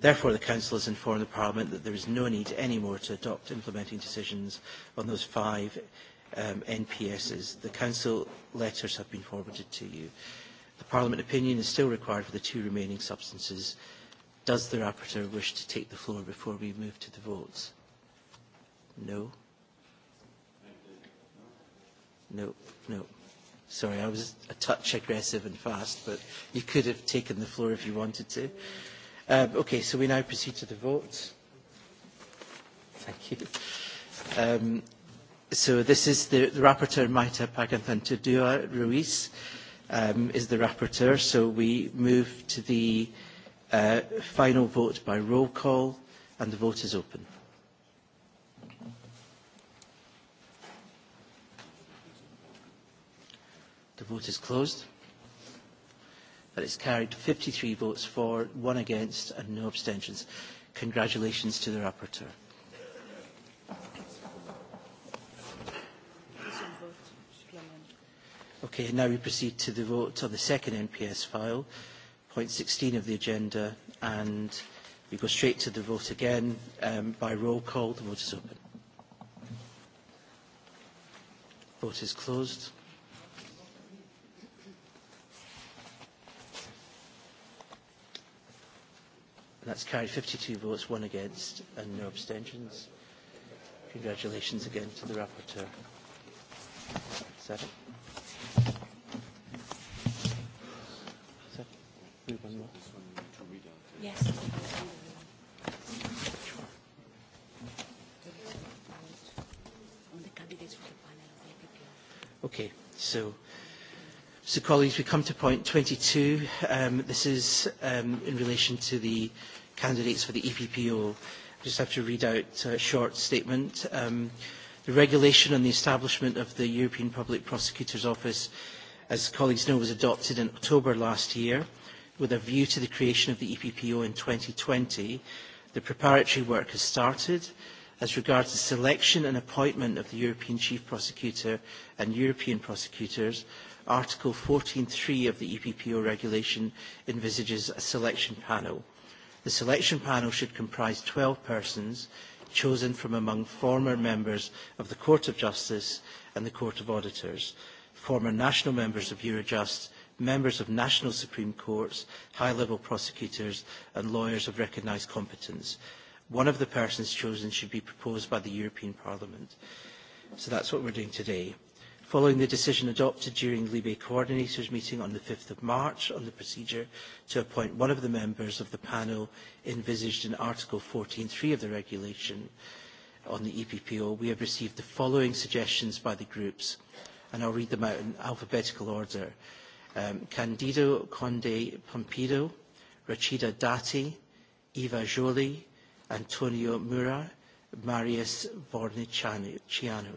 Therefore, the Council has informed the Parliament that there is no need anymore to adopt implementing decisions on those five um, NPSs. The Council letters have been forwarded to you. The Parliament opinion is still required for the two remaining substances. Does the Rapporteur wish to take the floor before we move to the votes? No? No, no. Sorry, I was a touch aggressive and fast, but you could have taken the floor if you wanted to. Um, okay, so we now proceed to the vote. Thank you. Um, so this is the, the rapporteur, Maita Paganthan Tudua Ruiz, um, is the rapporteur. So we move to the uh, final vote by roll call, and the vote is open. The vote is closed. That is carried 53 votes for, one against and no abstentions. Congratulations to the rapporteur. Okay, now we proceed to the vote on the second NPS file, point 16 of the agenda, and we go straight to the vote again um, by roll call. The vote is open. Vote is closed. That's carried 52 votes, one against and no abstentions. Congratulations again to the rapporteur. Is that it? Is that we one more? Yes. Okay, so so colleagues, we come to point 22. Um, this is um, in relation to the candidates for the EPPO. I just have to read out a short statement. Um, the regulation on the establishment of the European Public Prosecutor's Office, as colleagues know, was adopted in October last year with a view to the creation of the EPPO in 2020. The preparatory work has started as regards the selection and appointment of the European Chief Prosecutor and European prosecutors, Article 14.3 of the EPPO regulation envisages a selection panel. The selection panel should comprise 12 persons chosen from among former members of the Court of Justice and the Court of Auditors, former national members of Eurojust, members of national Supreme Courts, high-level prosecutors and lawyers of recognised competence. One of the persons chosen should be proposed by the European Parliament. So that's what we're doing today following the decision adopted during Libe coordinators meeting on the 5th of March on the procedure to appoint one of the members of the panel envisaged in Article 14.3 of the regulation on the EPPO, we have received the following suggestions by the groups, and I'll read them out in alphabetical order. Um, Candido Conde Pompido, Rachida Dati, Eva Jolie, Antonio Mura, Marius Vornicianu.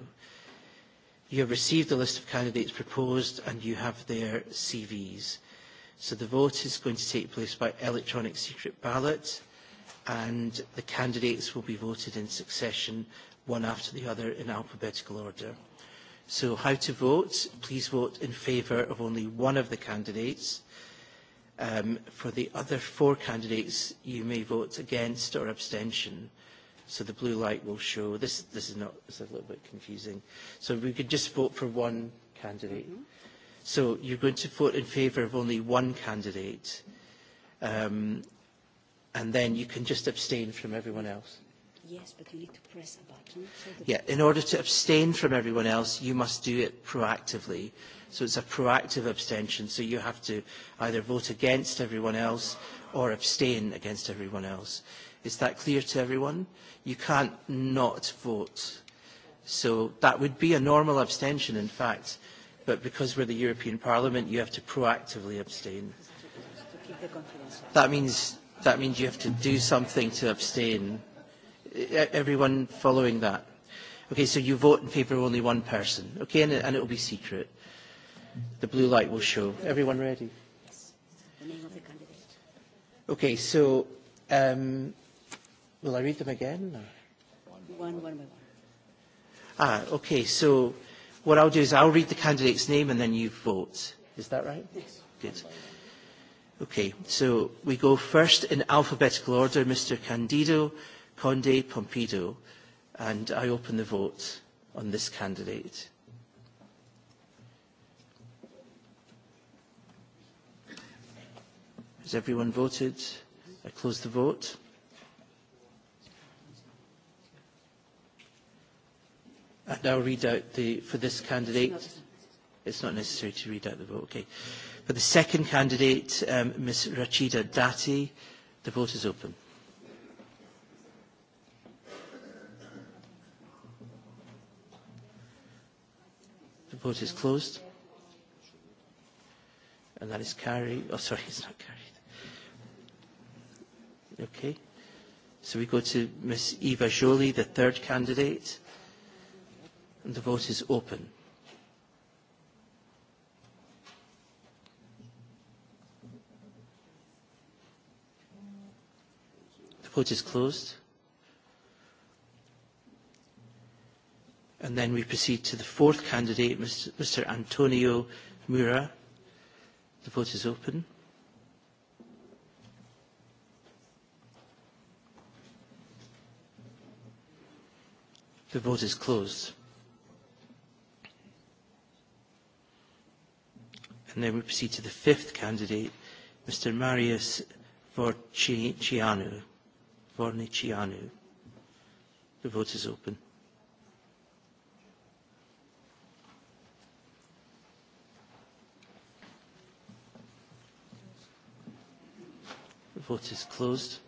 You have received a list of candidates proposed and you have their CVs. So the vote is going to take place by electronic secret ballot and the candidates will be voted in succession, one after the other in alphabetical order. So how to vote? Please vote in favour of only one of the candidates. Um, for the other four candidates, you may vote against or abstention. So the blue light will show. This, this is not, it's a little bit confusing. So we could just vote for one candidate. Mm -hmm. So you're going to vote in favour of only one candidate. Um, and then you can just abstain from everyone else. Yes, but you need to press a button. So the yeah, in order to abstain from everyone else, you must do it proactively. So it's a proactive abstention. So you have to either vote against everyone else or abstain against everyone else. Is that clear to everyone? You can't not vote. So that would be a normal abstention, in fact. But because we're the European Parliament, you have to proactively abstain. That means, that means you have to do something to abstain. E-, e-, everyone following that? Okay, so you vote in favour of only one person, okay, and, and it will be secret. The blue light will show. Everyone ready? Okay, so um, Will I read them again? One, One, one by one. Ah, okay. So what I'll do is I'll read the candidate's name and then you vote. Is that right? Yes. Good. Okay, so we go first in alphabetical order, Mr. Candido, Conde, Pompido, and I open the vote on this candidate. Has everyone voted? I close the vote. And I'll read out the, for this candidate. It's not, it's not necessary to read out the vote, okay. For the second candidate, um, Ms. Rachida Dati, the vote is open. The vote is closed. And that is carried. Oh, sorry, it's not carried. Okay. So we go to Ms. Eva Jolie, the third candidate and the vote is open. The vote is closed. And then we proceed to the fourth candidate, Mr. Antonio Mura. The vote is open. The vote is closed. and then we proceed to the fifth candidate, Mr. Marius Vornicianu. Vornicianu. The vote is open. vote is closed.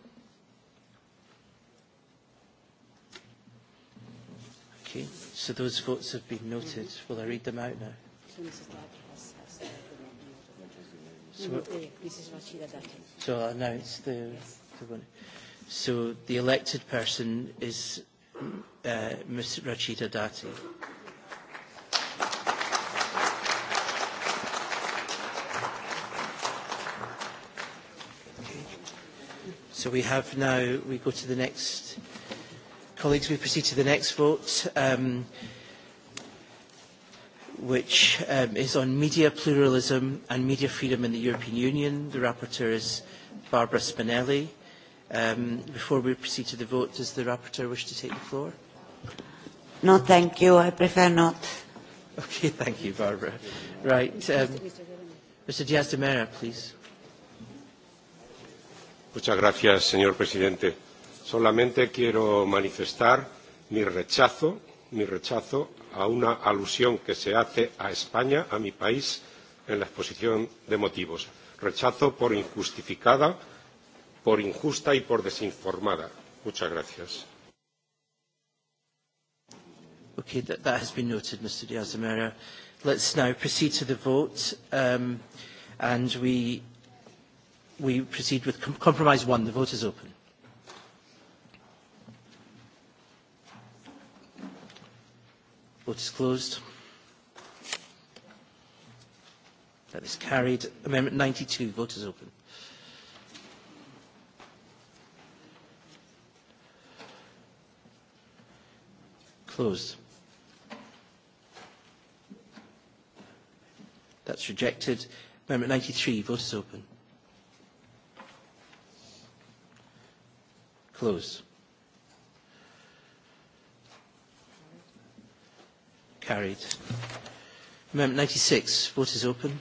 Okay, so those votes have been noted. Will I read them out now? So, eh, so I'll uh, announce the, the one. So the elected person is uh, Ms. Rachida Dati. So we have now, we go to the next, colleagues, we proceed to the next vote. Um, which um, is on media pluralism and media freedom in the European Union. The rapporteur is Barbara Spinelli. Um, before we proceed to the vote, does the rapporteur wish to take the floor? No, thank you. I prefer not. Okay, thank you, Barbara. Right. Um, Mr. Diaz de Mera, please. Muchas gracias, señor presidente. Solamente quiero manifestar mi rechazo mi rechazo a una alusión que se hace a España, a mi país, en la exposición de motivos. Rechazo por injustificada, por injusta y por desinformada. Muchas gracias. Okay, that, that has been noted, Mr. Diaz-Amera. Let's now proceed to the vote, um, and we, we proceed with com compromise one. The vote is open. Vote is closed. That is carried. Amendment 92. Vote is open. Closed. That's rejected. Amendment 93. Vote is open. Closed. Carried. Amendment 96. Vote is open.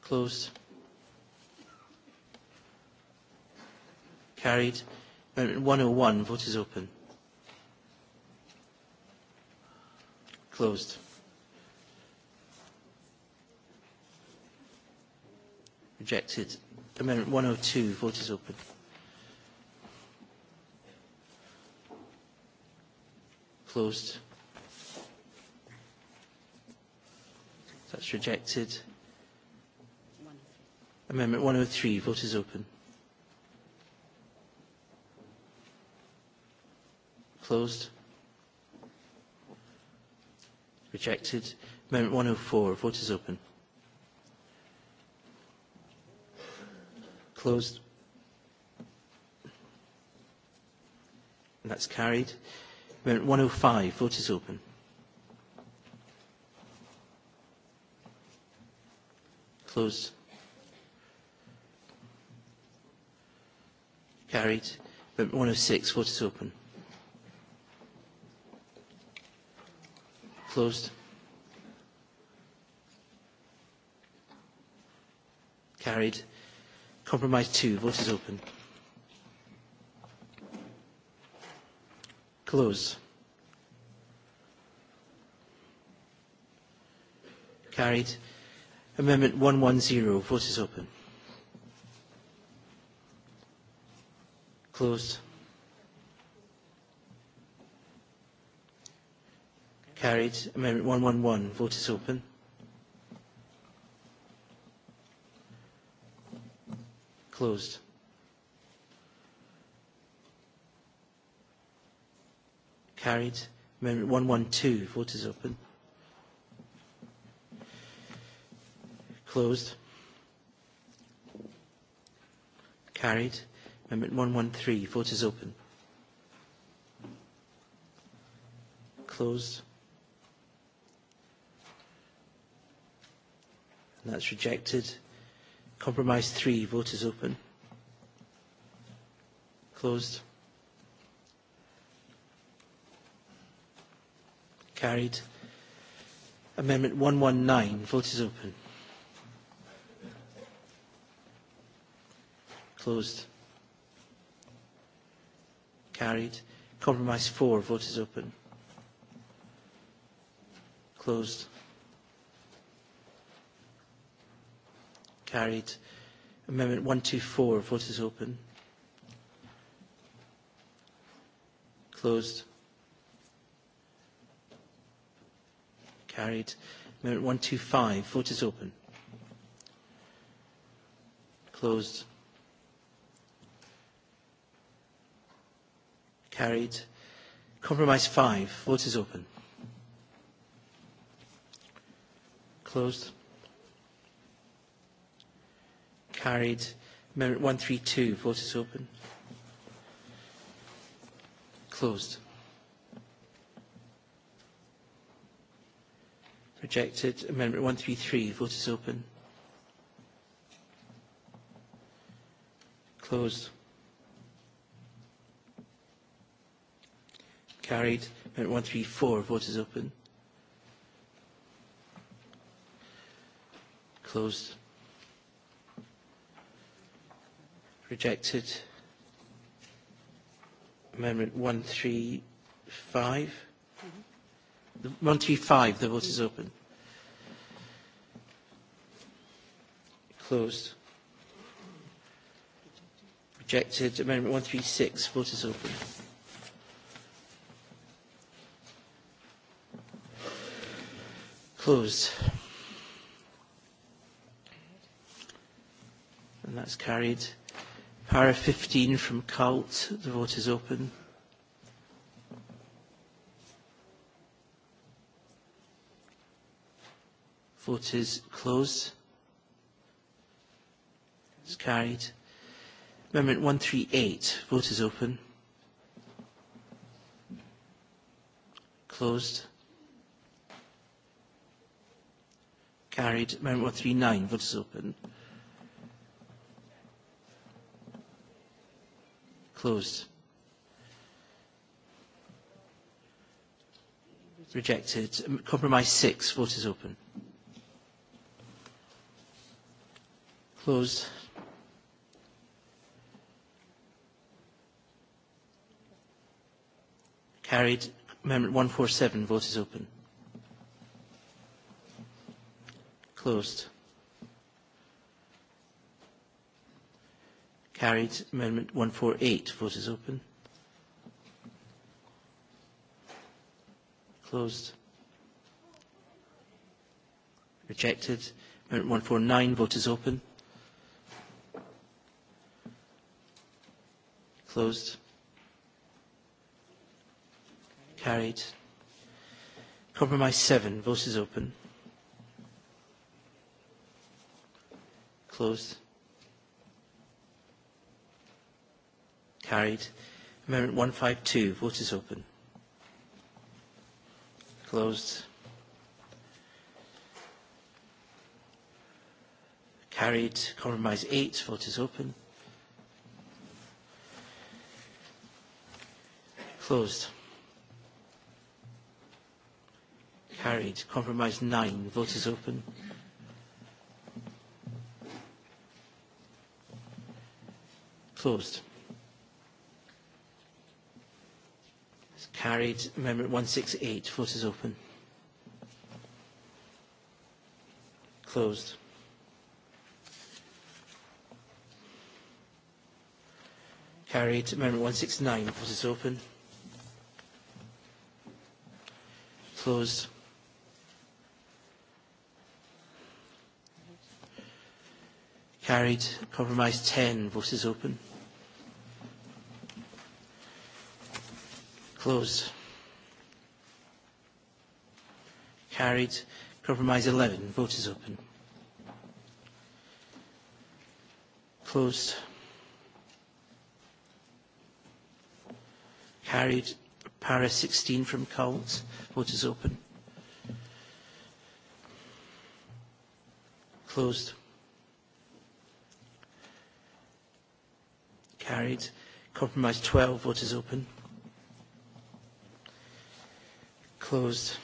Closed. Carried. Amendment 101. Vote is open. Closed. Rejected. Amendment 102. Vote is open. closed. That's rejected. Amendment 103, vote is open. Closed. Rejected. Amendment 104, vote is open. Closed. And that's carried. We're at 105. Vote is open. Closed. Carried. We're at 106. Vote is open. Closed. Carried. Compromise 2. Vote is open. Close. Carried. Amendment 110. Vote is open. Closed. Carried. Amendment 111. Vote is open. Closed. Carried. Amendment 112. Vote is open. Closed. Carried. Amendment 113. Vote is open. Closed. And that's rejected. Compromise 3. Vote is open. Closed. Carried. Amendment 119. Vote is open. Closed. Carried. Compromise 4. Vote is open. Closed. Carried. Amendment 124. Vote is open. Closed. Carried. Amendment 125. Vote is open. Closed. Carried. Compromise 5. Vote is open. Closed. Carried. Amendment 132. Vote is open. Closed. Rejected. Amendment 133. Vote is open. Closed. Carried. Amendment 134. Vote is open. Closed. Rejected. Amendment 135. 135, the vote is open. Closed. Rejected. Amendment 136, vote is open. Closed. And that's carried. Para 15 from Cult, the vote is open. Vote is closed. It's carried. Amendment 138. Vote is open. Closed. Carried. Amendment 139. Vote is open. Closed. Rejected. Compromise 6. Vote is open. Closed. Carried. Amendment 147. Vote is open. Closed. Carried. Amendment 148. Vote is open. Closed. Rejected. Amendment 149. Vote is open. Closed. Carried. Compromise 7. Vote is open. Closed. Carried. Amendment 152. Vote is open. Closed. Carried. Compromise 8. Vote is open. Closed. Carried. Compromise 9. Vote is open. Closed. It's carried. Amendment 168. Vote is open. Closed. Carried. Amendment 169. Vote is open. closed. Carried. Compromise 10. Vote is open. Closed. Carried. Compromise 11. Vote is open. Closed. Carried. Para 16 from Cult. Vote is open. Closed. Carried. Compromise 12. Vote is open. Closed.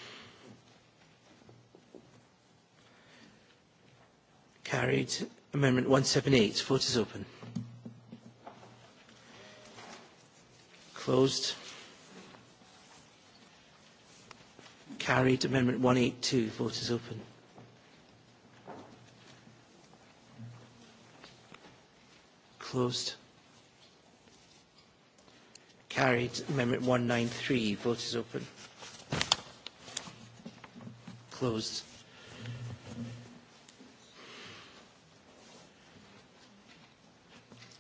Carried. Amendment 178. Vote is open. Closed. Carried. Amendment 182. Vote is open. Closed. Carried. Amendment 193. Vote is open. Closed.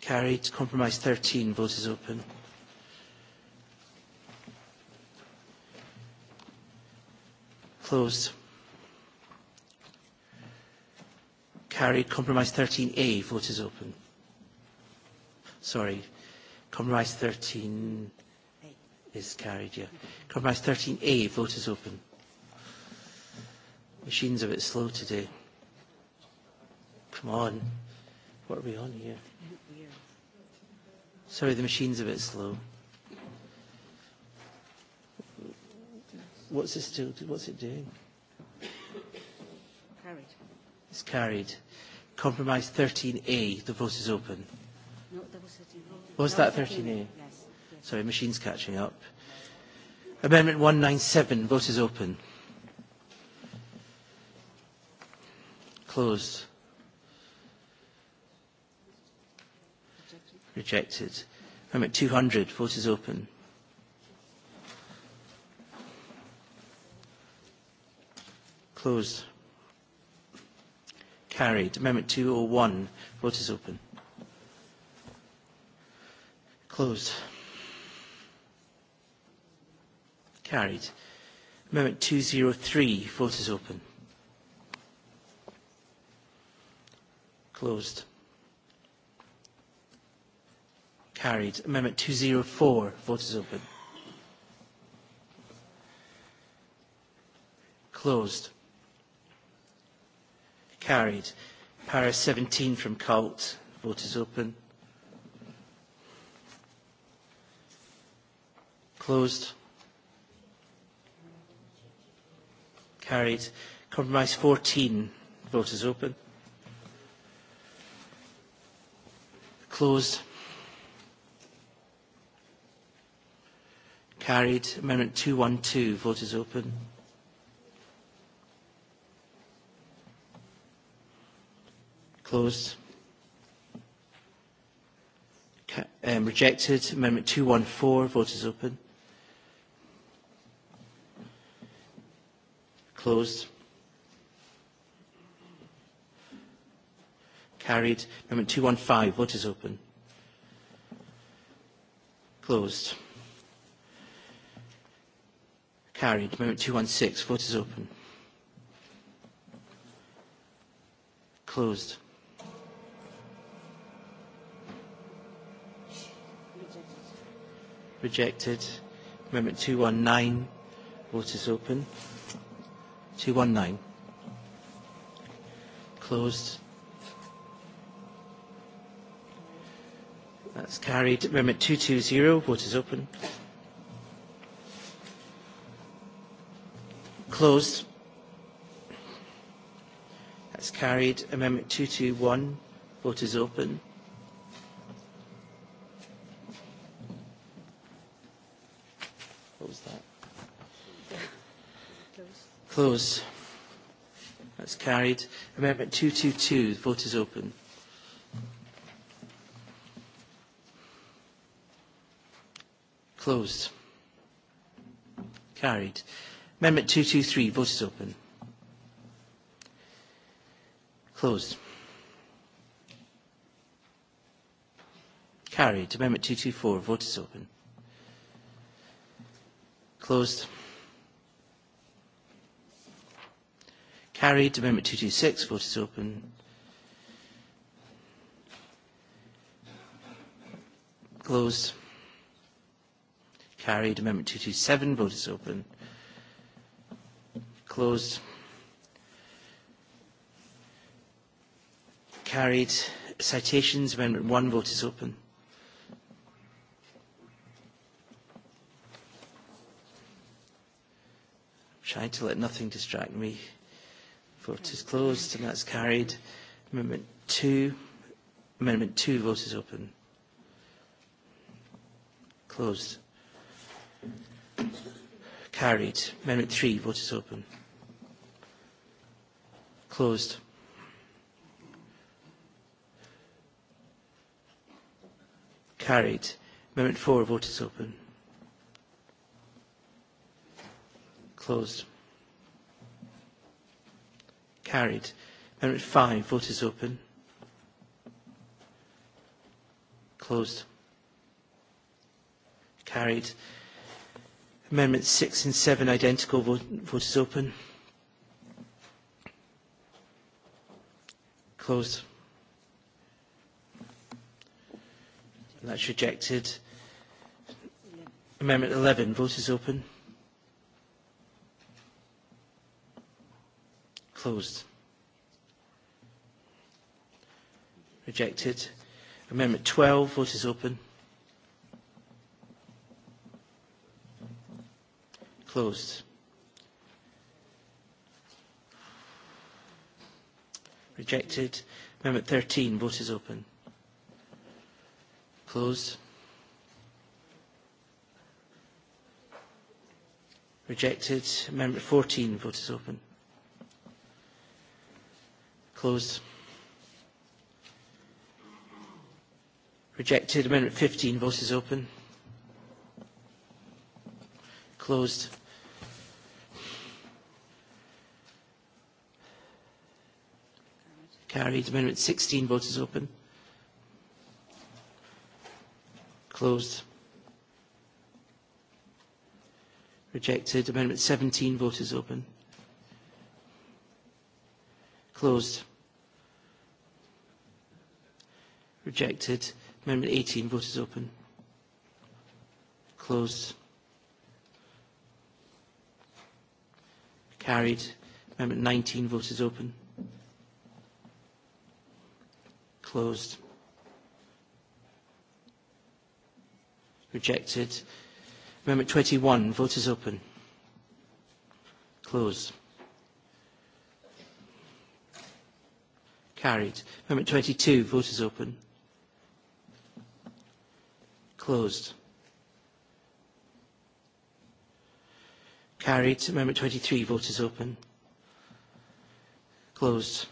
Carried. Compromise 13. Vote is open. Closed. Carried. Compromise 13A. Vote is open. Sorry. Compromise 13 is carried, yeah. Compromise 13A. Vote is open. Machine's a bit slow today. Come on. What are we on here? Sorry, the machine's a bit slow. What's this do? What's it doing? Carried. It's carried. Compromise 13A. The vote is open. No, no that was 13A. Was that 13A? Yes, yes. Sorry, machine's catching up. Amendment 197. Vote is open. Closed. Rejected. Amendment 200. Vote is open. Close. Carried. Amendment 201. Vote is open. Closed. Carried. Amendment 203. Vote is open. Closed. Carried. Amendment 204. Vote is open. Closed. Carried. Para 17 from Colt. Vote is open. Closed. Carried. Compromise 14. Vote is open. Closed. Carried. Amendment 212. Vote is open. Closed. Um, rejected. Amendment 214. Vote is open. Closed. Carried. Amendment 215. Vote is open. Closed. Carried. Amendment 216. Vote is open. Closed. Rejected. Amendment 219. Vote is open. 219. Closed. That's carried. Amendment 220. Vote is open. Closed. That's carried. Amendment 221. Vote is open. Close. That's carried. Amendment 222. The vote is open. Closed. Carried. Amendment 223. Vote is open. Closed. Carried. Amendment 224. Vote is open. Closed. Carried. Amendment 226. Vote is open. Closed. Carried. Amendment 227. Vote is open. Closed. Carried. Citations. Amendment 1. Vote is open. Trying to let nothing distract me court is closed and that's carried. Amendment two. Amendment two Vote is open. Closed. Carried. Amendment three Vote is open. Closed. Carried. Amendment four Vote is open. Closed. Carried. Amendment 5. Vote is open. Closed. Carried. Amendments 6 and 7 identical. Vote, vote is open. Closed. And that's rejected. Amendment 11. Vote is open. Closed. Rejected. Amendment 12. Vote is open. Closed. Rejected. Amendment 13. Vote is open. Closed. Rejected. Amendment 14. Vote is open. Close. Rejected. Amendment 15. Vote is open. Closed. Carried. Amendment 16. Vote is open. Closed. Rejected. Amendment 17. Vote is open. Closed. Rejected. Amendment 18. Vote is open. Closed. Carried. Amendment 19. Vote is open. Closed. Rejected. Amendment 21. Vote is open. Closed. Carried. Amendment 22. Vote is open closed. Carried. Amendment 23, vote is open. Closed.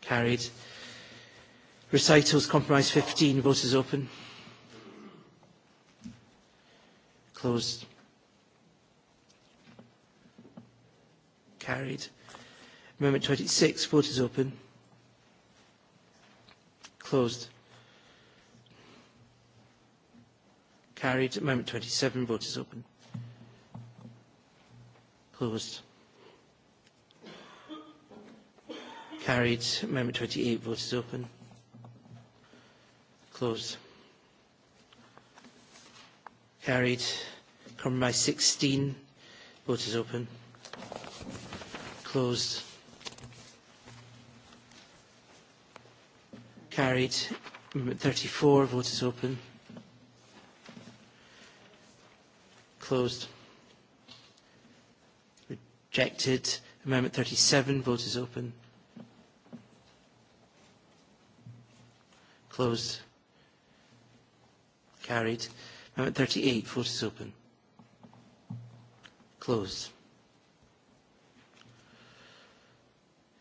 Carried. Recitals, compromise 15, vote is open. Closed. Carried. Amendment 26, vote is open. Closed. Carried. Amendment 27. Vote is open. Closed. Carried. Amendment 28. Vote is open. Closed. Carried. Compromise 16. Vote is open. Closed. Carried. Amendment 34. Vote is open. closed. Rejected. Amendment 37, vote is open. Closed. Carried. Amendment 38, vote is open. Closed.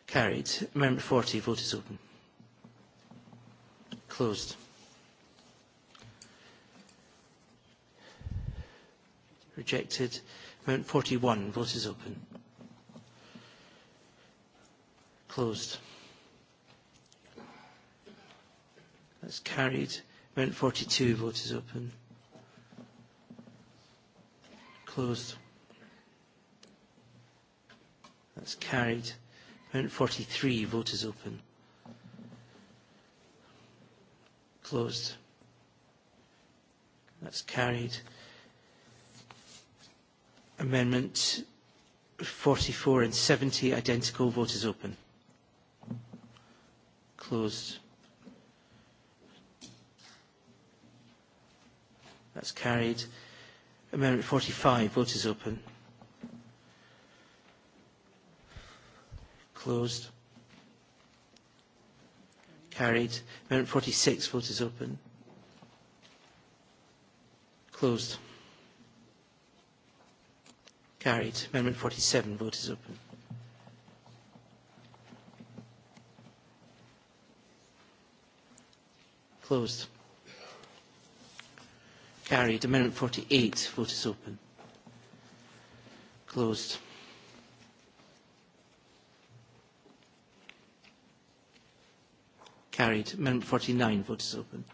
Carried. Amendment 40, vote is open. Closed. Rejected. Amendment 41. Vote is open. Closed. That's carried. Amendment 42. Vote is open. Closed. That's carried. Amendment 43. Vote is open. Closed. That's carried. Amendment 44 and 70 identical. Vote is open. Closed. That's carried. Amendment 45. Vote is open. Closed. Carried. Amendment 46. Vote is open. Closed. Carried. Amendment 47. Vote is open. Closed. Carried. Amendment 48. Vote is open. Closed. Carried. Amendment 49. Vote is open.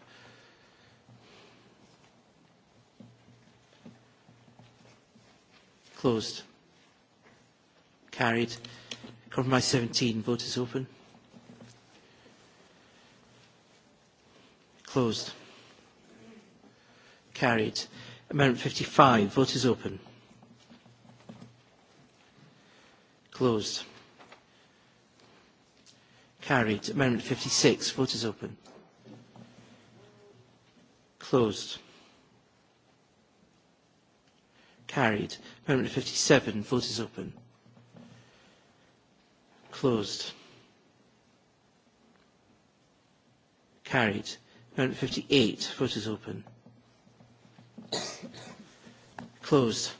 Closed. Carried. Compromise 17. Vote is open. Closed. Carried. Amendment 55. Vote is open. Closed. Carried. Amendment 56. Vote is open. Closed. Carried. Amendment 57. Vote is open. Closed. Carried. Amendment 58. Vote is open. Closed.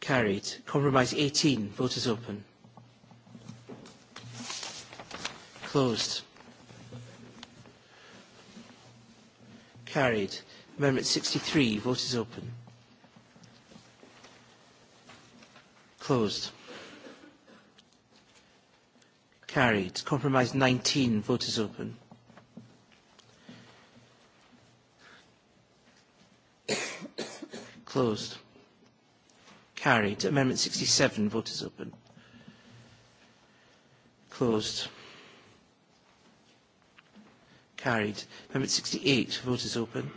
Carried. Compromise 18. Vote is open. Closed. Carried. Amendment 63. Vote is open. Closed. Carried. Compromise 19. Vote is open. Closed. Carried. Amendment 67. Vote is open. Closed. Carried. Amendment 68. Vote is open.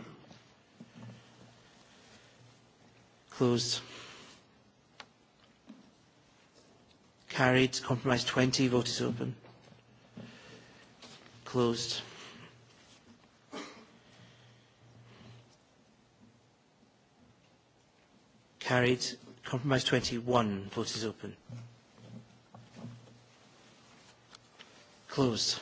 closed. Carried. Compromise 20. Vote is open. Closed. Carried. Compromise 21. Vote is open. Closed.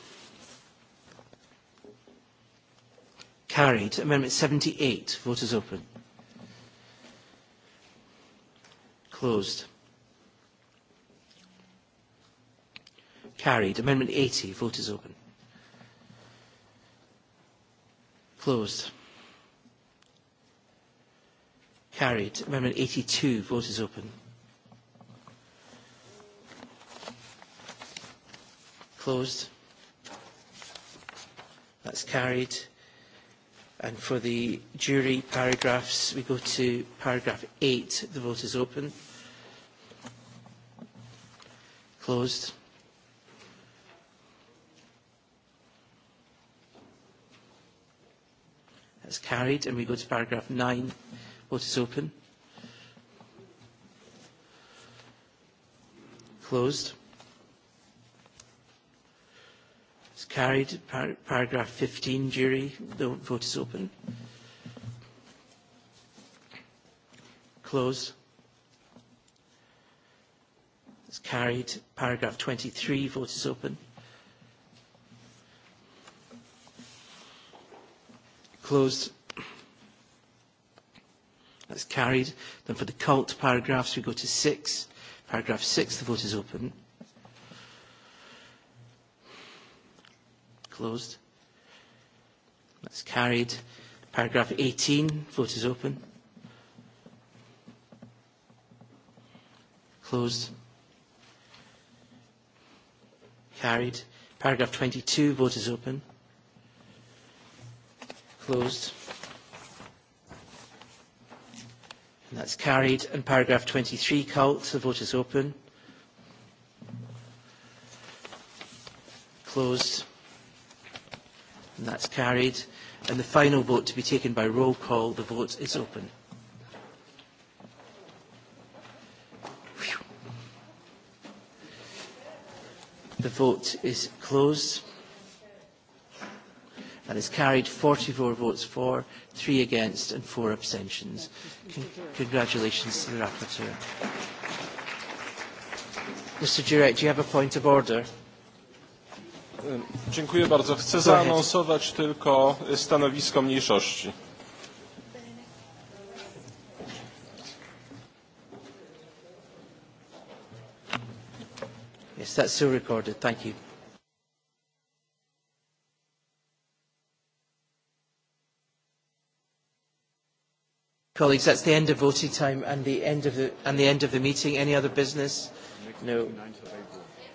Carried. Amendment 78. Vote is open. Closed. Carried. Amendment 80. Vote is open. Closed. Carried. Amendment 82. Vote is open. Closed. That's carried. And for the jury paragraphs, we go to paragraph 8. The vote is open closed. That's carried. And we go to paragraph 9. Vote is open. Closed. It's carried. Par paragraph 15, jury. The vote is open. Closed. It's carried. Paragraph 23, vote is open. Closed. That's carried. Then for the cult paragraphs, we go to 6. Paragraph 6, the vote is open. Closed. That's carried. Paragraph 18, vote is open. Closed. Carried. Paragraph 22, vote is open. Closed. And that's carried. And paragraph 23, cult, the vote is open. Closed. And that's carried. And the final vote to be taken by roll call, the vote is open. The vote is closed. That is carried 44 votes for, three against and four abstentions. Con congratulations to the rapporteur. Mr Jurek, do you have a point of order? Dziękuję bardzo. Chcę zaanonsować tylko stanowisko mniejszości. Yes, that's still recorded. Thank you. Colleagues, that's the end of voting time and the end of the, and the, end of the meeting. Any other business? No.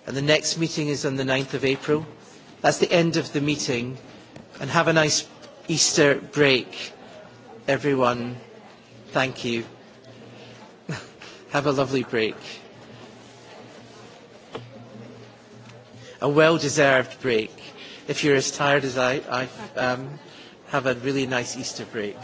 And the next meeting is on the 9th of April. That's the end of the meeting. And have a nice Easter break, everyone. Thank you. [laughs] have a lovely break. a well-deserved break. If you're as tired as I, I um, have a really nice Easter break.